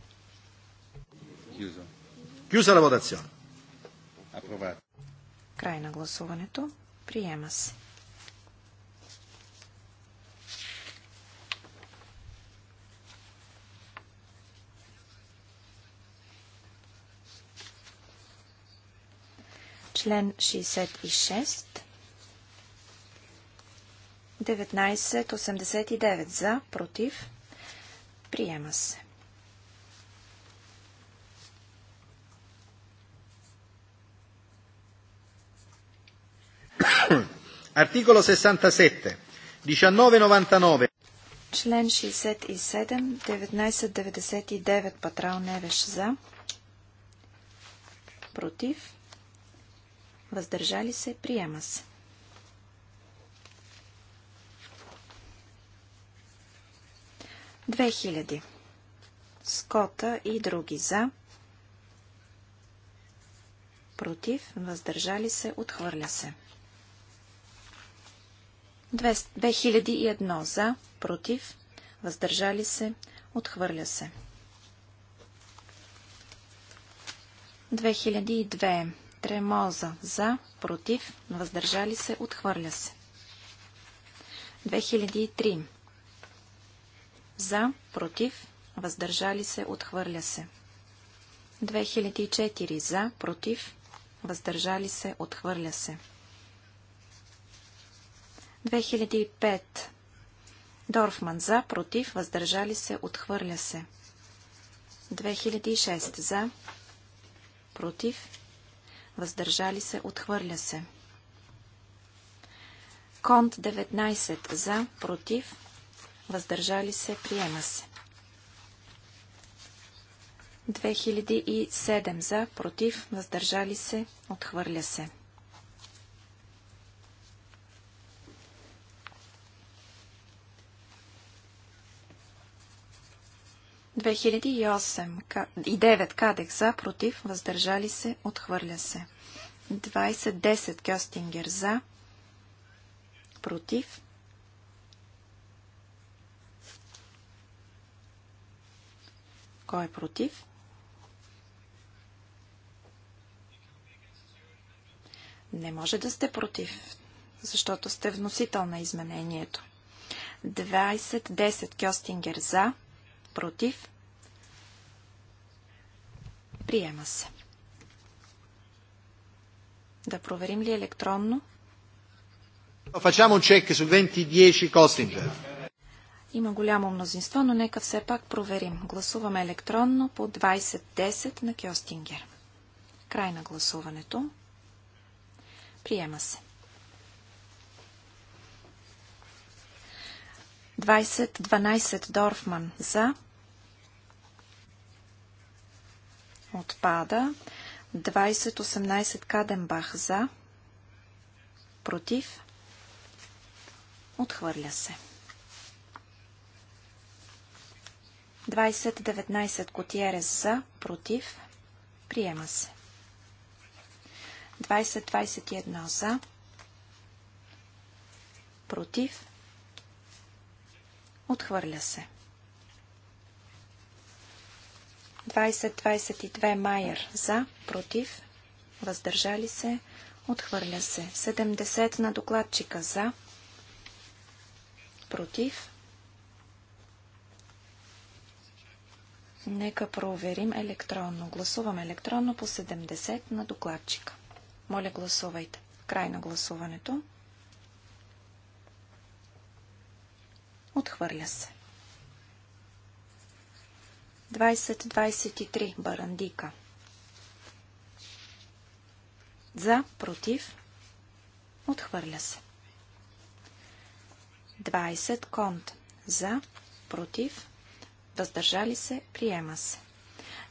Кюза на Край на гласуването. Приема се. Член 66. 1989 за, против Приема се. Articolo 67. 1999. Член 67, 1999 Патрал Невеш за. Против. Въздържали се. Приема се. 2000. Скота и други за. Против, въздържали се, отхвърля се. 2001 за, против, въздържали се, отхвърля се. 2002 Тремоза за, против, въздържали се, отхвърля се. 2003 за, против, въздържали се, отхвърля се. 2004 за, против, въздържали се, отхвърля се. 2005 Дорфман за, против, въздържали се, отхвърля се. 2006 за, против, въздържали се, отхвърля се. Конт 19 за, против, въздържали се, приема се. 2007 за, против, въздържали се, отхвърля се. 2008 и 9 Кадек за, против, въздържали се, отхвърля се. 2010 Кьостингер за, против, Кой е против? Не може да сте против, защото сте вносител на изменението. 20-10 Кьостингер за, против. Приема се. Да проверим ли електронно? Facciamo un check su 20-10 Костингер. Има голямо мнозинство, но нека все пак проверим. Гласуваме електронно по 2010 на Кьостингер. Край на гласуването. Приема се. 2012 Дорфман за. Отпада. 2018 Каденбах за. Против. Отхвърля се. 20-19 Готиерес за, против, приема се. 2021 за, против, отхвърля се. 2022 Майер за, против, въздържали се, отхвърля се. 70 на докладчика за, против, Нека проверим електронно. Гласуваме електронно по 70 на докладчика. Моля, гласувайте. Край на гласуването. Отхвърля се. 20-23 Барандика. За, против, отхвърля се. 20 Конт. За, против, въздържали се, приема се.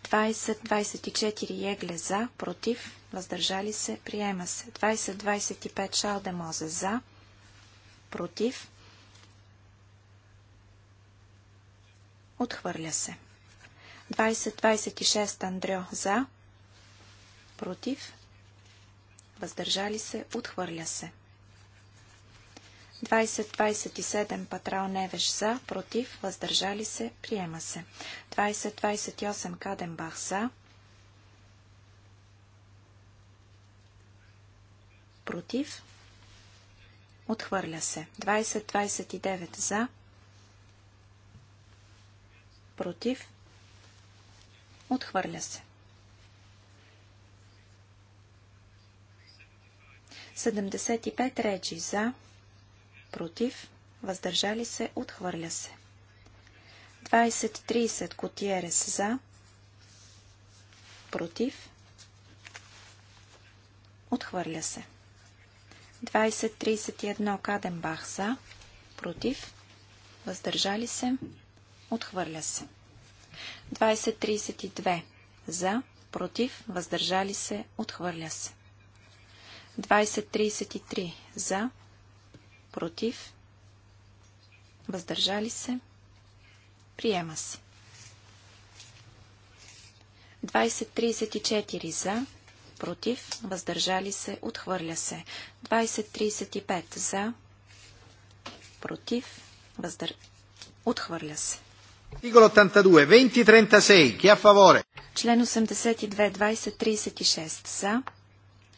20-24 Егле за, против, въздържали се, приема се. 20-25 шалдемоза за, против, отхвърля се. 20-26 Андрео за, против, въздържали се, отхвърля се. 20-27 Патрал Невеш за, против, въздържали се, приема се. 20-28 Каденбах за, против, отхвърля се. 20-29 за, против, отхвърля се. 75 речи за, против, въздържали се, отхвърля се. 20-30 Котиерес за, против, отхвърля се. 20-31 Каденбах за, против, въздържали се, отхвърля се. 20-32 за, против, въздържали се, отхвърля се. 20-33 за, против, въздържали се, приема се. 2034 за, против, въздържали се, отхвърля се. 2035 за, против, въздър... отхвърля се. 82, 2036, chi a Член 82, 2036 за,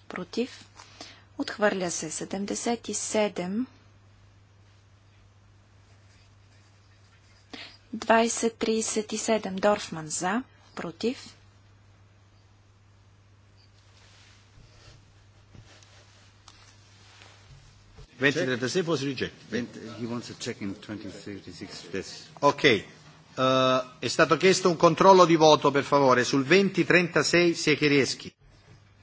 против, отхвърля се. 77 2037 Дорфман за, против. Ok, uh, è stato chiesto un controllo di voto per favore sul 2036 Siecherieschi.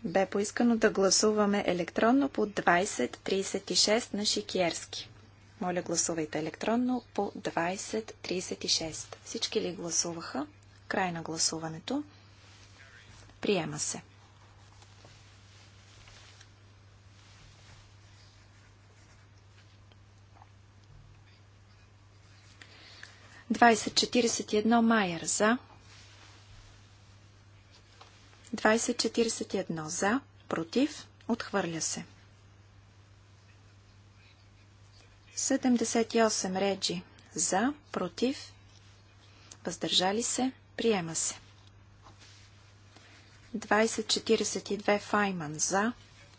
Бе поискано да гласуваме електронно по 2036 на Шикерски. Моля гласувайте електронно по 2036. Всички ли гласуваха? Край на гласуването. Приема се. Двадесет четиридесет едно Майер за. Двадесет четиридесет едно за. Против. Отхвърля се. 78 реджи за, против, въздържали се, приема се. 2042 Файман за,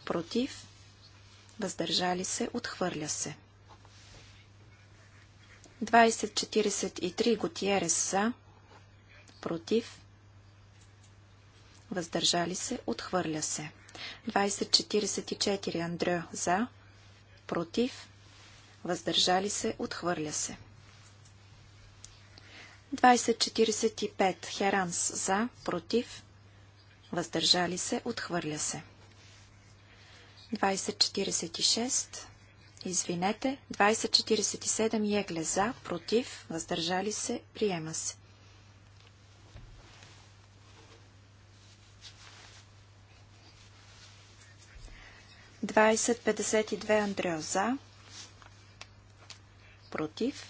против, въздържали се, отхвърля се. 2043 Готиерес за, против, въздържали се, отхвърля се. 2044 Андрео за, против, въздържали се, отхвърля се. 2045 Херанс за, против, въздържали се, отхвърля се. 2046 Извинете, 2047 Егле за, против, въздържали се, приема се. 2052 Андрео за, против,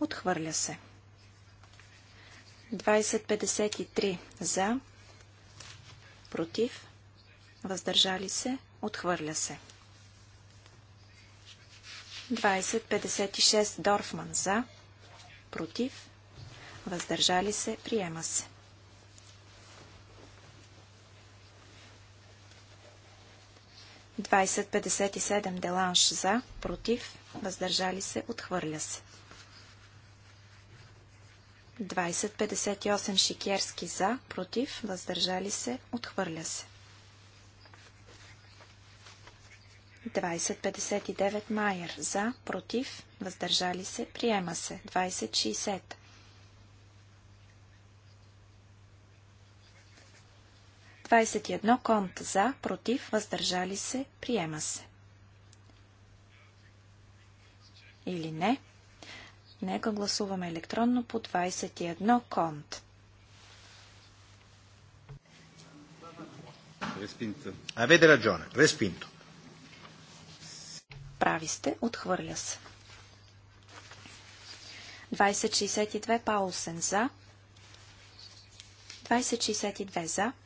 отхвърля се. 2053 за, против, въздържали се, отхвърля се. 2056 Дорфман за, против, въздържали се, приема се. 2057 Деланш за, против, въздържали се, отхвърля се. 2058 Шикерски за, против, въздържали се, отхвърля се. 2059 Майер за, против, въздържали се, приема се. 2060 21 конт за, против, въздържали се, приема се. Или не? Нека гласуваме електронно по 21 конт. Респинто. Аведе раджоне. респинто. Прави сте, отхвърля се. 2062 Паулсен за. 2062 за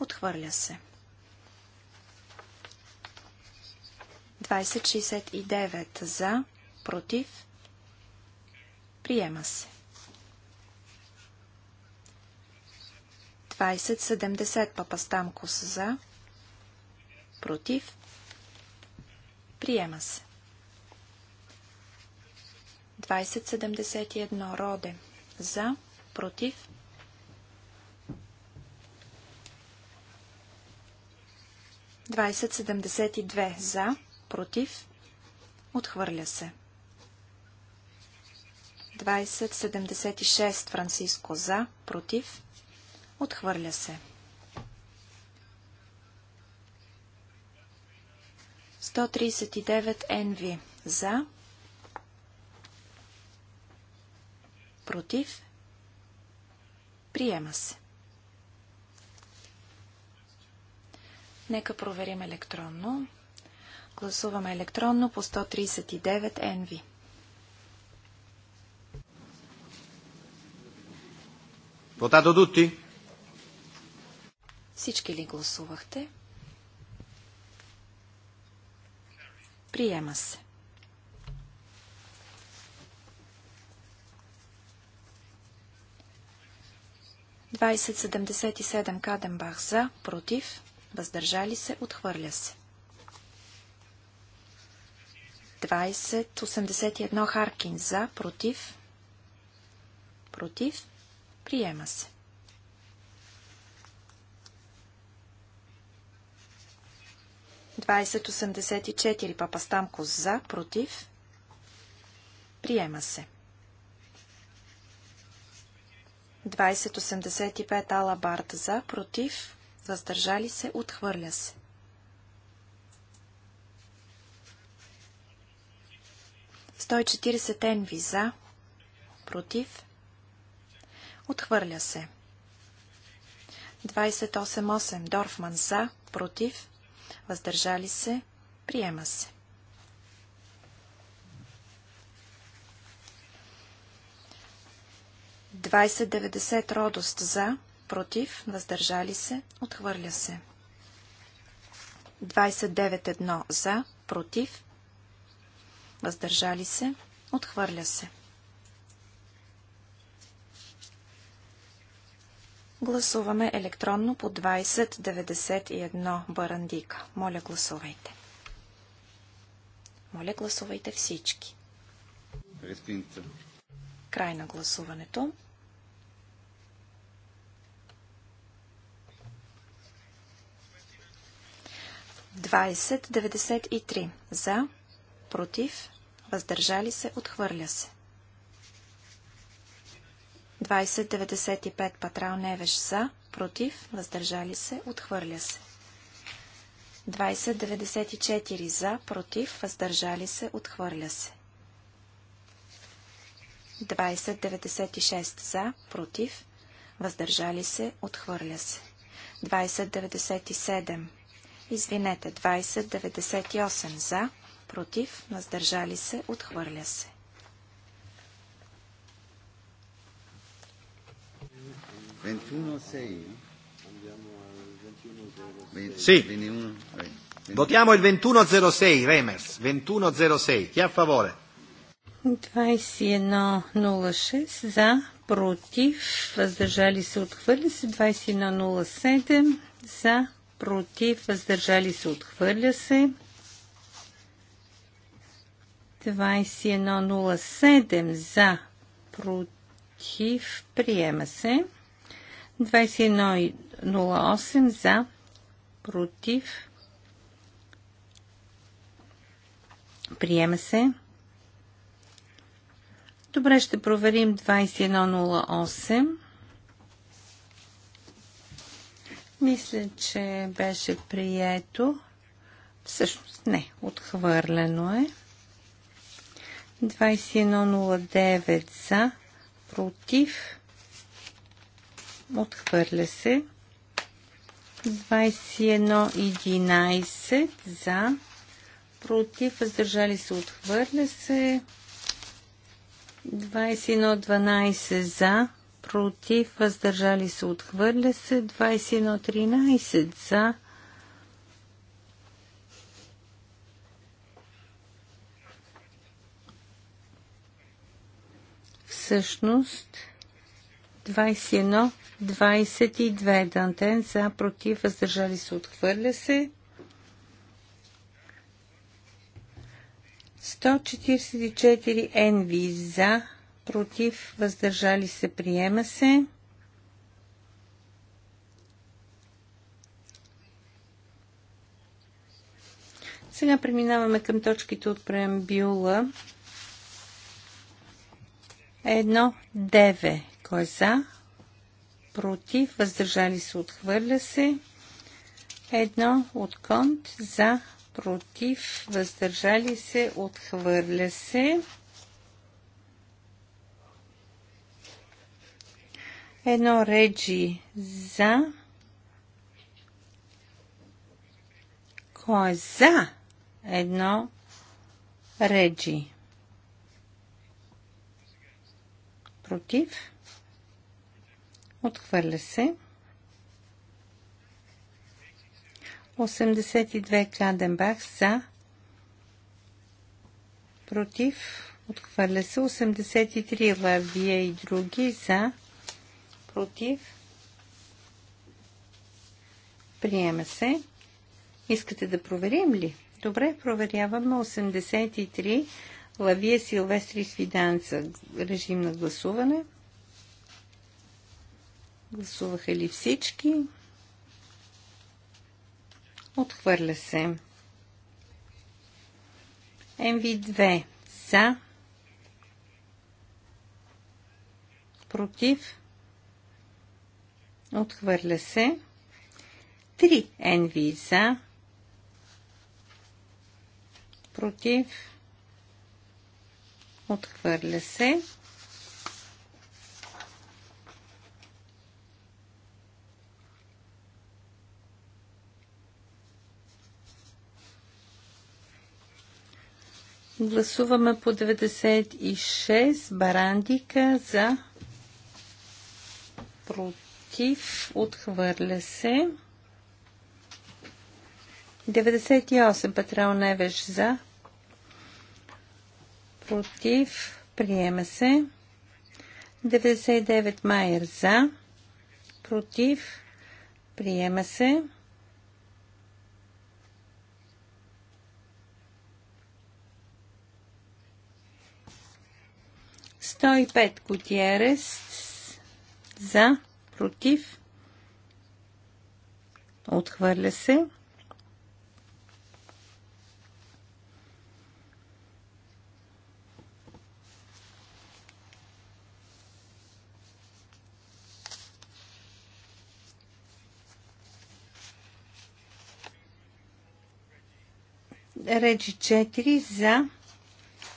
Отхвърля се. 2069 за, против, приема се. 2070 Папастамкос за, против, приема се. 2071 Роде за, против, 2072 за, против, отхвърля се. 2076 Франциско за, против, отхвърля се. 139 Енви за, против, приема се. Нека проверим електронно. Гласуваме електронно по 139 NV. Votato tutti? Всички ли гласувахте? Приема се. Двадесет седемдесет и седем Каденбах за, против въздържали се, отхвърля се. 2081 Харкин за, против, против, приема се. 2084 Папастамко за, против, приема се. 2085 Алабард за, против, въздържали се, отхвърля се. Стой 40 енви за, против, отхвърля се. 28-8 Дорфман за, против, въздържали се, приема се. 20-90 Родост за, против, въздържали се, отхвърля се. 29.1 за, против, въздържали се, отхвърля се. Гласуваме електронно по 2091 барандика. Моля, гласувайте. Моля, гласувайте всички. Край на гласуването. 20.93 за, против, въздържали се, отхвърля се. 20.95 Патрал Невеш за, против, въздържали се, отхвърля се. 20.94 за, против, въздържали се, отхвърля се. 20.96 за, против, въздържали се, отхвърля се. 20.97 Извинете, 2098 за, против, въздържали се, отхвърля се. Sì, votiamo il 2106 Remers, 2106, chi è a favore? 2106 за, против, въздържали се, отхвърли се, 2107 за, против, въздържали се, отхвърля се. 2107 за, против, приема се. 2108 за, против, приема се. Добре, ще проверим 2108. Мисля, че беше прието. Всъщност не, отхвърлено е. 2109 за, против, отхвърля се. 2111 за, против, въздържали се, отхвърля се. 2112 за, против, въздържали се, отхвърля се, 21.13 за, всъщност 21, 22 Дантен за, против, въздържали се, отхвърля се. 144 Енви за, против, въздържали се, приема се. Сега преминаваме към точките от преамбюла. Едно, деве. Кой е за? Против, въздържали се, отхвърля се. Едно от конт за, против, въздържали се, отхвърля се. Едно реджи за. Кой е за? Едно реджи. Против. Отхвърля се. 82 Каденбах за. Против. Отхвърля се. 83 Лавия и други за против, приема се. Искате да проверим ли? Добре, проверяваме 83 Лавия Силвестри Свиданца. Режим на гласуване. Гласуваха ли всички? Отхвърля се. МВ2 за. Против. Отхвърля се. 3 NV за. Против. Отхвърля се. Гласуваме по 96 барандика за против против, отхвърля се. 98 Петрал Невеж за, против, приема се. 99 Майер за, против, приема се. 105 и Гутиерес за против, отхвърля се. Речи 4 за,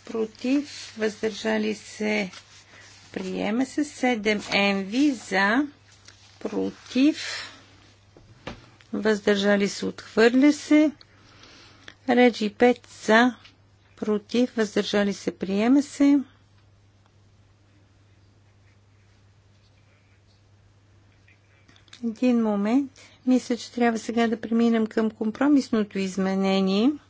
против, въздържали се, приема се 7 МВ за, против, въздържали се, отхвърля се. Реджи 5 за, против, въздържали се, приема се. Един момент. Мисля, че трябва сега да преминем към компромисното изменение –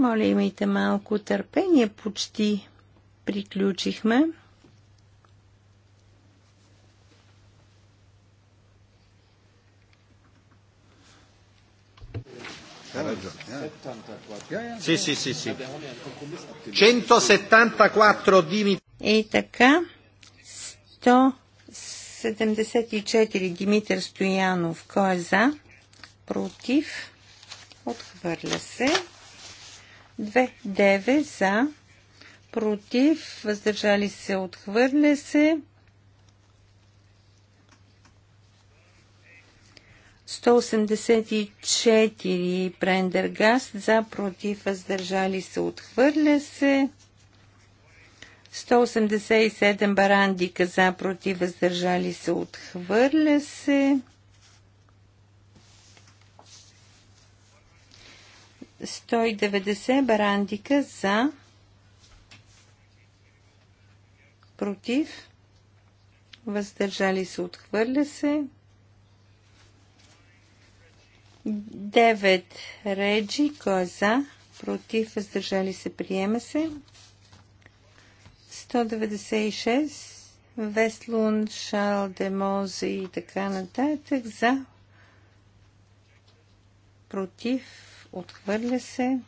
Моля, имайте малко търпение. Почти приключихме. Си, си, си, си. 174 дими. И така, 174 Димитър Стоянов. Кой е за? Против? Отхвърля се. 2.9 за, против, въздържали се, отхвърля се. 184 Прендергаст за, против, въздържали се, отхвърля се. 187 Барандика за, против, въздържали се, отхвърля се. 190 барандика за против въздържали се отхвърля се 9 реджи кой е за против въздържали се приема се 196 Вестлун, Шал, Демози и така нататък за против Отхвърля се.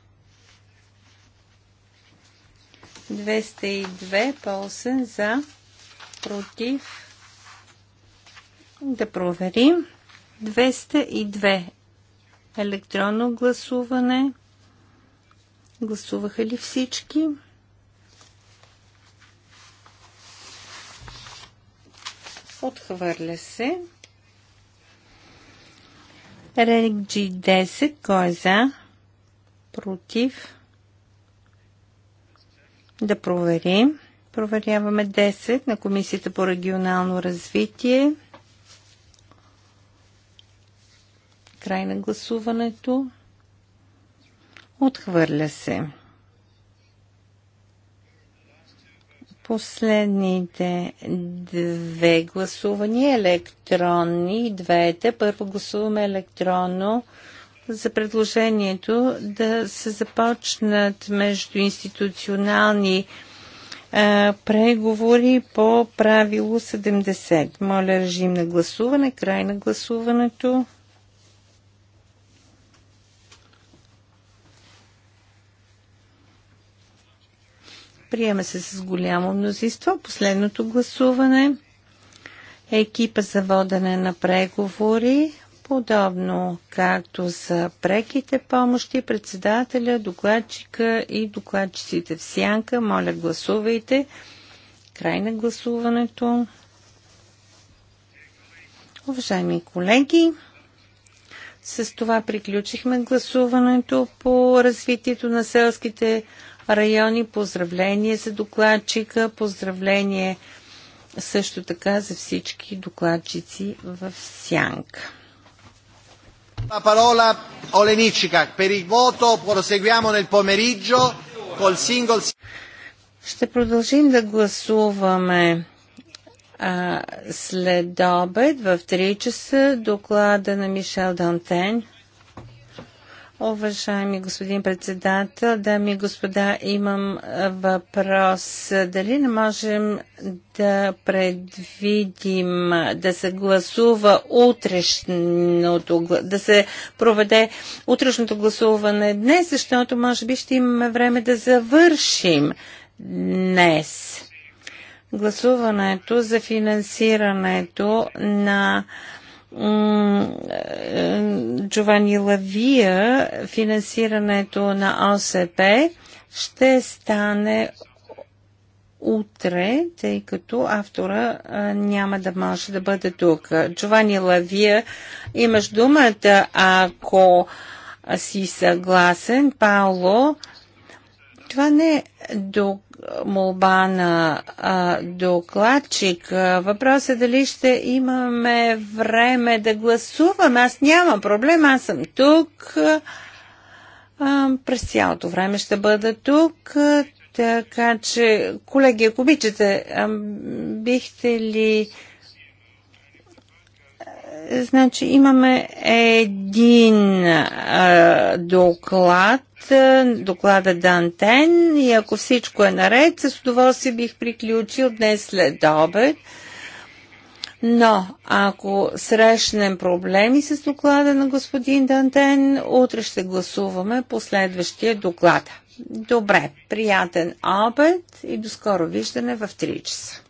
202 Полсен за против. Да проверим. 202 електронно гласуване. Гласуваха ли всички? Отхвърля се. Реджи 10. Кой е за? Против. Да проверим. Проверяваме 10 на Комисията по регионално развитие. Край на гласуването. Отхвърля се. Последните две гласувания електронни, двете. Първо гласуваме електронно за предложението да се започнат институционални а, преговори по правило 70. Моля режим на гласуване, край на гласуването. Приема се с голямо мнозинство. Последното гласуване. Екипа за водене на преговори, подобно както за преките помощи, председателя, докладчика и докладчиците в сянка. Моля, гласувайте. Край на гласуването. Уважаеми колеги, с това приключихме гласуването по развитието на селските райони. Поздравление за докладчика, поздравление също така за всички докладчици в Сянка. La parola Olenicica per il voto, proseguiamo nel pomeriggio col single... Ще продължим да гласуваме а, след обед в 3 часа доклада на Мишел Дантен. Уважаеми господин председател, дами и господа, имам въпрос. Дали не можем да предвидим да се гласува утрешното, да се проведе утрешното гласуване днес, защото може би ще имаме време да завършим днес гласуването за финансирането на е, Джовани Лавия финансирането на ОСП ще стане утре, тъй като автора няма да може да бъде тук. Джовани Лавия, имаш думата, ако си съгласен, Пауло. Това не е до молба на а, докладчик. Въпросът е дали ще имаме време да гласуваме. Аз нямам проблем, аз съм тук. А, през цялото време ще бъда тук. Така че, колеги, ако обичате, бихте ли Значи имаме един а, доклад, доклада Дантен и ако всичко е наред, с удоволствие бих приключил днес след обед. Но ако срещнем проблеми с доклада на господин Дантен, утре ще гласуваме последващия доклад. Добре, приятен обед и до скоро виждане в 3 часа.